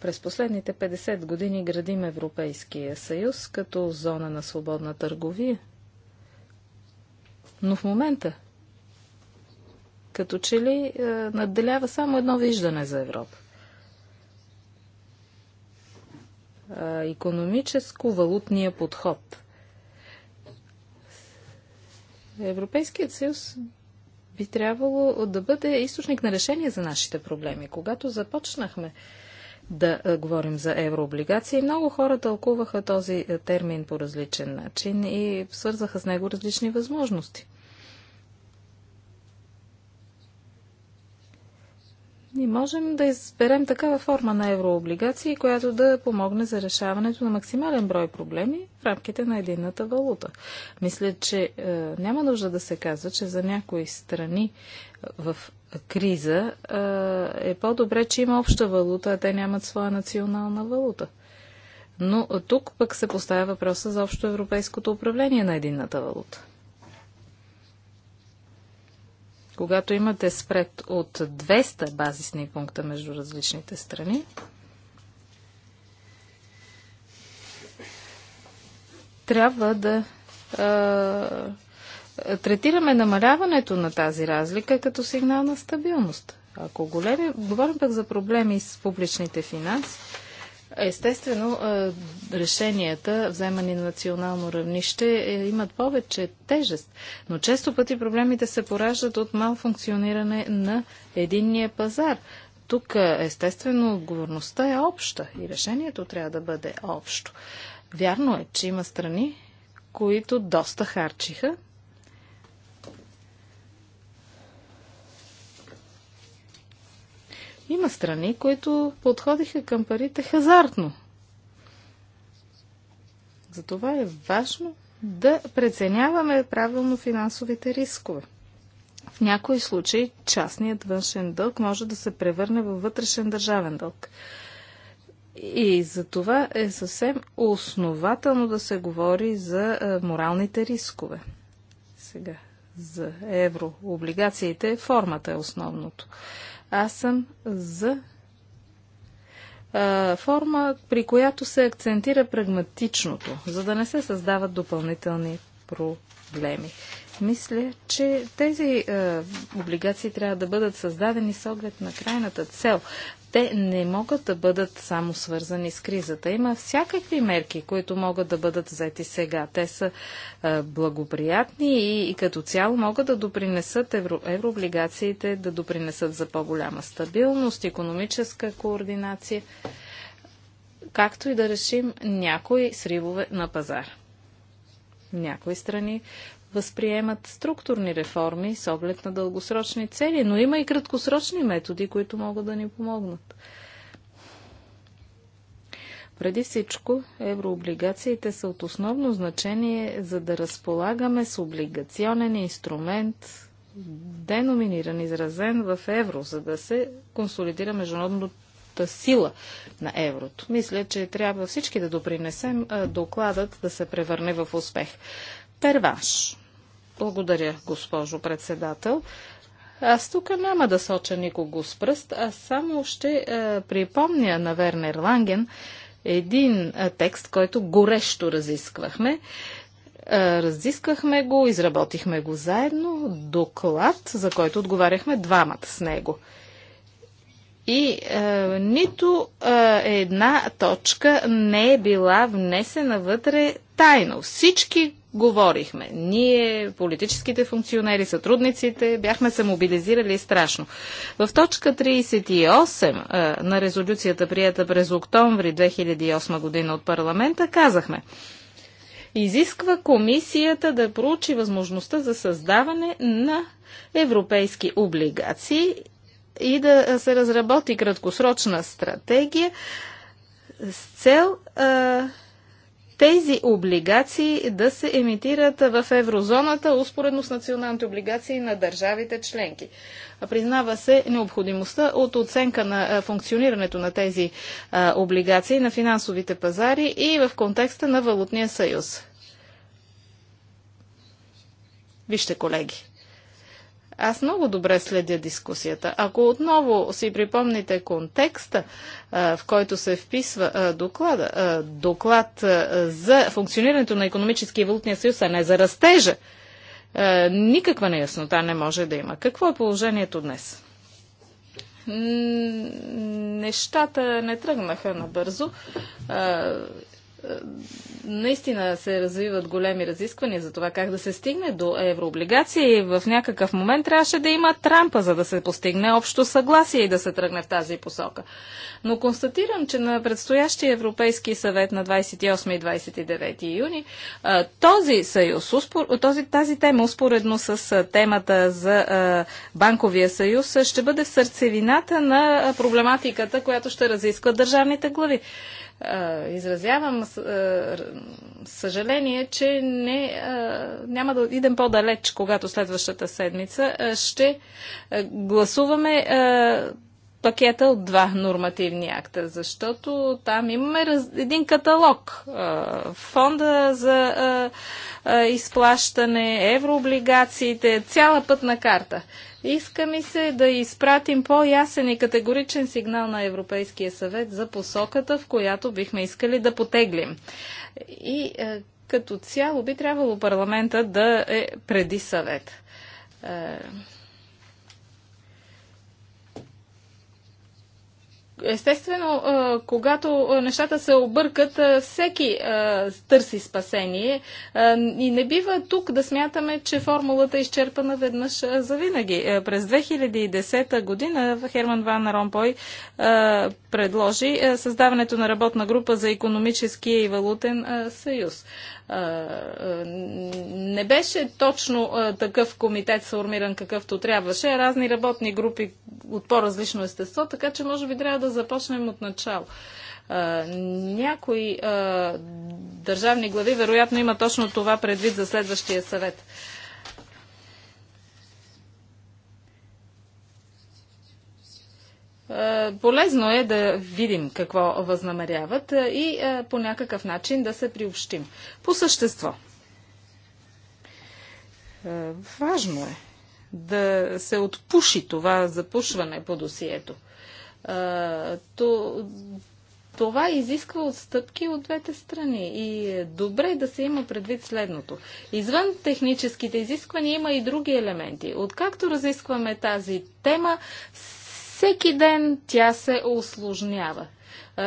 През последните 50 години градим Европейския съюз като зона на свободна търговия. Но в момента, като че ли, е, надделява само едно виждане за Европа. Економическо-валутния подход. Европейският съюз би трябвало да бъде източник на решение за нашите проблеми. Когато започнахме да говорим за еврооблигации, много хора тълкуваха този термин по различен начин и свързаха с него различни възможности. И можем да изберем такава форма на еврооблигации, която да помогне за решаването на максимален брой проблеми в рамките на единната валута. Мисля, че е, няма нужда да се казва, че за някои страни е, в криза е, е по-добре, че има обща валута, а те нямат своя национална валута. Но тук пък се поставя въпроса за общо европейското управление на единната валута. Когато имате спред от 200 базисни пункта между различните страни, трябва да а, третираме намаляването на тази разлика като сигнал на стабилност. Ако големи, говорим пък за проблеми с публичните финанси, Естествено, е, решенията, вземани на национално равнище, е, имат повече тежест, но често пъти проблемите се пораждат от мал функциониране на единния пазар. Тук, е, естествено, отговорността е обща и решението трябва да бъде общо. Вярно е, че има страни, които доста харчиха Има страни, които подходиха към парите хазартно. Затова е важно да преценяваме правилно финансовите рискове. В някои случаи частният външен дълг може да се превърне във вътрешен държавен дълг. И за това е съвсем основателно да се говори за моралните рискове. Сега за еврооблигациите формата е основното. Аз съм за а, форма, при която се акцентира прагматичното, за да не се създават допълнителни проблеми. Мисля, че тези е, облигации трябва да бъдат създадени с оглед на крайната цел, те не могат да бъдат само свързани с кризата. Има всякакви мерки, които могат да бъдат взети сега. Те са а, благоприятни и, и като цяло могат да допринесат евро, еврооблигациите, да допринесат за по-голяма стабилност, економическа координация, както и да решим някои сривове на пазар. Някои страни възприемат структурни реформи с оглед на дългосрочни цели, но има и краткосрочни методи, които могат да ни помогнат. Преди всичко, еврооблигациите са от основно значение, за да разполагаме с облигационен инструмент, деноминиран, изразен в евро, за да се консолидира международната сила на еврото. Мисля, че трябва всички да допринесем докладът да се превърне в успех. Перваш. Благодаря, госпожо председател. Аз тук няма да соча никого с пръст, а само ще е, припомня на Вернер Ланген един е, текст, който горещо разисквахме. Е, разисквахме го, изработихме го заедно, доклад, за който отговаряхме двамата с него. И е, нито е, една точка не е била внесена вътре тайно. Всички говорихме. Ние, политическите функционери, сътрудниците, бяхме се мобилизирали страшно. В точка 38 на резолюцията, прията през октомври 2008 година от парламента, казахме изисква комисията да проучи възможността за създаване на европейски облигации и да се разработи краткосрочна стратегия с цел а, тези облигации да се емитират в еврозоната, успоредно с националните облигации на държавите членки. Признава се необходимостта от оценка на функционирането на тези облигации на финансовите пазари и в контекста на Валутния съюз. Вижте, колеги. Аз много добре следя дискусията. Ако отново си припомните контекста в който се вписва доклад, доклад за функционирането на економическия и валутния съюз, а не за растежа, никаква неяснота е не може да има. Какво е положението днес? нещата не тръгнаха набързо наистина се развиват големи разисквания за това как да се стигне до еврооблигации в някакъв момент трябваше да има трампа, за да се постигне общо съгласие и да се тръгне в тази посока. Но констатирам, че на предстоящия Европейски съвет на 28 и 29 юни този съюз, този, тази тема успоредно с темата за банковия съюз ще бъде в сърцевината на проблематиката, която ще разискват държавните глави изразявам е, съжаление, че не, е, няма да идем по-далеч, когато следващата седмица е, ще гласуваме пакета от два нормативни акта, защото там имаме раз... един каталог. Фонда за изплащане, еврооблигациите, цяла пътна карта. Иска ми се да изпратим по-ясен и категоричен сигнал на Европейския съвет за посоката, в която бихме искали да потеглим. И като цяло би трябвало парламента да е преди съвет. Естествено, когато нещата се объркат, всеки търси спасение и не бива тук да смятаме, че формулата е изчерпана веднъж за винаги. През 2010 година Херман Ван Ромпой предложи създаването на работна група за економическия и валутен съюз не беше точно такъв комитет сформиран какъвто трябваше. Разни работни групи от по-различно естество, така че може би трябва да започнем от начало. Някои държавни глави вероятно има точно това предвид за следващия съвет. Е, полезно е да видим какво възнамеряват е, и е, по някакъв начин да се приобщим. По същество. Важно е да се отпуши това запушване по досието. това изисква отстъпки от двете страни и е добре да се има предвид следното. Извън техническите изисквания има и други елементи. Откакто разискваме тази тема, всеки ден тя се осложнява.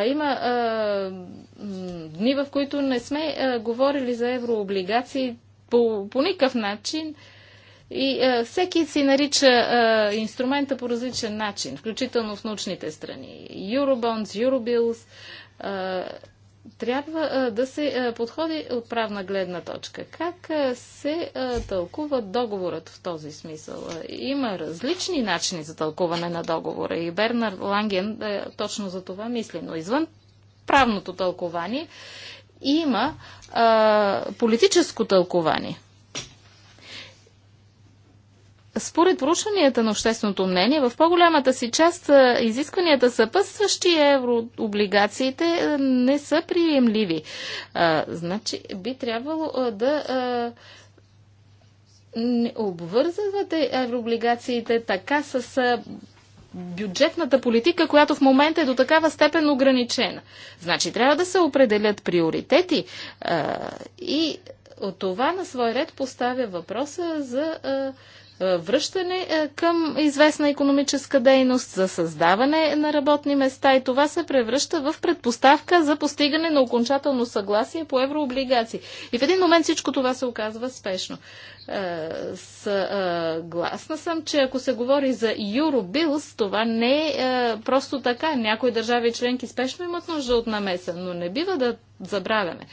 Има а, дни, в които не сме а, говорили за еврооблигации по, по никакъв начин. И а, всеки си нарича а, инструмента по различен начин, включително в научните страни. Eurobonds, Eurobills, а, трябва а, да се а, подходи от правна гледна точка. Как а, се тълкува договорът в този смисъл? Има различни начини за тълкуване на договора и Бернар Ланген точно за това мисли, но извън правното тълкование има политическо тълкование – според проучванията на общественото мнение, в по-голямата си част изискванията съпътстващи еврооблигациите не са приемливи. А, значи би трябвало да а, не обвързвате еврооблигациите така с а, бюджетната политика, която в момента е до такава степен ограничена. Значи трябва да се определят приоритети а, и от това на свой ред поставя въпроса за а, е, връщане е, към известна економическа дейност, за създаване на работни места и това се превръща в предпоставка за постигане на окончателно съгласие по еврооблигации. И в един момент всичко това се оказва спешно. Е, съгласна съм, че ако се говори за Eurobills, това не е просто така. Някои държави членки спешно имат нужда от намеса, но не бива да забравяме,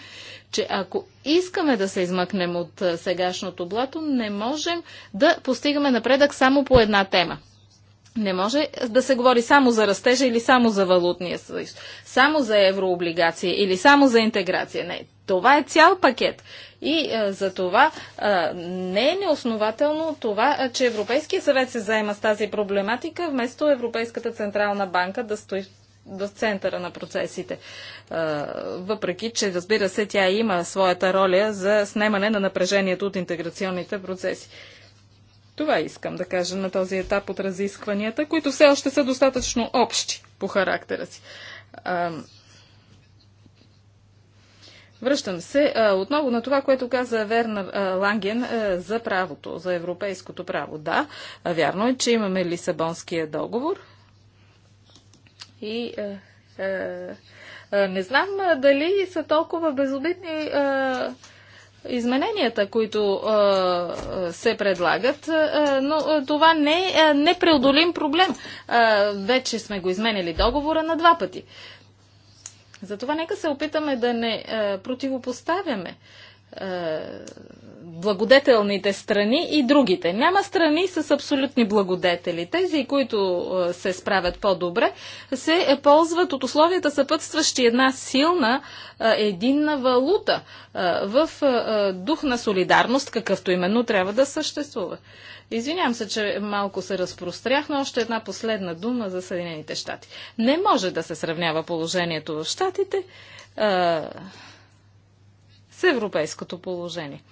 че ако искаме да се измъкнем от сегашното блато, не можем да постигаме напредък само по една тема. Не може да се говори само за растежа или само за валутния съюз, само за еврооблигация или само за интеграция. Не, това е цял пакет. И а, за това а, не е неоснователно това, а, че Европейския съвет се заема с тази проблематика, вместо Европейската централна банка да стои в центъра на процесите. Въпреки, че разбира се, тя има своята роля за снемане на напрежението от интеграционните процеси. Това искам да кажа на този етап от разискванията, които все още са достатъчно общи по характера си. Връщам се а, отново на това, което каза Вернер а, Ланген а, за правото, за европейското право. Да, а, вярно е, че имаме Лисабонския договор, и е, е, е, не знам дали са толкова безобидни е, измененията, които е, е, се предлагат, но това не е непреодолим проблем. Вече сме го изменили договора на два пъти. Затова нека се опитаме да не противопоставяме е, благодетелните страни и другите. Няма страни с абсолютни благодетели. Тези, които е, се справят по-добре, се ползват от условията съпътстващи една силна е, единна валута в дух на солидарност, какъвто именно трябва да съществува. Извинявам се, че малко се разпрострях, но още една последна дума за Съединените щати. Не може да се сравнява положението в щатите с европейското положение.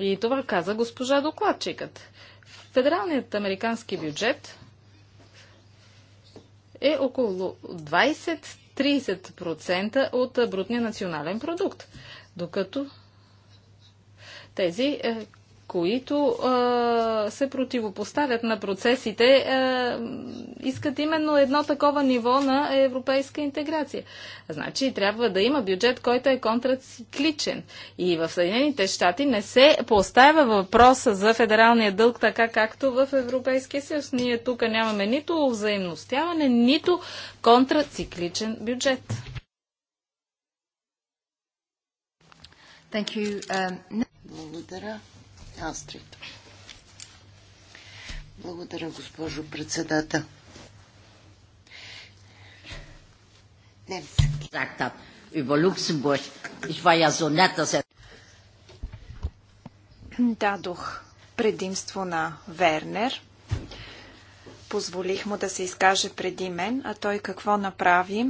И това каза госпожа докладчикът. Федералният американски бюджет е около 20-30% от брутния национален продукт, докато тези е, които а, се противопоставят на процесите, а, искат именно едно такова ниво на европейска интеграция. Значи трябва да има бюджет, който е контрацикличен. И в Съединените щати не се поставя въпроса за федералния дълг така както в Европейския съюз. Ние тук нямаме нито взаимностяване, нито контрацикличен бюджет. Thank you. Um... Благодаря. Астрид. Благодаря, госпожо председател. Немски. Über Luxemburg. Ich war ja so nett, dass er... Дадох предимство на Вернер. Позволих му да се изкаже преди мен, а той какво направи?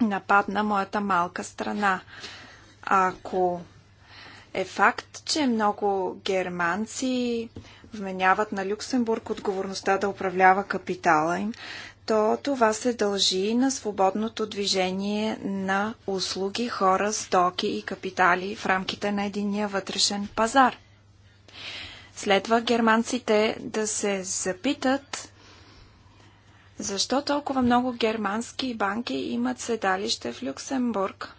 Нападна моята малка страна. Ако е факт, че много германци вменяват на Люксембург отговорността да управлява капитала им, то това се дължи на свободното движение на услуги, хора, стоки и капитали в рамките на единия вътрешен пазар. Следва германците да се запитат защо толкова много германски банки имат седалище в Люксембург.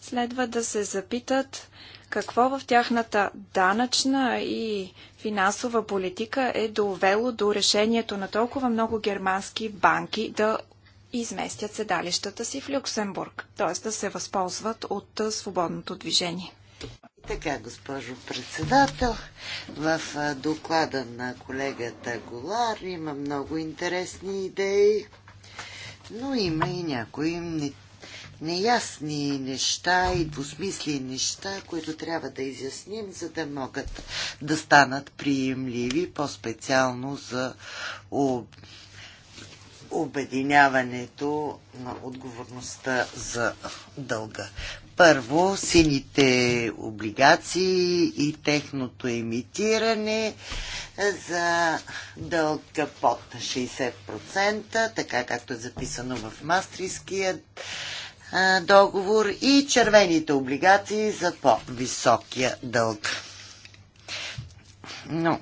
Следва да се запитат какво в тяхната данъчна и финансова политика е довело до решението на толкова много германски банки да изместят седалищата си в Люксембург, т.е. да се възползват от свободното движение. Така, госпожо председател, в доклада на колегата Голар има много интересни идеи, но има и някои неясни неща и двусмисли неща, които трябва да изясним, за да могат да станат приемливи, по-специално за обединяването на отговорността за дълга. Първо, сините облигации и техното емитиране е, за дълга под 60%, така както е записано в Мастрийския договор и червените облигации за по-високия дълг. Но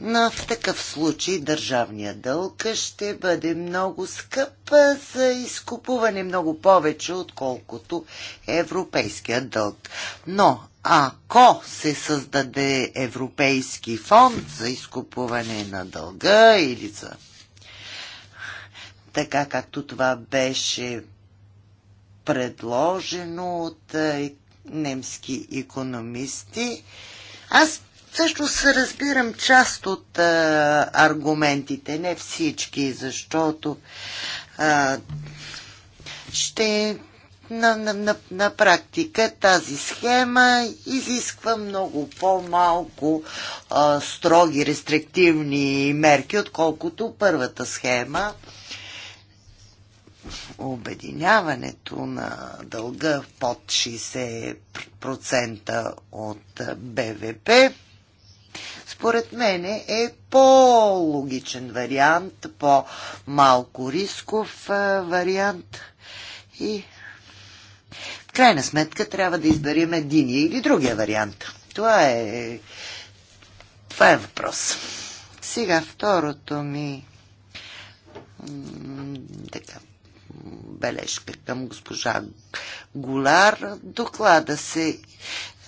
но в такъв случай държавния дълг ще бъде много скъп за изкупуване много повече, отколкото европейския дълг. Но ако се създаде европейски фонд за изкупуване на дълга или за така както това беше предложено от немски економисти. Аз също се разбирам част от а, аргументите, не всички, защото а, ще на, на, на, на практика тази схема изисква много по-малко строги рестриктивни мерки, отколкото първата схема обединяването на дълга под 60% от БВП, според мен е по-логичен вариант, по-малко рисков вариант и в крайна сметка трябва да изберем един или другия вариант. Това е, това е въпрос. Сега второто ми така, бележка към госпожа Голар. Доклада се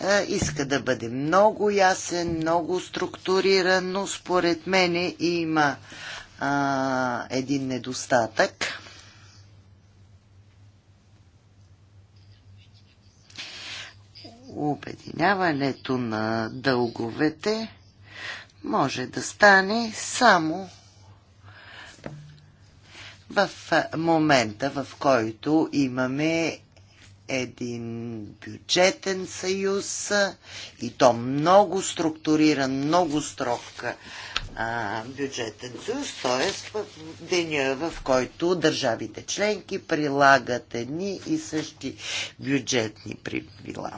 е, иска да бъде много ясен, много структуриран, но според мене има а, един недостатък. Обединяването на дълговете може да стане само в момента, в който имаме един бюджетен съюз и то много структуриран, много строг а, бюджетен съюз, т.е. в деня, в който държавите членки прилагат едни и същи бюджетни правила.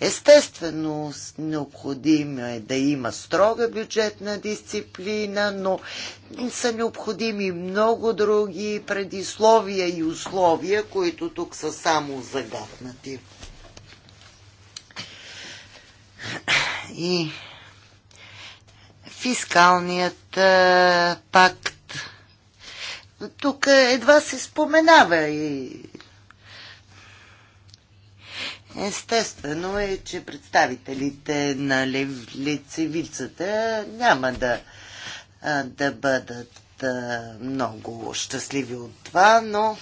Естествено, необходимо е да има строга бюджетна дисциплина, но са необходими много други предисловия и условия, които тук са само загаднати. И фискалният пакт тук едва се споменава и Естествено е, че представителите на лицевицата няма да, да бъдат много щастливи от това, но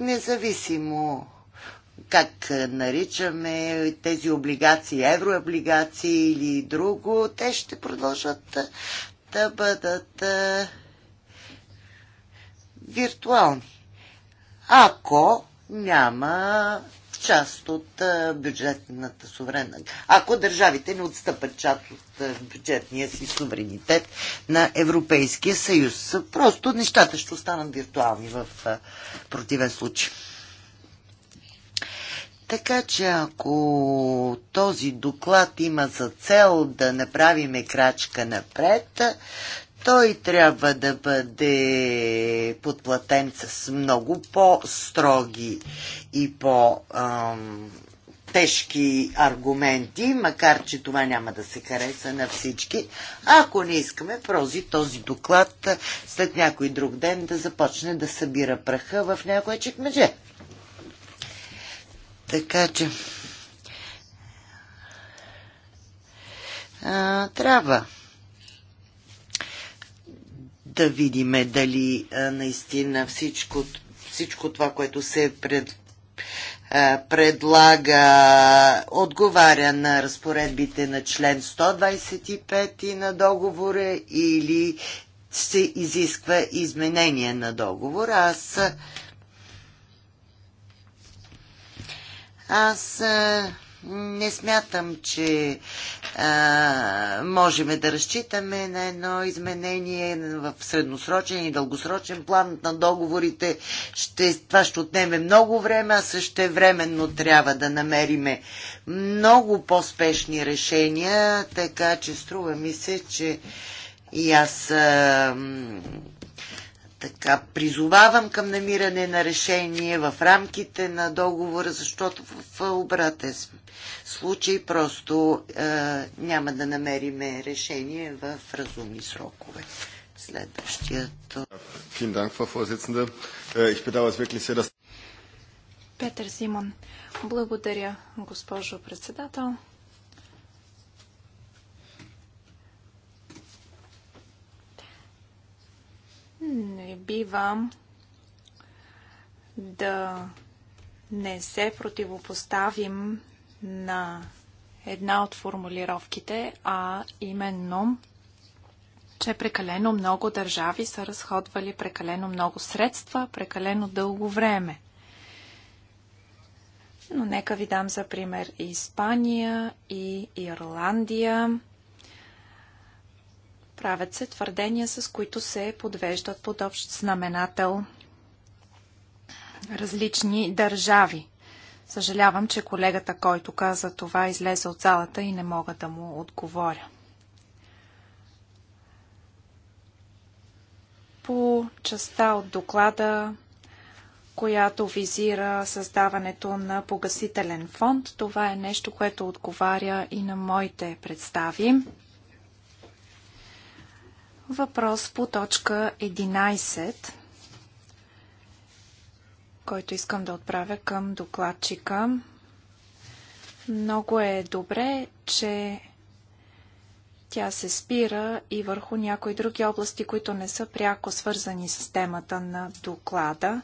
независимо как наричаме тези облигации, еврооблигации или друго, те ще продължат да бъдат виртуални. Ако няма част от бюджетната суверена. Ако държавите не отстъпат част от бюджетния си суверенитет на Европейския съюз. Просто нещата ще останат виртуални в противен случай. Така че ако този доклад има за цел да направиме крачка напред, той трябва да бъде подплатен с много по-строги и по-тежки аргументи, макар че това няма да се хареса на всички, ако не искаме прози този доклад след някой друг ден да започне да събира праха в някое чекмедже. Така че... А, трябва да видим дали наистина всичко, всичко това, което се пред, предлага, отговаря на разпоредбите на член 125 и на договора или се изисква изменение на договора. Аз аз не смятам, че а, можем да разчитаме на едно изменение в средносрочен и дългосрочен план на договорите. Ще, това ще отнеме много време, а също временно трябва да намериме много по-спешни решения, така че струва ми се, че и аз а, така призовавам към намиране на решение в рамките на договора, защото в обратен сме случай просто е, няма да намериме решение в разумни срокове. Следващият. Е, Петър Симон. Благодаря, госпожо председател. Не бивам да не се противопоставим на една от формулировките, а именно, че прекалено много държави са разходвали прекалено много средства, прекалено дълго време. Но нека ви дам за пример и Испания и Ирландия. Правят се твърдения, с които се подвеждат под общ знаменател различни държави. Съжалявам, че колегата, който каза това, излезе от залата и не мога да му отговоря. По частта от доклада, която визира създаването на погасителен фонд, това е нещо, което отговаря и на моите представи. Въпрос по точка 11 който искам да отправя към докладчика. Много е добре, че тя се спира и върху някои други области, които не са пряко свързани с темата на доклада.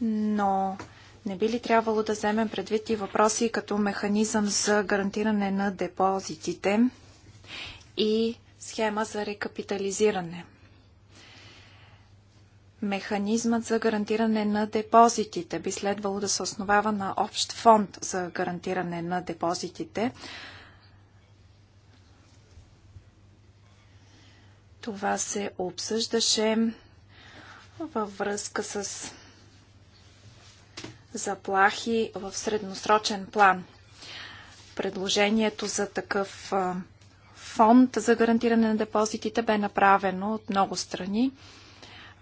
Но не би ли трябвало да вземем предвид и въпроси като механизъм за гарантиране на депозитите и схема за рекапитализиране? Механизмът за гарантиране на депозитите би следвало да се основава на общ фонд за гарантиране на депозитите. Това се обсъждаше във връзка с заплахи в средносрочен план. Предложението за такъв фонд за гарантиране на депозитите бе направено от много страни.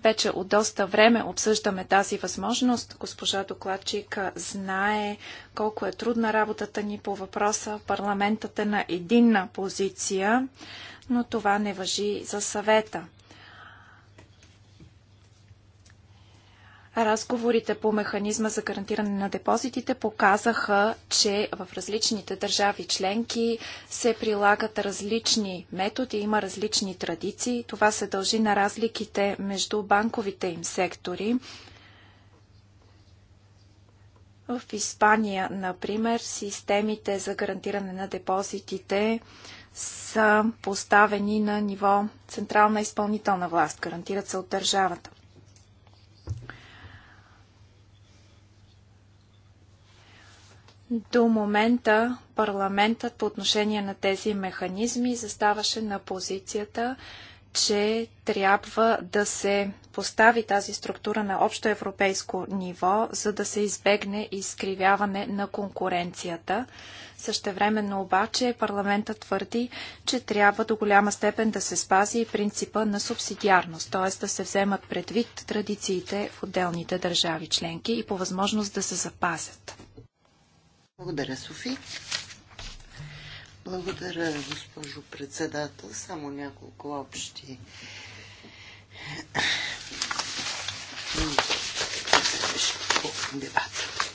Вече от доста време обсъждаме тази възможност. Госпожа докладчик знае колко е трудна работата ни по въпроса. Парламентът е на единна позиция, но това не въжи за съвета. Разговорите по механизма за гарантиране на депозитите показаха, че в различните държави членки се прилагат различни методи, има различни традиции. Това се дължи на разликите между банковите им сектори. В Испания, например, системите за гарантиране на депозитите са поставени на ниво централна изпълнителна власт, гарантират се от държавата. До момента парламентът по отношение на тези механизми заставаше на позицията, че трябва да се постави тази структура на общо европейско ниво, за да се избегне изкривяване на конкуренцията. Същевременно обаче парламентът твърди, че трябва до голяма степен да се спази и принципа на субсидиарност, т.е. да се вземат предвид традициите в отделните държави членки и по възможност да се запазят. Благодаря, Софи. Благодаря, госпожо председател. Само няколко общи по дебата.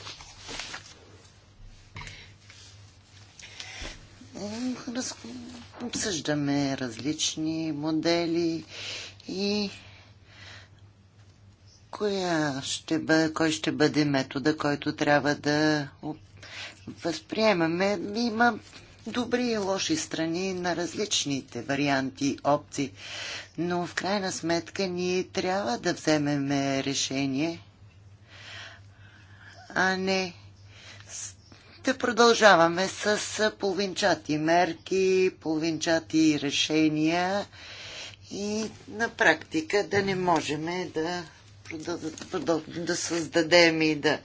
Раз... Обсъждаме различни модели и коя ще бъ... кой ще бъде метода, който трябва да възприемаме. Има добри и лоши страни на различните варианти, опции, но в крайна сметка ние трябва да вземем решение, а не да продължаваме с половинчати мерки, половинчати решения и на практика да не можем да, да, да създадем и да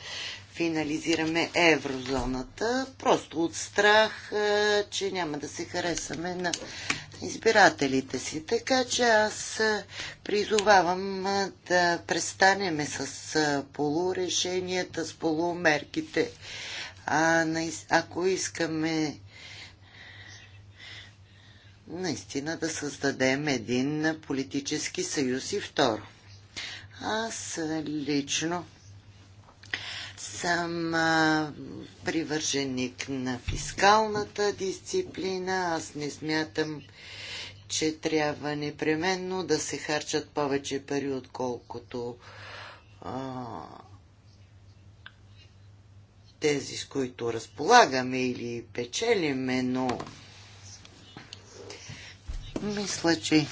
финализираме еврозоната, просто от страх, е, че няма да се харесаме на избирателите си. Така че аз е, призовавам е, да престанеме с полурешенията, с полумерките. А ако искаме наистина да създадем един политически съюз и второ. Аз лично съм а, привърженик на фискалната дисциплина. Аз не смятам, че трябва непременно да се харчат повече пари, отколкото а, тези, с които разполагаме или печелиме, но мисля, че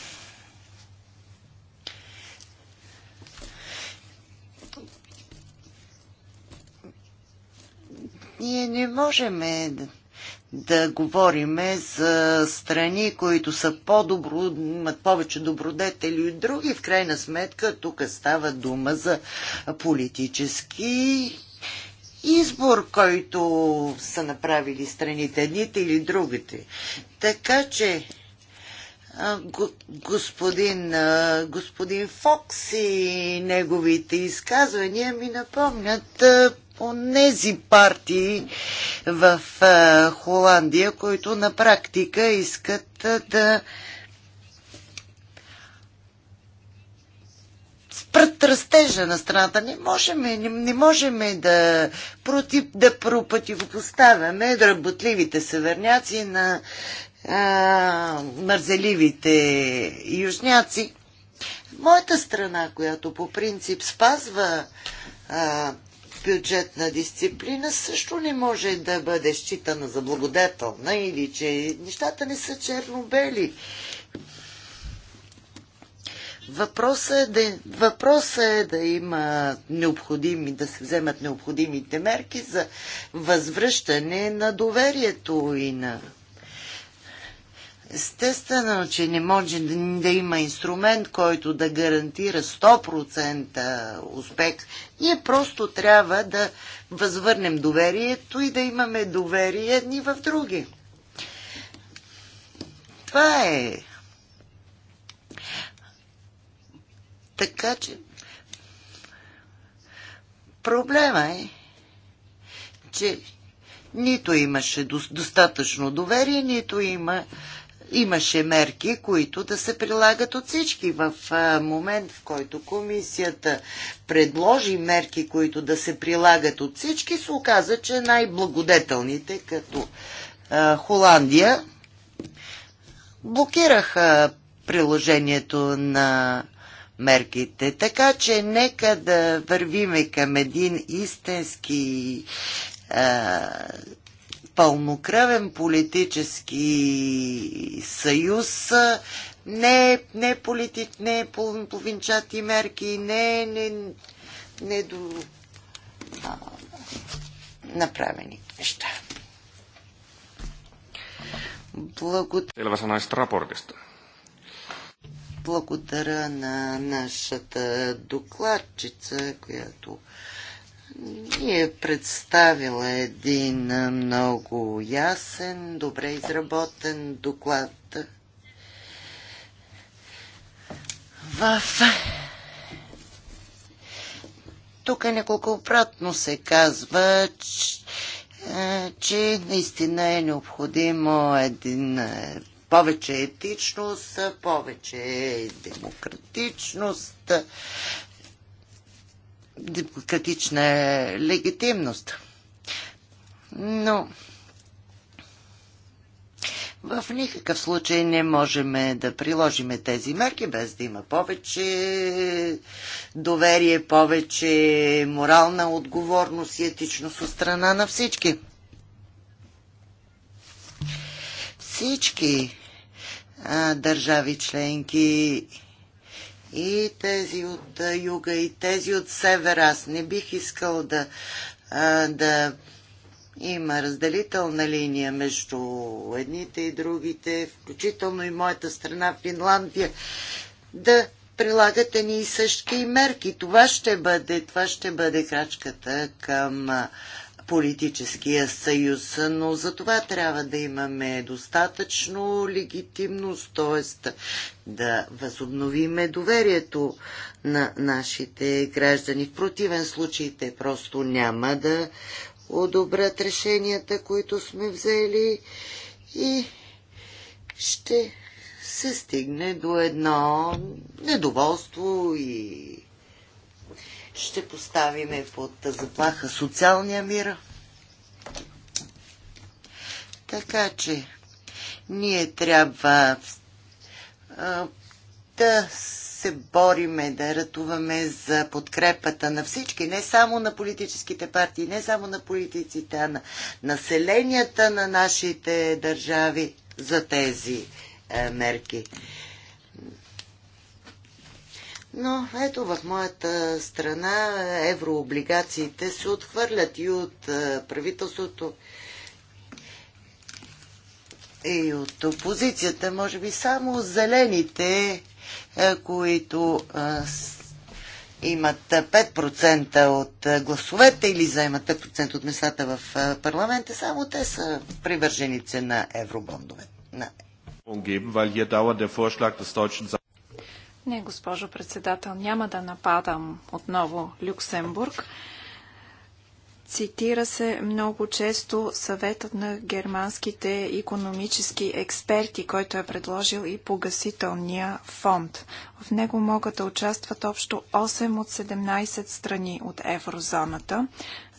Ние не можем да, говорим говориме за страни, които са по-добро, имат повече добродетели от други. В крайна сметка тук става дума за политически избор, който са направили страните, едните или другите. Така че господин, господин Фокс и неговите изказвания ми напомнят онези партии в Холандия, които на практика искат да спрат растежа на страната. Не можем, не, не можем да, против, да противопоставяме работливите северняци на а, мързеливите южняци. Моята страна, която по принцип спазва а, бюджетна дисциплина също не може да бъде считана за благодетелна или че нещата не са черно-бели. Въпросът е, да, въпросът е да има необходими, да се вземат необходимите мерки за възвръщане на доверието и на Естествено, че не може да има инструмент, който да гарантира 100% успех. Ние просто трябва да възвърнем доверието и да имаме доверие едни в други. Това е. Така че проблема е, че нито имаше достатъчно доверие, нито има имаше мерки, които да се прилагат от всички. В момент, в който комисията предложи мерки, които да се прилагат от всички, се оказа, че най-благодетелните, като Холандия, блокираха приложението на мерките. Така че нека да вървиме към един истински пълнокръвен политически съюз, не, не, политик, не половинчати мерки, не, не, не до а, направени неща. Благодаря. Благодаря на нашата докладчица, която ни е представила един много ясен, добре изработен доклад в тук обратно се казва, че, че наистина е необходимо един е, повече етичност, повече демократичност, демократична легитимност. Но в никакъв случай не можем да приложиме тези мерки без да има повече доверие, повече морална отговорност и етичност от страна на всички. Всички а, държави членки и тези от юга, и тези от Севера, Аз не бих искал да, да има разделителна линия между едните и другите, включително и моята страна Финландия, да прилагат ни и същи мерки. Това ще бъде, това ще бъде крачката към политическия съюз, но за това трябва да имаме достатъчно легитимност, т.е. да възобновиме доверието на нашите граждани. В противен случай те просто няма да одобрят решенията, които сме взели и ще се стигне до едно недоволство и ще поставиме под заплаха социалния мир. Така че ние трябва а, да се бориме, да ратуваме за подкрепата на всички, не само на политическите партии, не само на политиците, а на населенията на нашите държави за тези е, мерки. Но ето в моята страна еврооблигациите се отхвърлят и от правителството, и от опозицията. Може би само зелените, които имат 5% от гласовете или заемат 5% от местата в парламента, само те са привърженици на евробондове. На не, госпожо председател, няма да нападам отново Люксембург. Цитира се много често съветът на германските економически експерти, който е предложил и погасителния фонд. В него могат да участват общо 8 от 17 страни от еврозоната.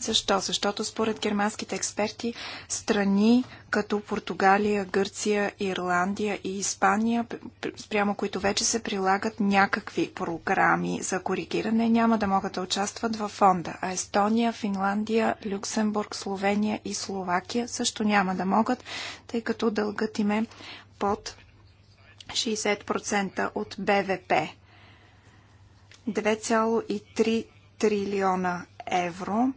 Защо? Защото според германските експерти страни като Португалия, Гърция, Ирландия и Испания, спрямо които вече се прилагат някакви програми за коригиране, няма да могат да участват във фонда. А Естония, Финландия, Люксембург, Словения и Словакия също няма да могат, тъй като дългът им е под 60% от БВП. 2,3 трилиона евро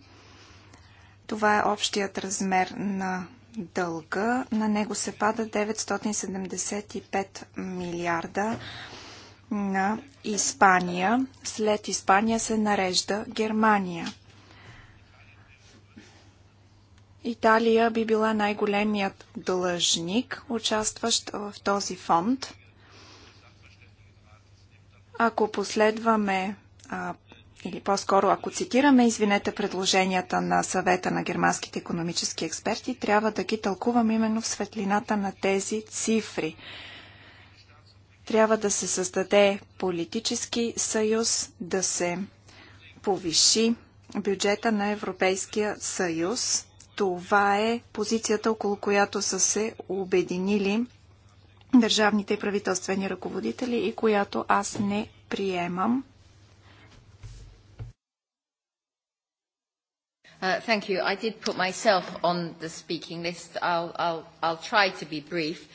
това е общият размер на дълга. На него се пада 975 милиарда на Испания. След Испания се нарежда Германия. Италия би била най-големият длъжник, участващ в този фонд. Ако последваме или по-скоро, ако цитираме, извинете, предложенията на съвета на германските економически експерти, трябва да ги тълкувам именно в светлината на тези цифри. Трябва да се създаде политически съюз, да се повиши бюджета на Европейския съюз. Това е позицията, около която са се обединили държавните и правителствени ръководители и която аз не приемам. Uh, thank you. I did put myself on the speaking list. I'll, I'll, I'll try to be brief.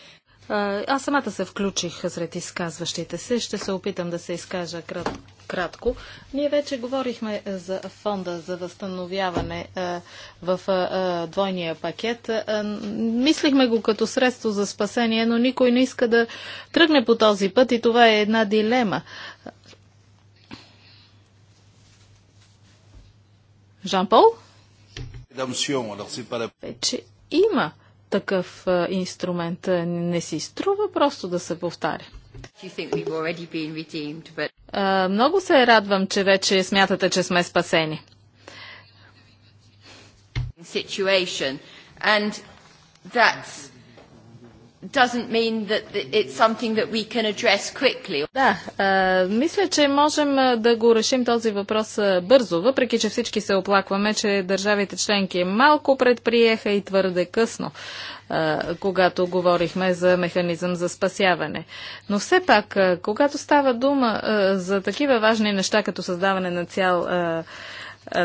Аз самата се включих сред изказващите се. Ще се опитам да се изкажа крат, кратко. Ние вече говорихме за фонда за възстановяване а, в а, двойния пакет. А, мислихме го като средство за спасение, но никой не иска да тръгне по този път и това е една дилема. Жан-Пол? Вече има такъв инструмент. Не си струва просто да се повтаря. много се радвам, че вече смятате, че сме спасени. And that's doesn't mean that it's something that we can address quickly. Да, а, мисля, че можем да го решим този въпрос бързо, въпреки че всички се оплакваме, че държавите членки малко предприеха и твърде късно, а, когато говорихме за механизъм за спасяване. Но все пак, когато става дума а, за такива важни неща, като създаване на цял. А,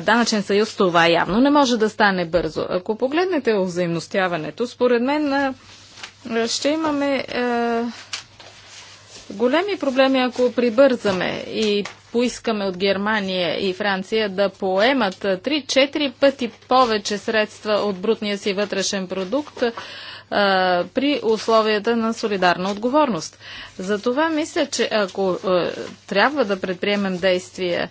данъчен съюз това явно не може да стане бързо. Ако погледнете взаимностяването, според мен ще имаме е, големи проблеми, ако прибързаме и поискаме от Германия и Франция да поемат 3-4 пъти повече средства от брутния си вътрешен продукт е, при условията на солидарна отговорност. Затова мисля, че ако е, трябва да предприемем действия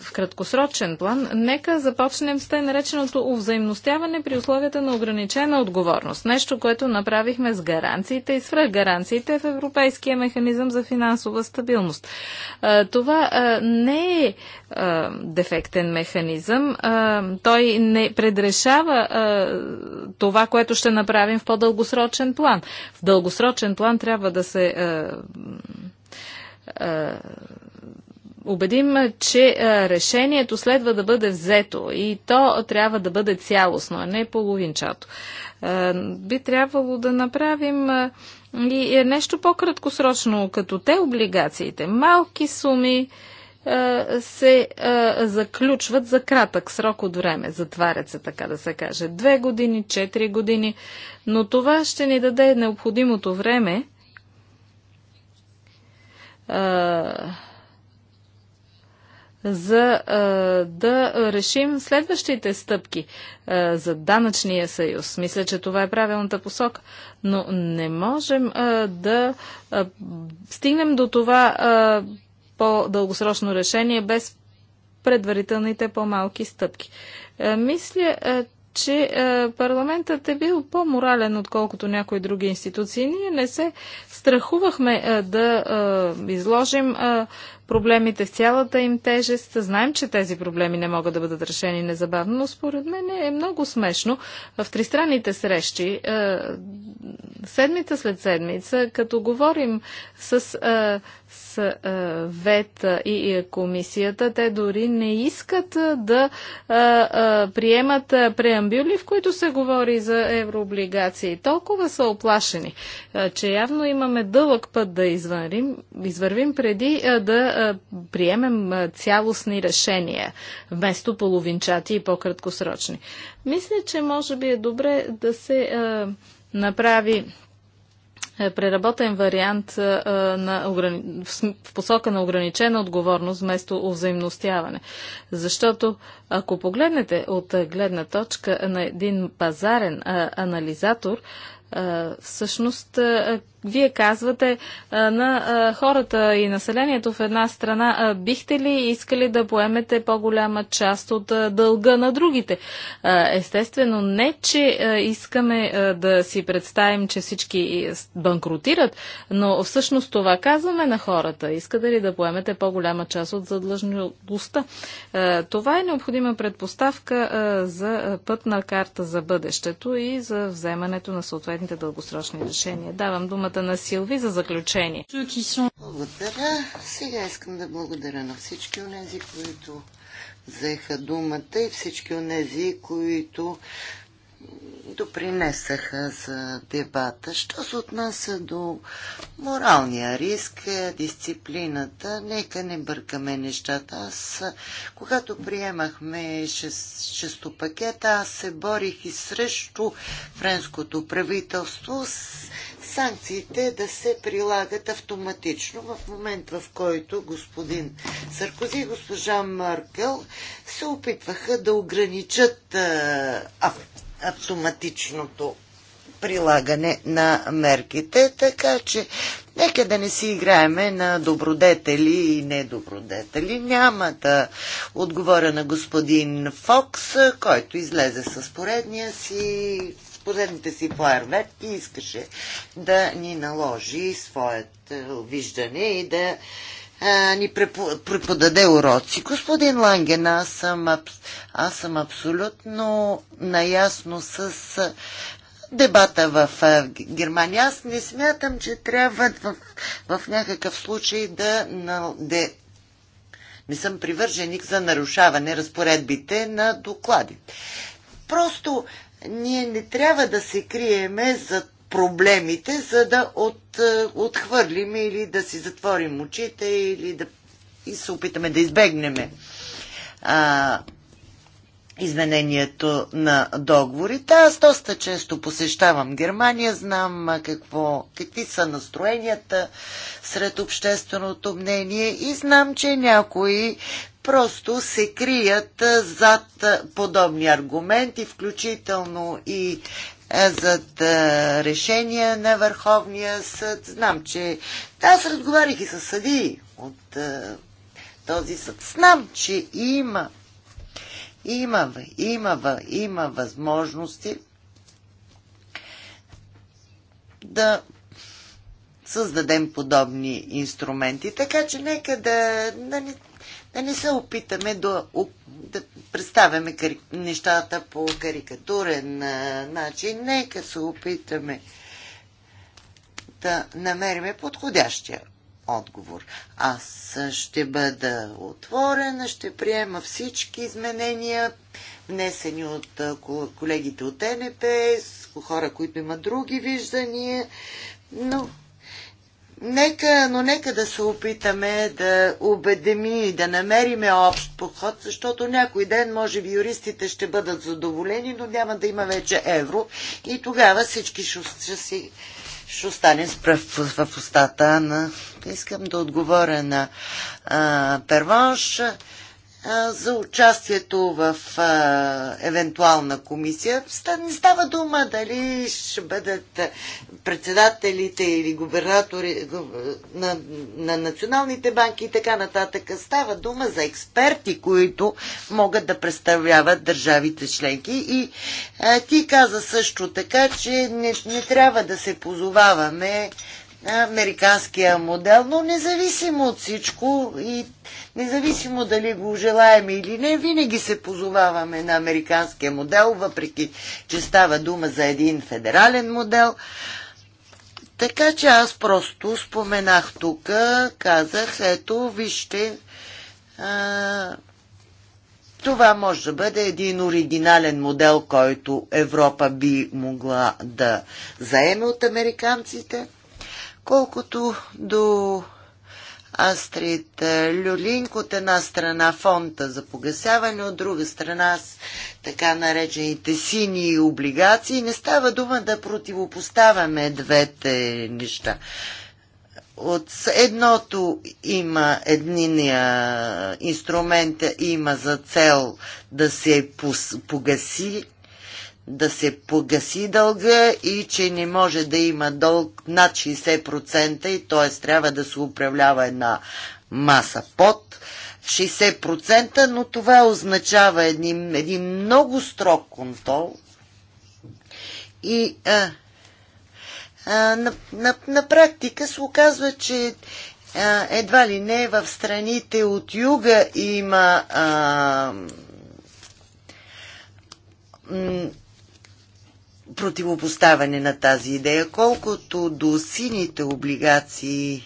в краткосрочен план, нека започнем с тъй нареченото взаимностяване при условията на ограничена отговорност. Нещо, което направихме с гаранциите и свръх гаранциите в Европейския механизъм за финансова стабилност. Това не е дефектен механизъм. Той не предрешава това, което ще направим в по-дългосрочен план. В дългосрочен план трябва да се убедим, че решението следва да бъде взето и то трябва да бъде цялостно, а не половинчато. Би трябвало да направим и е нещо по-краткосрочно, като те облигациите. Малки суми се заключват за кратък срок от време. Затварят се, така да се каже. Две години, четири години. Но това ще ни даде необходимото време за да решим следващите стъпки за данъчния съюз. Мисля, че това е правилната посока. Но не можем да стигнем до това по-дългосрочно решение без предварителните по-малки стъпки. Мисля, че парламентът е бил по-морален, отколкото някои други институции. Ние не се страхувахме да изложим проблемите в цялата им тежест. Знаем, че тези проблеми не могат да бъдат решени незабавно, но според мен е много смешно в тристранните срещи, е, седмица след седмица, като говорим с, е, с, с е, ВЕТ и, и комисията, те дори не искат да приемат преамбюли, в които се говори за еврооблигации. Толкова са оплашени, че явно имаме дълъг път да извървим, извървим преди да е, приемем е, цялостни решения, вместо половинчати и по-краткосрочни. Мисля, че може би е добре да се е, направи преработен вариант на, в посока на ограничена отговорност вместо взаимностяване. Защото ако погледнете от гледна точка на един пазарен анализатор, всъщност вие казвате на хората и населението в една страна, бихте ли искали да поемете по-голяма част от дълга на другите? Естествено, не, че искаме да си представим, че всички банкротират, но всъщност това казваме на хората. Искате ли да поемете по-голяма част от задлъжността? Това е необходима предпоставка за пътна карта за бъдещето и за вземането на съответните дългосрочни решения. Давам дума думата на Силви за заключение. Благодаря. Сега искам да благодаря на всички онези, които взеха думата и всички онези, които допринесаха за дебата. Що се отнася до моралния риск, е, дисциплината, нека не бъркаме нещата. Аз, когато приемахме шестопакета, аз се борих и срещу френското правителство. С санкциите да се прилагат автоматично в момент, в който господин Саркози и госпожа Мъркел се опитваха да ограничат а, автоматичното прилагане на мерките, така че нека да не си играеме на добродетели и недобродетели. Няма да отговоря на господин Фокс, който излезе с поредния си последните си фойерверки искаше да ни наложи своят е, виждане и да е, ни преподаде уроци. Господин Ланген, аз съм, аз съм абсолютно наясно с е, дебата в Германия. Аз не смятам, че трябва в, в някакъв случай да, да не съм привърженик за нарушаване разпоредбите на доклади. Просто ние не трябва да се криеме за проблемите, за да от, е, отхвърлим или да си затворим очите или да и се опитаме да избегнем а, изменението на договорите. Аз доста често посещавам Германия, знам какво, какви са настроенията сред общественото мнение и знам, че някои просто се крият зад подобни аргументи, включително и зад решения на Върховния съд. Знам, че аз разговарих и с съди от този съд. Знам, че има има, има, има възможности да създадем подобни инструменти. Така че нека да, да не, да не се опитаме да, да представяме кари, нещата по карикатурен начин. Нека се опитаме да намериме подходящия отговор. Аз ще бъда отворена, ще приема всички изменения, внесени от колегите от НПС, хора, които имат други виждания, но Нека, но нека да се опитаме да убедим и да намериме общ подход, защото някой ден, може би, юристите ще бъдат задоволени, но няма да има вече евро и тогава всички ще, си ще остане с пръв в устата. на. Искам да отговоря на а, Первонш за участието в а, евентуална комисия. Не става дума дали ще бъдат председателите или губернатори на, на националните банки и така нататък. Става дума за експерти, които могат да представляват държавите членки. И а, ти каза също така, че не, не трябва да се позоваваме американския модел, но независимо от всичко и независимо дали го желаем или не, винаги се позоваваме на американския модел, въпреки че става дума за един федерален модел. Така че аз просто споменах тук, казах, ето, вижте, а, това може да бъде един оригинален модел, който Европа би могла да заеме от американците. Колкото до Астрид Люлинк от една страна фонда за погасяване, от друга страна с така наречените сини облигации. Не става дума да противопоставяме двете неща. От едното има единия инструмент, има за цел да се погаси да се погаси дълга и че не може да има дълг над 60% и т.е. трябва да се управлява една маса под 60%, но това означава един, един много строг контрол и а, а, на, на, на практика се оказва, че а, едва ли не в страните от юга има а, противопоставяне на тази идея. Колкото до сините облигации,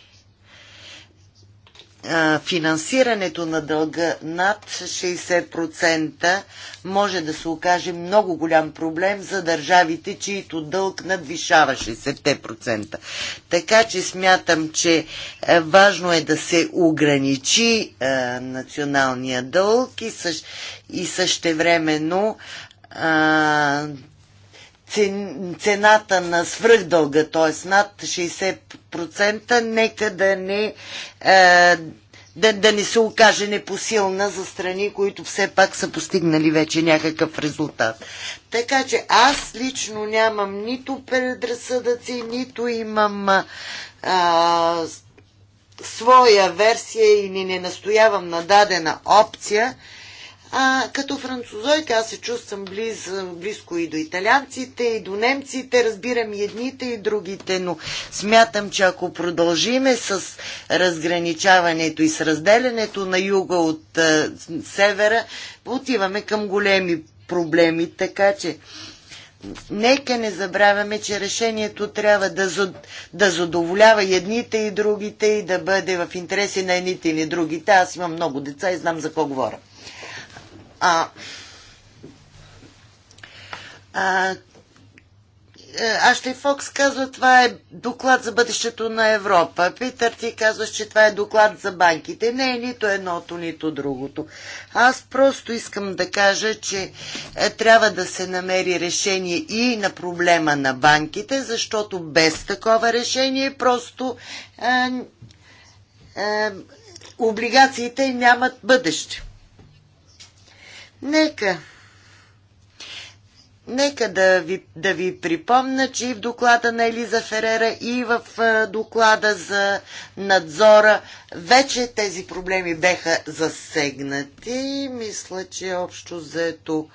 финансирането на дълга над 60% може да се окаже много голям проблем за държавите, чието дълг надвишава 60%. Така че смятам, че е, важно е да се ограничи е, националния дълг и, същевременно цената на свръхдълга, т.е. над 60%, нека да не, е, да, да не се окаже непосилна за страни, които все пак са постигнали вече някакъв резултат. Така че аз лично нямам нито предразсъдъци, нито имам а, своя версия и не настоявам на дадена опция. А, като французойка аз се чувствам близ, близко и до италианците, и до немците, разбирам и едните, и другите, но смятам, че ако продължиме с разграничаването и с разделянето на юга от а, севера, отиваме към големи проблеми, така че нека не забравяме, че решението трябва да, зад, да задоволява едните и другите и да бъде в интереси на едните и на другите. Аз имам много деца и знам за какво говоря. А, а, е, Ашли Фокс казва, това е доклад за бъдещето на Европа. Питър ти казва, че това е доклад за банките. Не е нито едното, нито другото. Аз просто искам да кажа, че е, трябва да се намери решение и на проблема на банките, защото без такова решение просто е, е, облигациите нямат бъдеще. Нека Нека да ви, да ви припомна, че и в доклада на Елиза Ферера, и в доклада за надзора вече тези проблеми беха засегнати. Мисля, че общо заето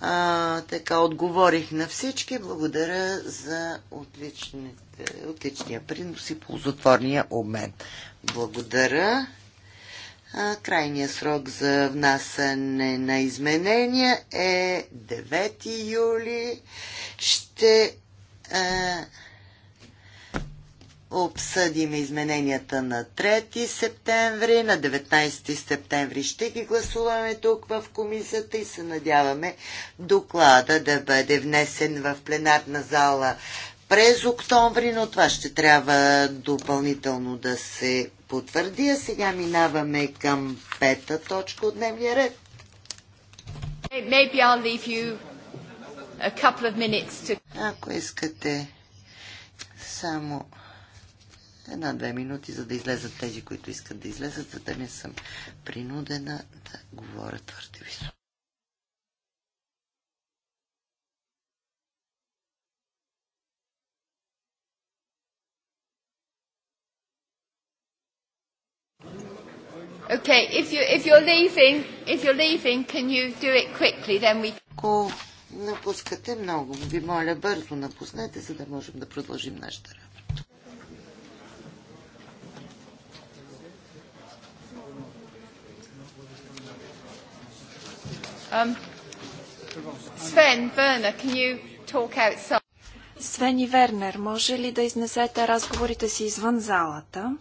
а, така отговорих на всички. Благодаря за отличния принос и ползотворния обмен. Благодаря. Крайния срок за внасяне на изменения е 9 юли. Ще а, обсъдим измененията на 3 септември. На 19 септември ще ги гласуваме тук в комисията и се надяваме доклада да бъде внесен в пленарна зала през октомври, но това ще трябва допълнително да се потвърди, а сега минаваме към пета точка от дневния ред. To... Ако искате само една-две минути, за да излезат тези, които искат да излезат, за да не съм принудена да говоря твърде високо. Okay, if you if you're leaving, if you're leaving, can you do it quickly? Then we. Ако напускате много, ви моля бързо напуснете, за да можем да продължим нашата работа. Um, Sven, Werner, can you talk outside? Свен и Вернер, може ли да изнесете разговорите си извън залата?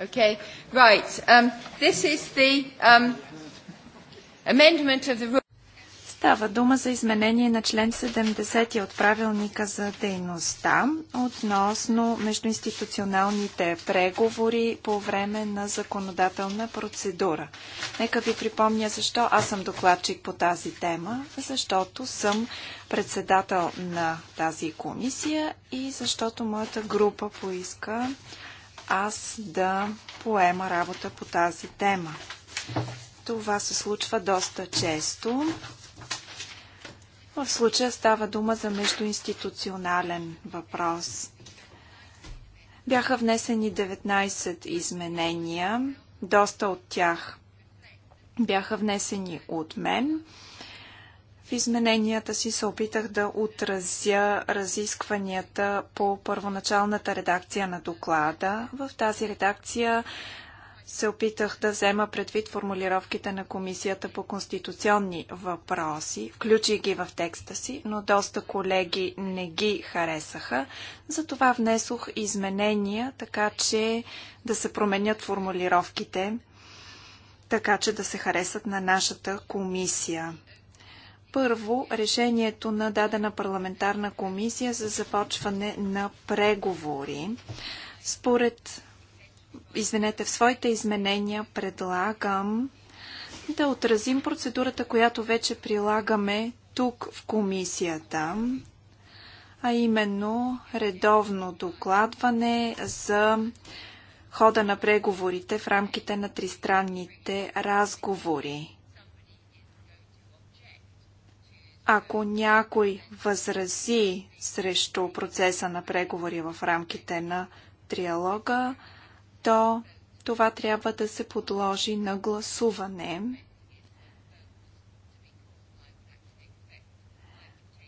Okay, right. Um, this is the um, amendment of the Става дума за изменение на член 70 от правилника за дейността относно междуинституционалните преговори по време на законодателна процедура. Нека ви припомня защо аз съм докладчик по тази тема, защото съм председател на тази комисия и защото моята група поиска аз да поема работа по тази тема. Това се случва доста често. В случая става дума за междуинституционален въпрос. Бяха внесени 19 изменения. Доста от тях бяха внесени от мен. В измененията си се опитах да отразя разискванията по първоначалната редакция на доклада. В тази редакция се опитах да взема предвид формулировките на Комисията по конституционни въпроси, включи ги в текста си, но доста колеги не ги харесаха. Затова внесох изменения, така че да се променят формулировките, така че да се харесат на нашата комисия. Първо, решението на дадена парламентарна комисия за започване на преговори. Според, извинете, в своите изменения предлагам да отразим процедурата, която вече прилагаме тук в комисията, а именно редовно докладване за хода на преговорите в рамките на тристранните разговори. Ако някой възрази срещу процеса на преговори в рамките на триалога, то това трябва да се подложи на гласуване.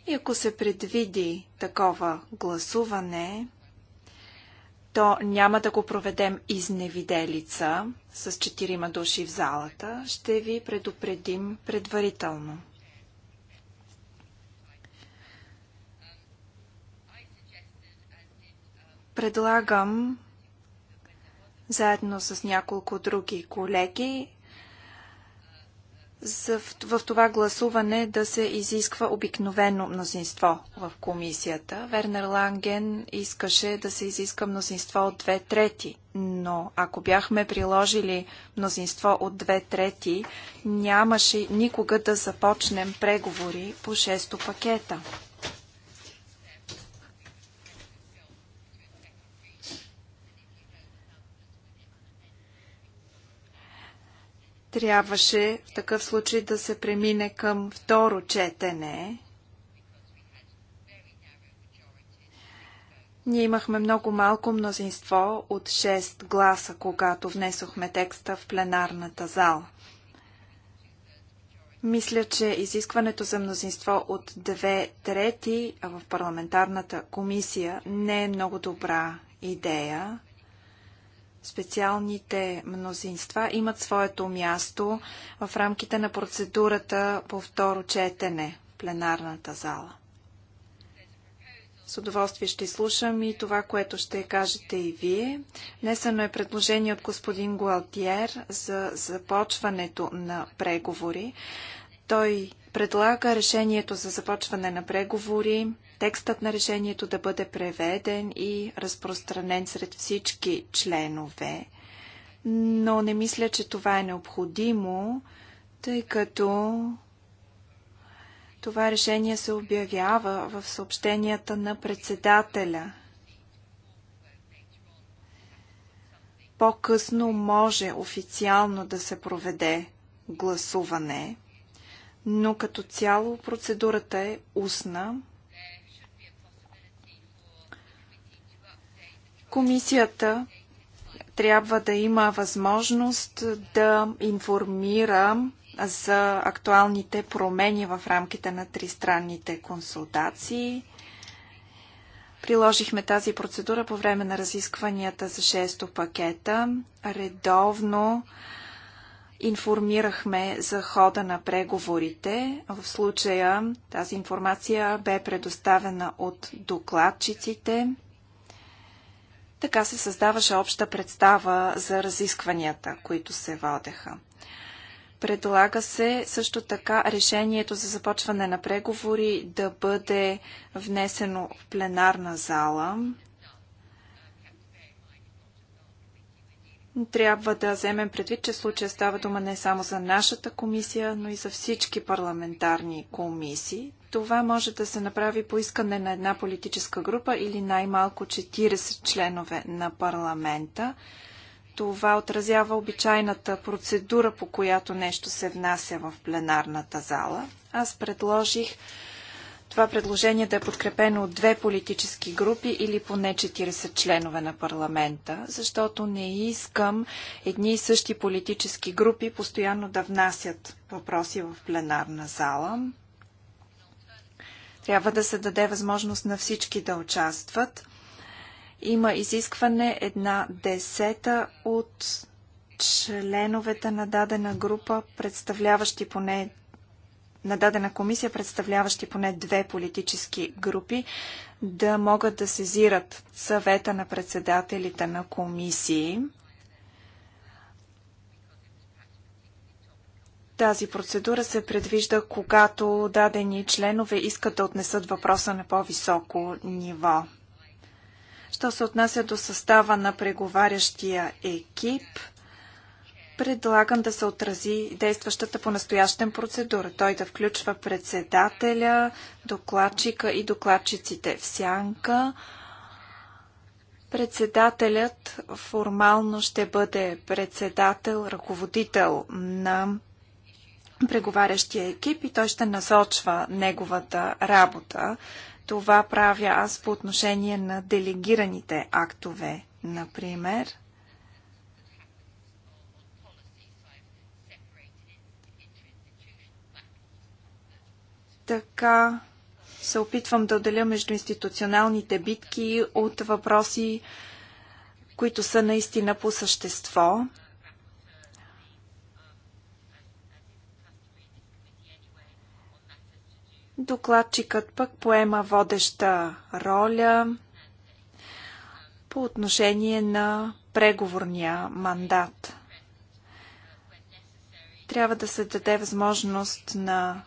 И ако се предвиди такова гласуване, то няма да го проведем изневиделица с четирима души в залата. Ще ви предупредим предварително. Предлагам заедно с няколко други колеги в това гласуване да се изисква обикновено мнозинство в комисията. Вернер Ланген искаше да се изиска мнозинство от две трети, но ако бяхме приложили мнозинство от две трети, нямаше никога да започнем преговори по шесто пакета. трябваше в такъв случай да се премине към второ четене. Ние имахме много малко мнозинство от 6 гласа, когато внесохме текста в пленарната зала. Мисля, че изискването за мнозинство от две трети в парламентарната комисия не е много добра идея специалните мнозинства имат своето място в рамките на процедурата по второ четене в пленарната зала. С удоволствие ще слушам и това, което ще кажете и вие. Внесено е предложение от господин Гуалтиер за започването на преговори. Той предлага решението за започване на преговори текстът на решението да бъде преведен и разпространен сред всички членове. Но не мисля, че това е необходимо, тъй като това решение се обявява в съобщенията на председателя. По-късно може официално да се проведе гласуване, но като цяло процедурата е устна Комисията трябва да има възможност да информира за актуалните промени в рамките на тристранните консултации. Приложихме тази процедура по време на разискванията за 6 пакета. Редовно информирахме за хода на преговорите. В случая тази информация бе предоставена от докладчиците. Така се създаваше обща представа за разискванията, които се водеха. Предлага се също така решението за започване на преговори да бъде внесено в пленарна зала. Трябва да вземем предвид, че случая става дума не само за нашата комисия, но и за всички парламентарни комисии. Това може да се направи по искане на една политическа група или най-малко 40 членове на парламента. Това отразява обичайната процедура, по която нещо се внася в пленарната зала. Аз предложих това предложение да е подкрепено от две политически групи или поне 40 членове на парламента, защото не искам едни и същи политически групи постоянно да внасят въпроси в пленарна зала. Трябва да се даде възможност на всички да участват. Има изискване една десета от членовете на дадена група, представляващи поне на дадена комисия, представляващи поне две политически групи, да могат да сезират съвета на председателите на комисии. Тази процедура се предвижда, когато дадени членове искат да отнесат въпроса на по-високо ниво. Що се отнася до състава на преговарящия екип, предлагам да се отрази действащата по настоящен процедура. Той да включва председателя, докладчика и докладчиците в сянка. Председателят формално ще бъде председател, ръководител на преговарящия екип и той ще насочва неговата работа. Това правя аз по отношение на делегираните актове, например. Така се опитвам да отделя между институционалните битки от въпроси, които са наистина по същество. Докладчикът пък поема водеща роля по отношение на преговорния мандат. Трябва да се даде възможност на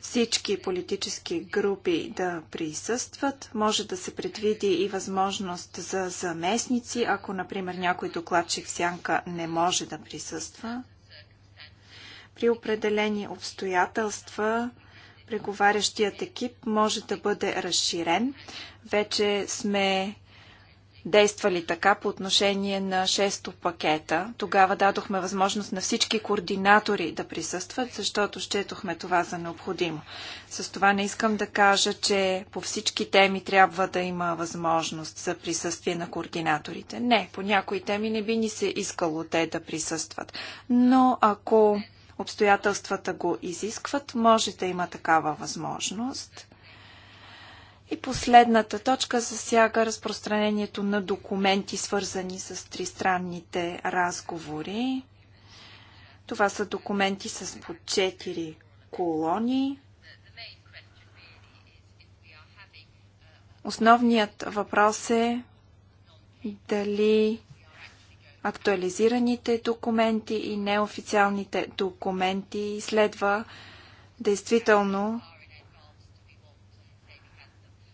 всички политически групи да присъстват. Може да се предвиди и възможност за заместници, ако, например, някой докладчик в сянка не може да присъства. При определени обстоятелства Преговарящият екип може да бъде разширен. Вече сме действали така по отношение на шесто пакета. Тогава дадохме възможност на всички координатори да присъстват, защото щетохме това за необходимо. С това не искам да кажа, че по всички теми трябва да има възможност за присъствие на координаторите. Не, по някои теми не би ни се искало те да присъстват. Но ако обстоятелствата го изискват, може да има такава възможност. И последната точка засяга разпространението на документи, свързани с тристранните разговори. Това са документи с по 4 колони. Основният въпрос е дали актуализираните документи и неофициалните документи и следва действително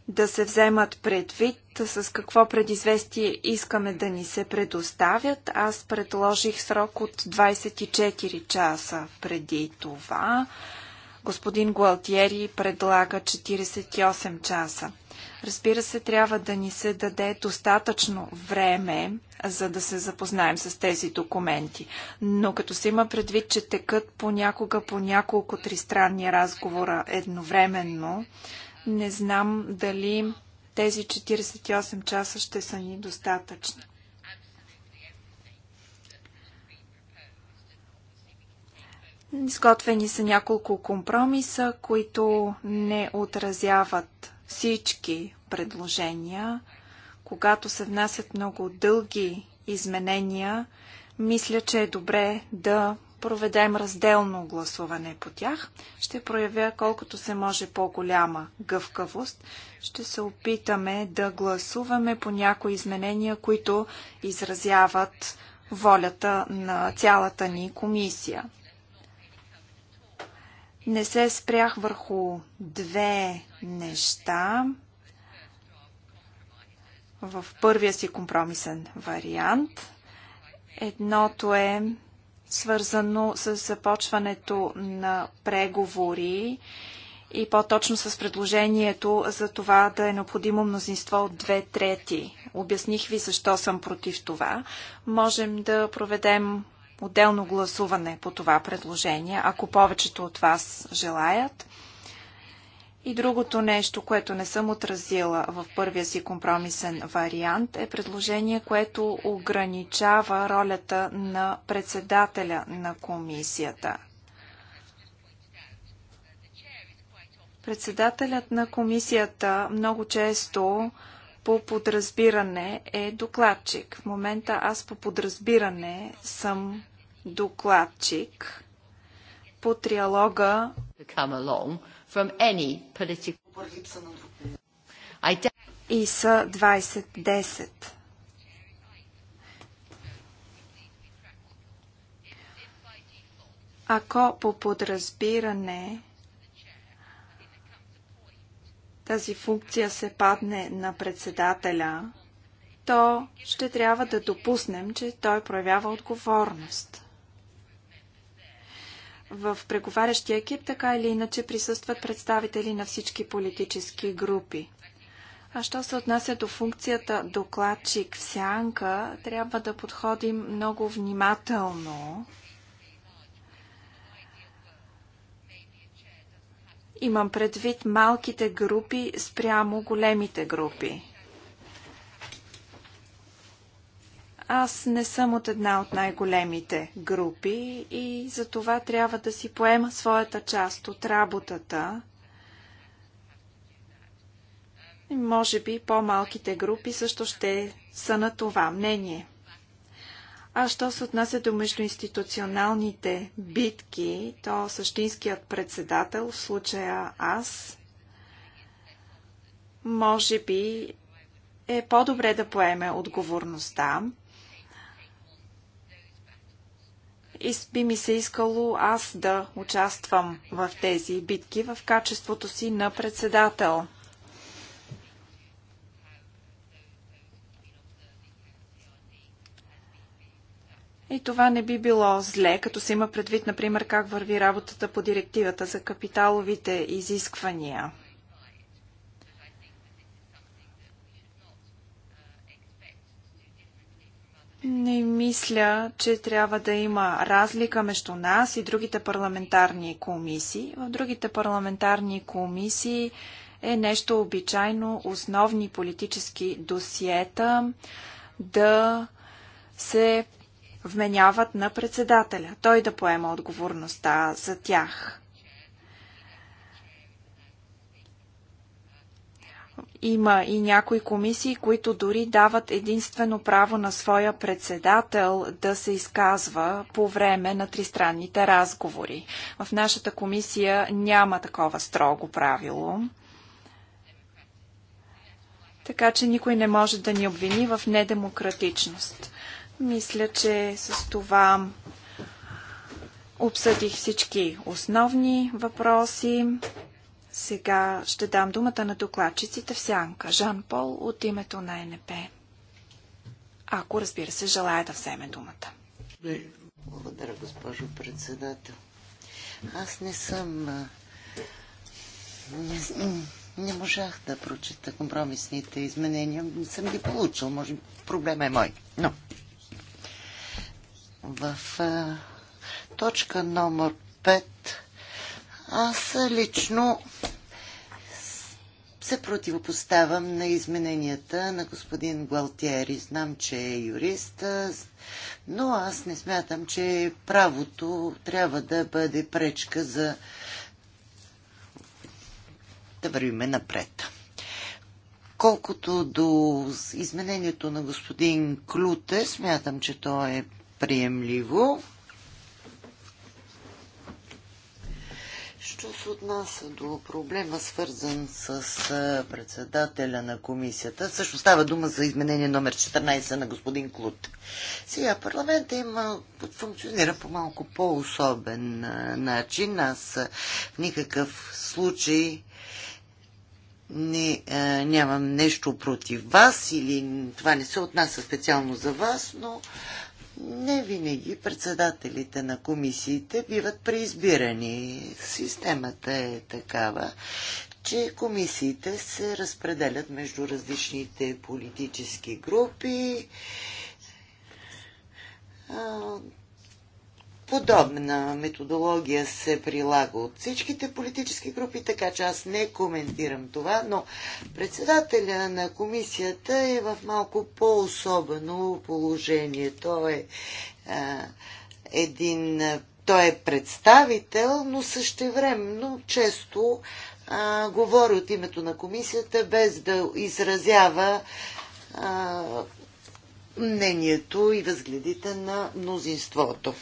да се вземат предвид с какво предизвестие искаме да ни се предоставят. Аз предложих срок от 24 часа преди това. Господин Гуалтиери предлага 48 часа. Разбира се, трябва да ни се даде достатъчно време, за да се запознаем с тези документи. Но като се има предвид, че текат понякога по няколко тристранни разговора едновременно, не знам дали тези 48 часа ще са ни достатъчни. Изготвени са няколко компромиса, които не отразяват всички предложения. Когато се внасят много дълги изменения, мисля, че е добре да проведем разделно гласуване по тях. Ще проявя колкото се може по-голяма гъвкавост. Ще се опитаме да гласуваме по някои изменения, които изразяват волята на цялата ни комисия. Не се спрях върху две неща в първия си компромисен вариант. Едното е свързано с започването на преговори и по-точно с предложението за това да е необходимо мнозинство от две трети. Обясних ви защо съм против това. Можем да проведем отделно гласуване по това предложение, ако повечето от вас желаят. И другото нещо, което не съм отразила в първия си компромисен вариант, е предложение, което ограничава ролята на председателя на комисията. Председателят на комисията много често по подразбиране е докладчик. В момента аз по подразбиране съм докладчик по триалога и 2010. Ако по подразбиране тази функция се падне на председателя, то ще трябва да допуснем, че той проявява отговорност. В преговарящия екип така или иначе присъстват представители на всички политически групи. А що се отнася до функцията докладчик в сянка, трябва да подходим много внимателно. Имам предвид малките групи спрямо големите групи. Аз не съм от една от най-големите групи и за това трябва да си поема своята част от работата. И може би по-малките групи също ще са на това мнение. А що се отнася до междуинституционалните битки, то същинският председател, в случая аз, може би е по-добре да поеме отговорността. и би ми се искало аз да участвам в тези битки в качеството си на председател. И това не би било зле, като се има предвид, например, как върви работата по директивата за капиталовите изисквания. Не мисля, че трябва да има разлика между нас и другите парламентарни комисии. В другите парламентарни комисии е нещо обичайно основни политически досиета да се вменяват на председателя. Той да поема отговорността за тях. Има и някои комисии, които дори дават единствено право на своя председател да се изказва по време на тристранните разговори. В нашата комисия няма такова строго правило. Така че никой не може да ни обвини в недемократичност. Мисля, че с това обсъдих всички основни въпроси. Сега ще дам думата на докладчиците в сянка. Жан Пол от името на НП. Ако, разбира се, желая да вземе думата. Благодаря, госпожо председател. Аз не съм... Не, не можах да прочета компромисните изменения. Не съм ги получил. Може, проблема е мой. Но в а, точка номер 5 аз лично се противопоставам на измененията на господин Гуалтиери. Знам, че е юрист, но аз не смятам, че правото трябва да бъде пречка за да вървиме напред. Колкото до изменението на господин Клюте, смятам, че то е приемливо. Що се отнася до проблема, свързан с председателя на комисията, също става дума за изменение номер 14 на господин Клут. Сега парламента има, функционира по малко по-особен начин. Аз в никакъв случай не, а, нямам нещо против вас или това не се отнася специално за вас, но не винаги председателите на комисиите биват преизбирани. Системата е такава, че комисиите се разпределят между различните политически групи Подобна методология се прилага от всичките политически групи, така че аз не коментирам това, но председателя на комисията е в малко по-особено положение. Той е а, един. Той е представител, но същевременно често а, говори от името на комисията, без да изразява а, мнението и възгледите на мнозинството.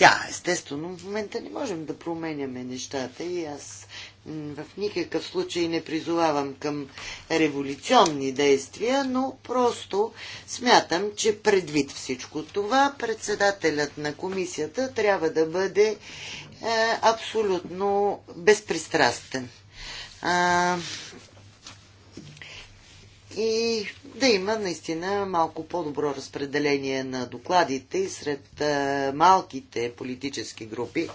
Сега, естествено, в момента не можем да променяме нещата и аз в никакъв случай не призовавам към революционни действия, но просто смятам, че предвид всичко това, председателят на комисията трябва да бъде е, абсолютно безпристрастен. А, и да има наистина малко по-добро разпределение на докладите и сред малките политически групи.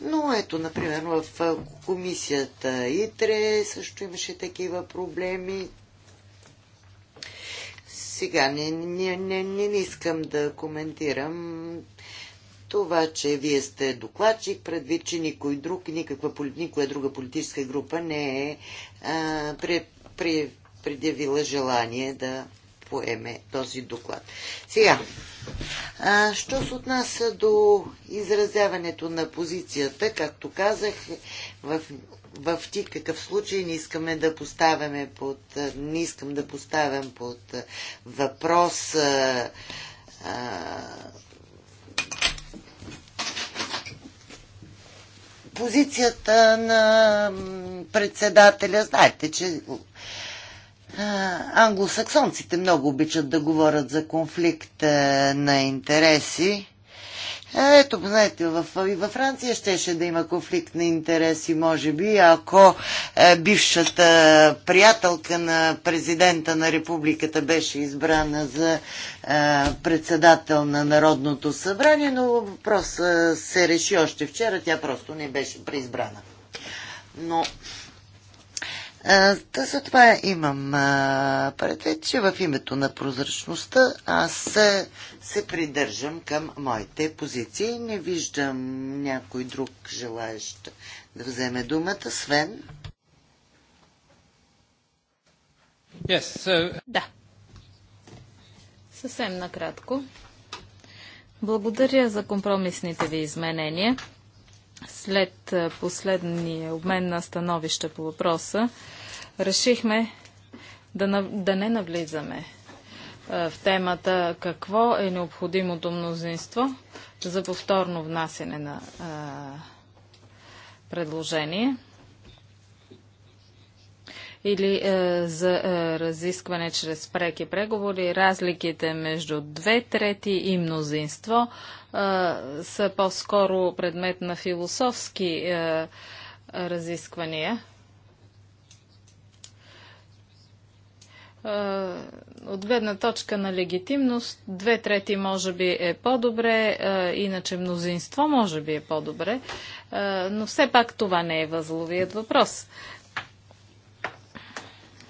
Но ето, например, в комисията ИТРЕ също имаше такива проблеми. Сега не, не, не, не искам да коментирам това, че вие сте докладчик, предвид, че никой друг, никаква, никоя друга политическа група не е а, при, при, предявила желание да поеме този доклад. Сега, а, що се отнася до изразяването на позицията, както казах, в, в какъв случай не искаме да поставяме под, не искам да поставям под въпрос а, а позицията на председателя. Знаете, че англосаксонците много обичат да говорят за конфликт на интереси. Ето, знаете, в, и във Франция щеше да има конфликт на интереси, може би, ако е, бившата приятелка на президента на републиката беше избрана за е, председател на Народното събрание, но въпрос е, се реши още вчера, тя просто не беше преизбрана. Но Та това имам предвид, че в името на прозрачността аз се, се придържам към моите позиции. Не виждам някой друг желаещ да вземе думата. Свен? Yes, so... Да. Съвсем накратко. Благодаря за компромисните ви изменения. След последния обмен на становища по въпроса, решихме да, нав... да не навлизаме в темата какво е необходимото мнозинство за повторно внасене на а, предложение или е, за е, разискване чрез преки преговори. Разликите между две трети и мнозинство е, са по-скоро предмет на философски е, разисквания. Е, от гледна точка на легитимност, две трети може би е по-добре, е, иначе мнозинство може би е по-добре, е, но все пак това не е възловият въпрос.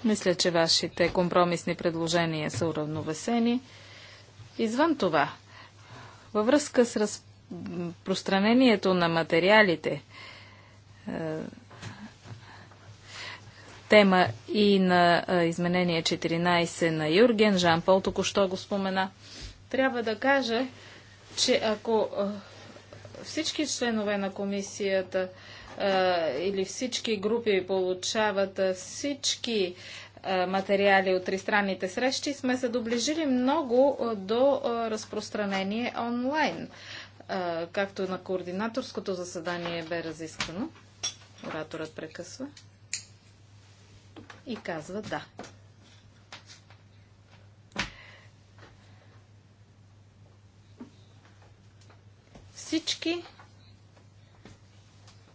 Мисля, че вашите компромисни предложения са уравновесени. Извън това, във връзка с разпространението на материалите, е, тема и на е, изменение 14 на Юрген, Жан Пол току-що го спомена, трябва да кажа, че ако е, всички членове на комисията е, или всички групи получават е, всички е, материали от тристранните срещи, сме се доближили много до разпространение онлайн, както на координаторското заседание бе разисквано. Ораторът прекъсва и казва да. Всички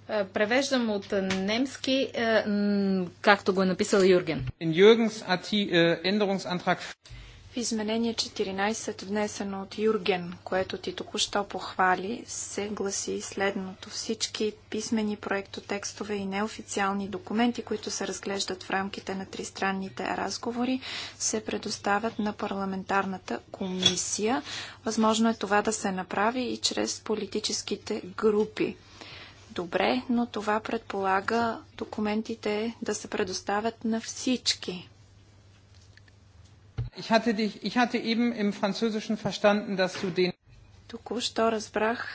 е, превеждам от немски, е, както го е написал Юрген. Е, в изменение 14, внесено от Юрген, което ти току-що похвали, се гласи следното. Всички писмени проектотекстове и неофициални документи, които се разглеждат в рамките на тристранните разговори, се предоставят на парламентарната комисия. Възможно е това да се направи и чрез политическите групи. Добре, но това предполага документите да се предоставят на всички. Току-що разбрах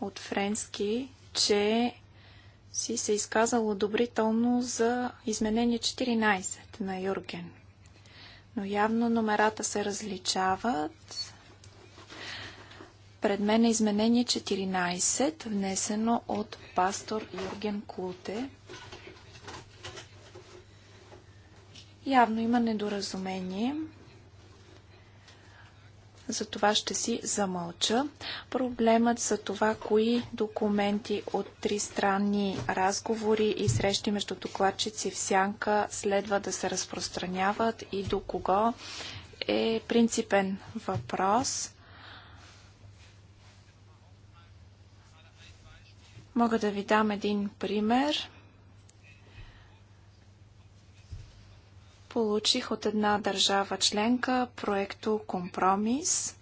от френски, че си се изказал одобрително за изменение 14 на Юрген. Но явно номерата се различават. Пред мен е изменение 14, внесено от пастор Юрген Култе. Явно има недоразумение. За това ще си замълча. Проблемът за това, кои документи от три странни разговори и срещи между докладчици в сянка следва да се разпространяват и до кого е принципен въпрос. Мога да ви дам един пример. Получих от една държава членка проекто Компромис,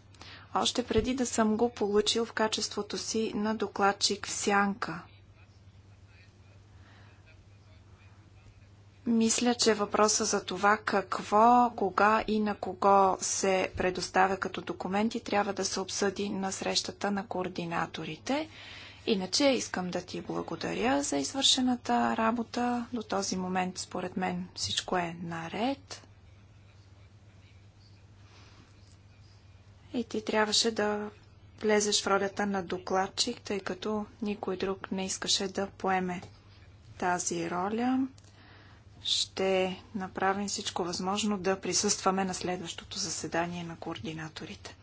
още преди да съм го получил в качеството си на докладчик в Сянка. Мисля, че въпроса за това какво, кога и на кого се предоставя като документи трябва да се обсъди на срещата на координаторите. Иначе искам да ти благодаря за извършената работа. До този момент, според мен, всичко е наред. И ти трябваше да влезеш в ролята на докладчик, тъй като никой друг не искаше да поеме тази роля. Ще направим всичко възможно да присъстваме на следващото заседание на координаторите.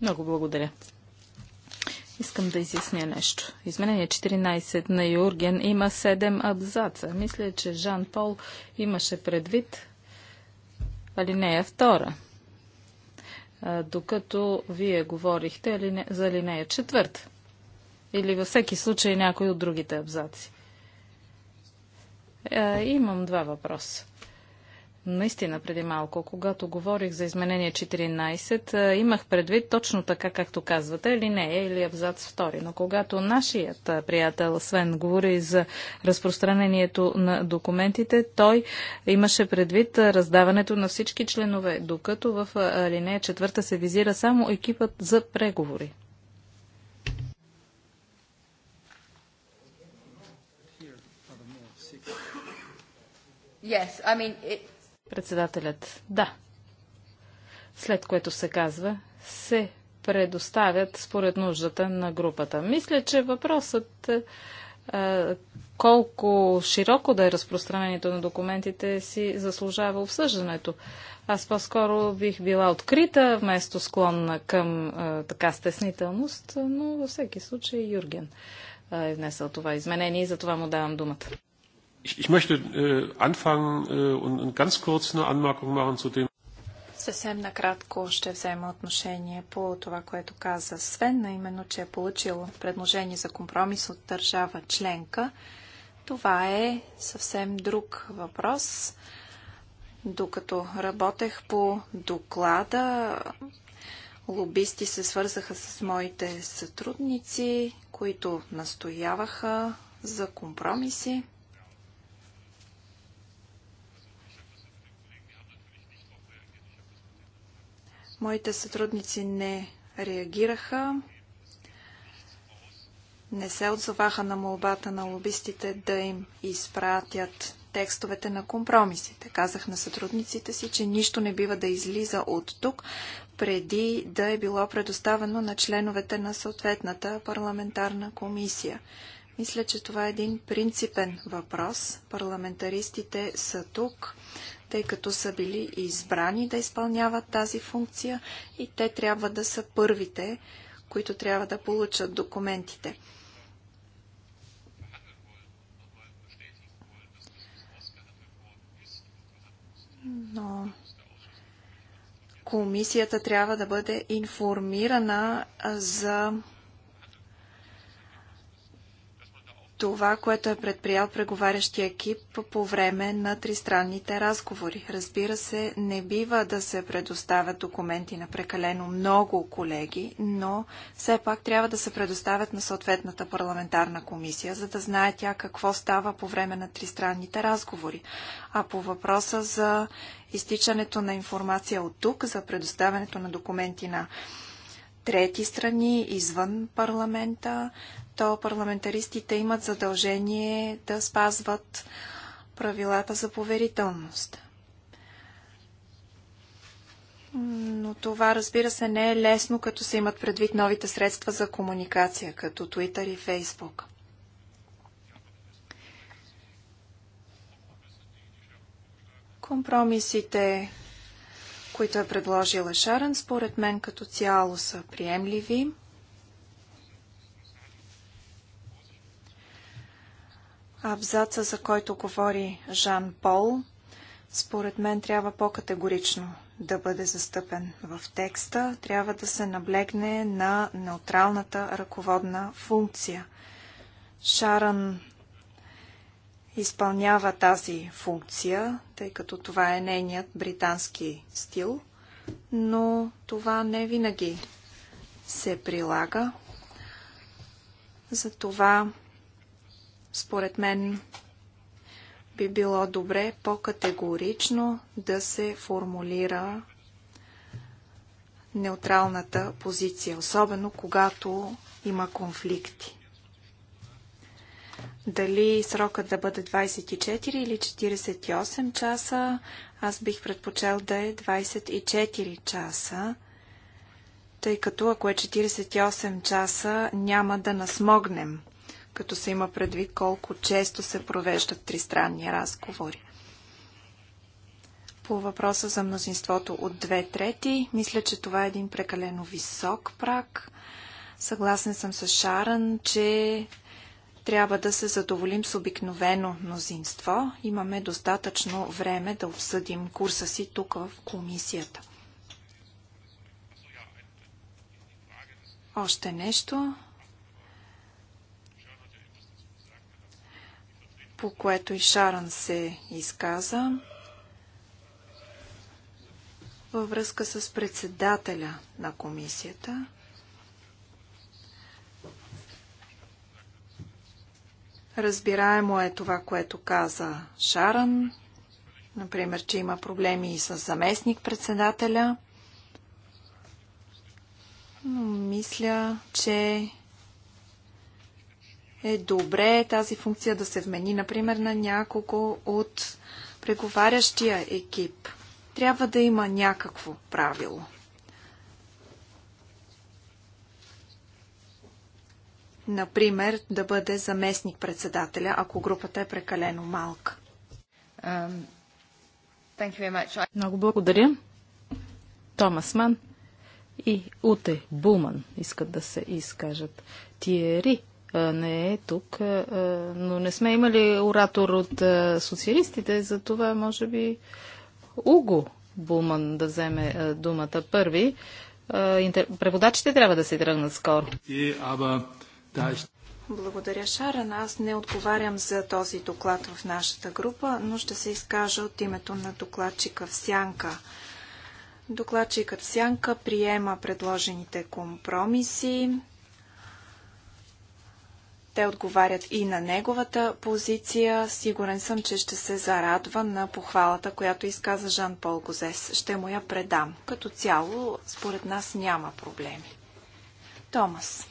Много благодаря. Искам да изясня нещо. Изменение 14 на Юрген има 7 абзаца. Мисля, че Жан Пол имаше предвид алинея 2. А, докато вие говорихте алине... за алинея 4. Или във всеки случай някой от другите абзаци. А, имам два въпроса. Наистина, преди малко, когато говорих за изменение 14, имах предвид точно така, както казвате, или не, или абзац е втори. Но когато нашият приятел Свен говори за разпространението на документите, той имаше предвид раздаването на всички членове, докато в линия четвърта се визира само екипът за преговори. Yes, I mean, it, Председателят. Да. След което се казва, се предоставят според нуждата на групата. Мисля, че въпросът е, а, колко широко да е разпространението на документите си заслужава обсъждането. Аз по-скоро бих била открита, вместо склонна към а, е, така стеснителност, но във всеки случай Юрген а, е, е внесъл това изменение и за това му давам думата. Ich, ich möchte äh, anfangen äh, und, und ganz kurz eine Anmerkung machen zu dem. Съвсем накратко ще взема отношение по това, което каза Свен, а именно, че е получил предложение за компромис от държава членка. Това е съвсем друг въпрос. Докато работех по доклада, лобисти се свързаха с моите сътрудници, които настояваха за компромиси. Моите сътрудници не реагираха, не се отзоваха на молбата на лобистите да им изпратят текстовете на компромисите. Казах на сътрудниците си, че нищо не бива да излиза от тук, преди да е било предоставено на членовете на съответната парламентарна комисия. Мисля, че това е един принципен въпрос. Парламентаристите са тук, тъй като са били избрани да изпълняват тази функция и те трябва да са първите, които трябва да получат документите. Но комисията трябва да бъде информирана за това, което е предприял преговарящия екип по време на тристранните разговори. Разбира се, не бива да се предоставят документи на прекалено много колеги, но все пак трябва да се предоставят на съответната парламентарна комисия, за да знае тя какво става по време на тристранните разговори. А по въпроса за изтичането на информация от тук, за предоставянето на документи на трети страни извън парламента, то парламентаристите имат задължение да спазват правилата за поверителност. Но това, разбира се, не е лесно, като се имат предвид новите средства за комуникация, като Twitter и Facebook. Компромисите, които е предложила Шарен, според мен като цяло са приемливи. Абзаца, за който говори Жан Пол, според мен трябва по-категорично да бъде застъпен в текста. Трябва да се наблегне на неутралната ръководна функция. Шаран изпълнява тази функция, тъй като това е нейният британски стил, но това не винаги се прилага. Затова според мен би било добре по-категорично да се формулира неутралната позиция, особено когато има конфликти. Дали срокът да бъде 24 или 48 часа, аз бих предпочел да е 24 часа, тъй като ако е 48 часа, няма да насмогнем като се има предвид колко често се провеждат тристранни разговори. По въпроса за мнозинството от две трети, мисля, че това е един прекалено висок прак. Съгласен съм с Шаран, че трябва да се задоволим с обикновено мнозинство. Имаме достатъчно време да обсъдим курса си тук в комисията. Още нещо. по което и Шаран се изказа, във връзка с председателя на комисията. Разбираемо е това, което каза Шаран, например, че има проблеми и с заместник-председателя, но мисля, че е добре тази функция да се вмени, например, на няколко от преговарящия екип. Трябва да има някакво правило. Например, да бъде заместник председателя, ако групата е прекалено малка. Um, Много благодаря. Томас Ман и Уте Буман искат да се изкажат. Тиери не е тук, но не сме имали оратор от социалистите, за това може би Уго буман да вземе думата първи. Преводачите трябва да се тръгнат скоро. Благодаря, Шаран. Аз не отговарям за този доклад в нашата група, но ще се изкажа от името на докладчика в Сянка. Докладчикът в Сянка приема предложените компромиси, те отговарят и на неговата позиция. Сигурен съм, че ще се зарадва на похвалата, която изказа Жан-Пол Гозес. Ще му я предам. Като цяло, според нас няма проблеми. Томас.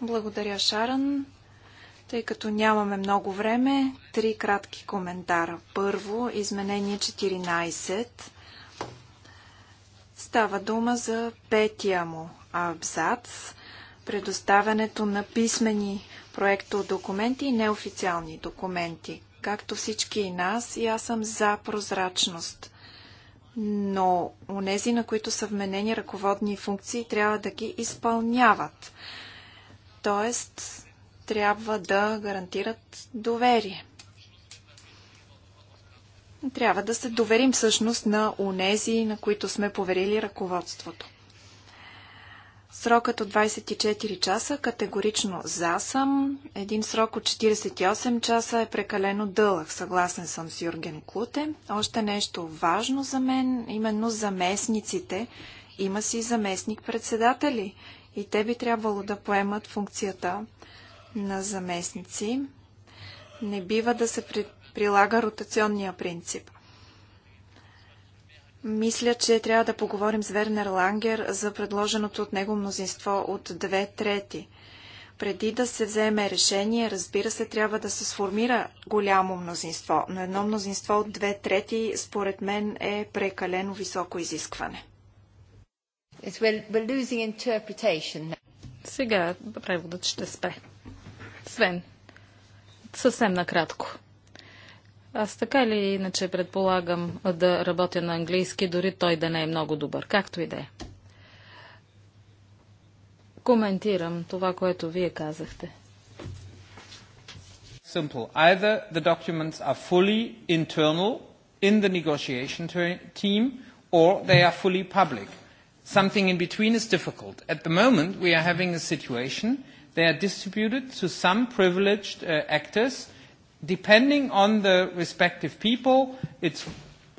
Благодаря, Шаран. Тъй като нямаме много време, три кратки коментара. Първо, изменение 14. Става дума за петия му абзац предоставянето на писмени проекто документи и неофициални документи. Както всички и нас, и аз съм за прозрачност. Но онези, на които са вменени ръководни функции, трябва да ги изпълняват. Тоест, трябва да гарантират доверие. Трябва да се доверим всъщност на онези, на които сме поверили ръководството. Срокът от 24 часа категорично за съм. Един срок от 48 часа е прекалено дълъг. Съгласен съм с Юрген Клуте. Още нещо важно за мен, именно заместниците. Има си заместник-председатели и те би трябвало да поемат функцията на заместници. Не бива да се прилага ротационния принцип. Мисля, че трябва да поговорим с Вернер Лангер за предложеното от него мнозинство от две трети. Преди да се вземе решение, разбира се, трябва да се сформира голямо мнозинство, но едно мнозинство от две трети, според мен, е прекалено високо изискване. Сега преводът ще спре. Свен, съвсем накратко. Аз така ли иначе предполагам да работя на английски, дори той да не е много добър, както и да е. Коментирам това, което вие казахте. Simple. Either the documents are fully internal in the negotiation team or they are fully public. Something in between is difficult. At the moment, we are having a situation. They are distributed to some privileged uh, actors – Depending on the respective people, it's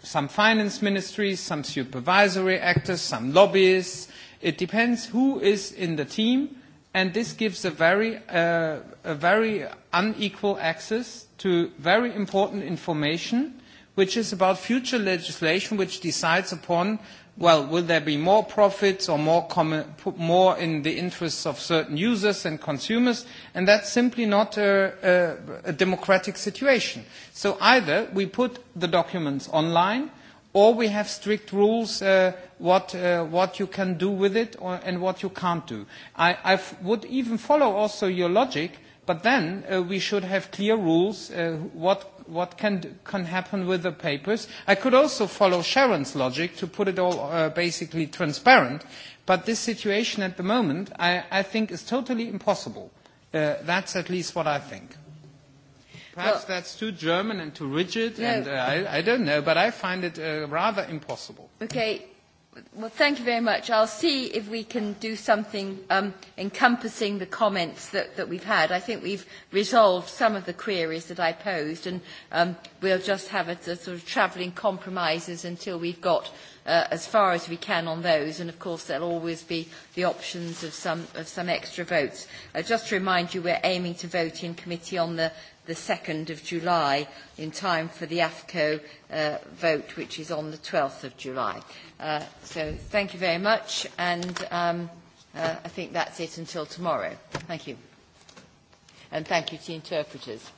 some finance ministries, some supervisory actors, some lobbyists. It depends who is in the team, and this gives a very, uh, a very unequal access to very important information, which is about future legislation which decides upon well, will there be more profits or more, common, put more in the interests of certain users and consumers? And that's simply not a, a, a democratic situation. So either we put the documents online or we have strict rules uh, what, uh, what you can do with it or, and what you can't do. I, I would even follow also your logic, but then uh, we should have clear rules uh, what what can, can happen with the papers. I could also follow Sharon's logic to put it all uh, basically transparent, but this situation at the moment, I, I think, is totally impossible. Uh, that's at least what I think. Perhaps well, that's too German and too rigid, no. and uh, I, I don't know, but I find it uh, rather impossible. Okay, Well, thank you very much. I'll see if we can do something um, encompassing the comments that, that we've had. I think we've resolved some of the queries that I posed, and um, we'll just have a, a sort of travelling compromises until we've got uh, as far as we can on those. And of course, there'll always be the options of some, of some extra votes. Uh, just to remind you, we're aiming to vote in committee on the the 2nd of July in time for the AFCO uh, vote, which is on the 12th of July. Uh, so thank you very much, and um, uh, I think that's it until tomorrow. Thank you. And thank you to the interpreters.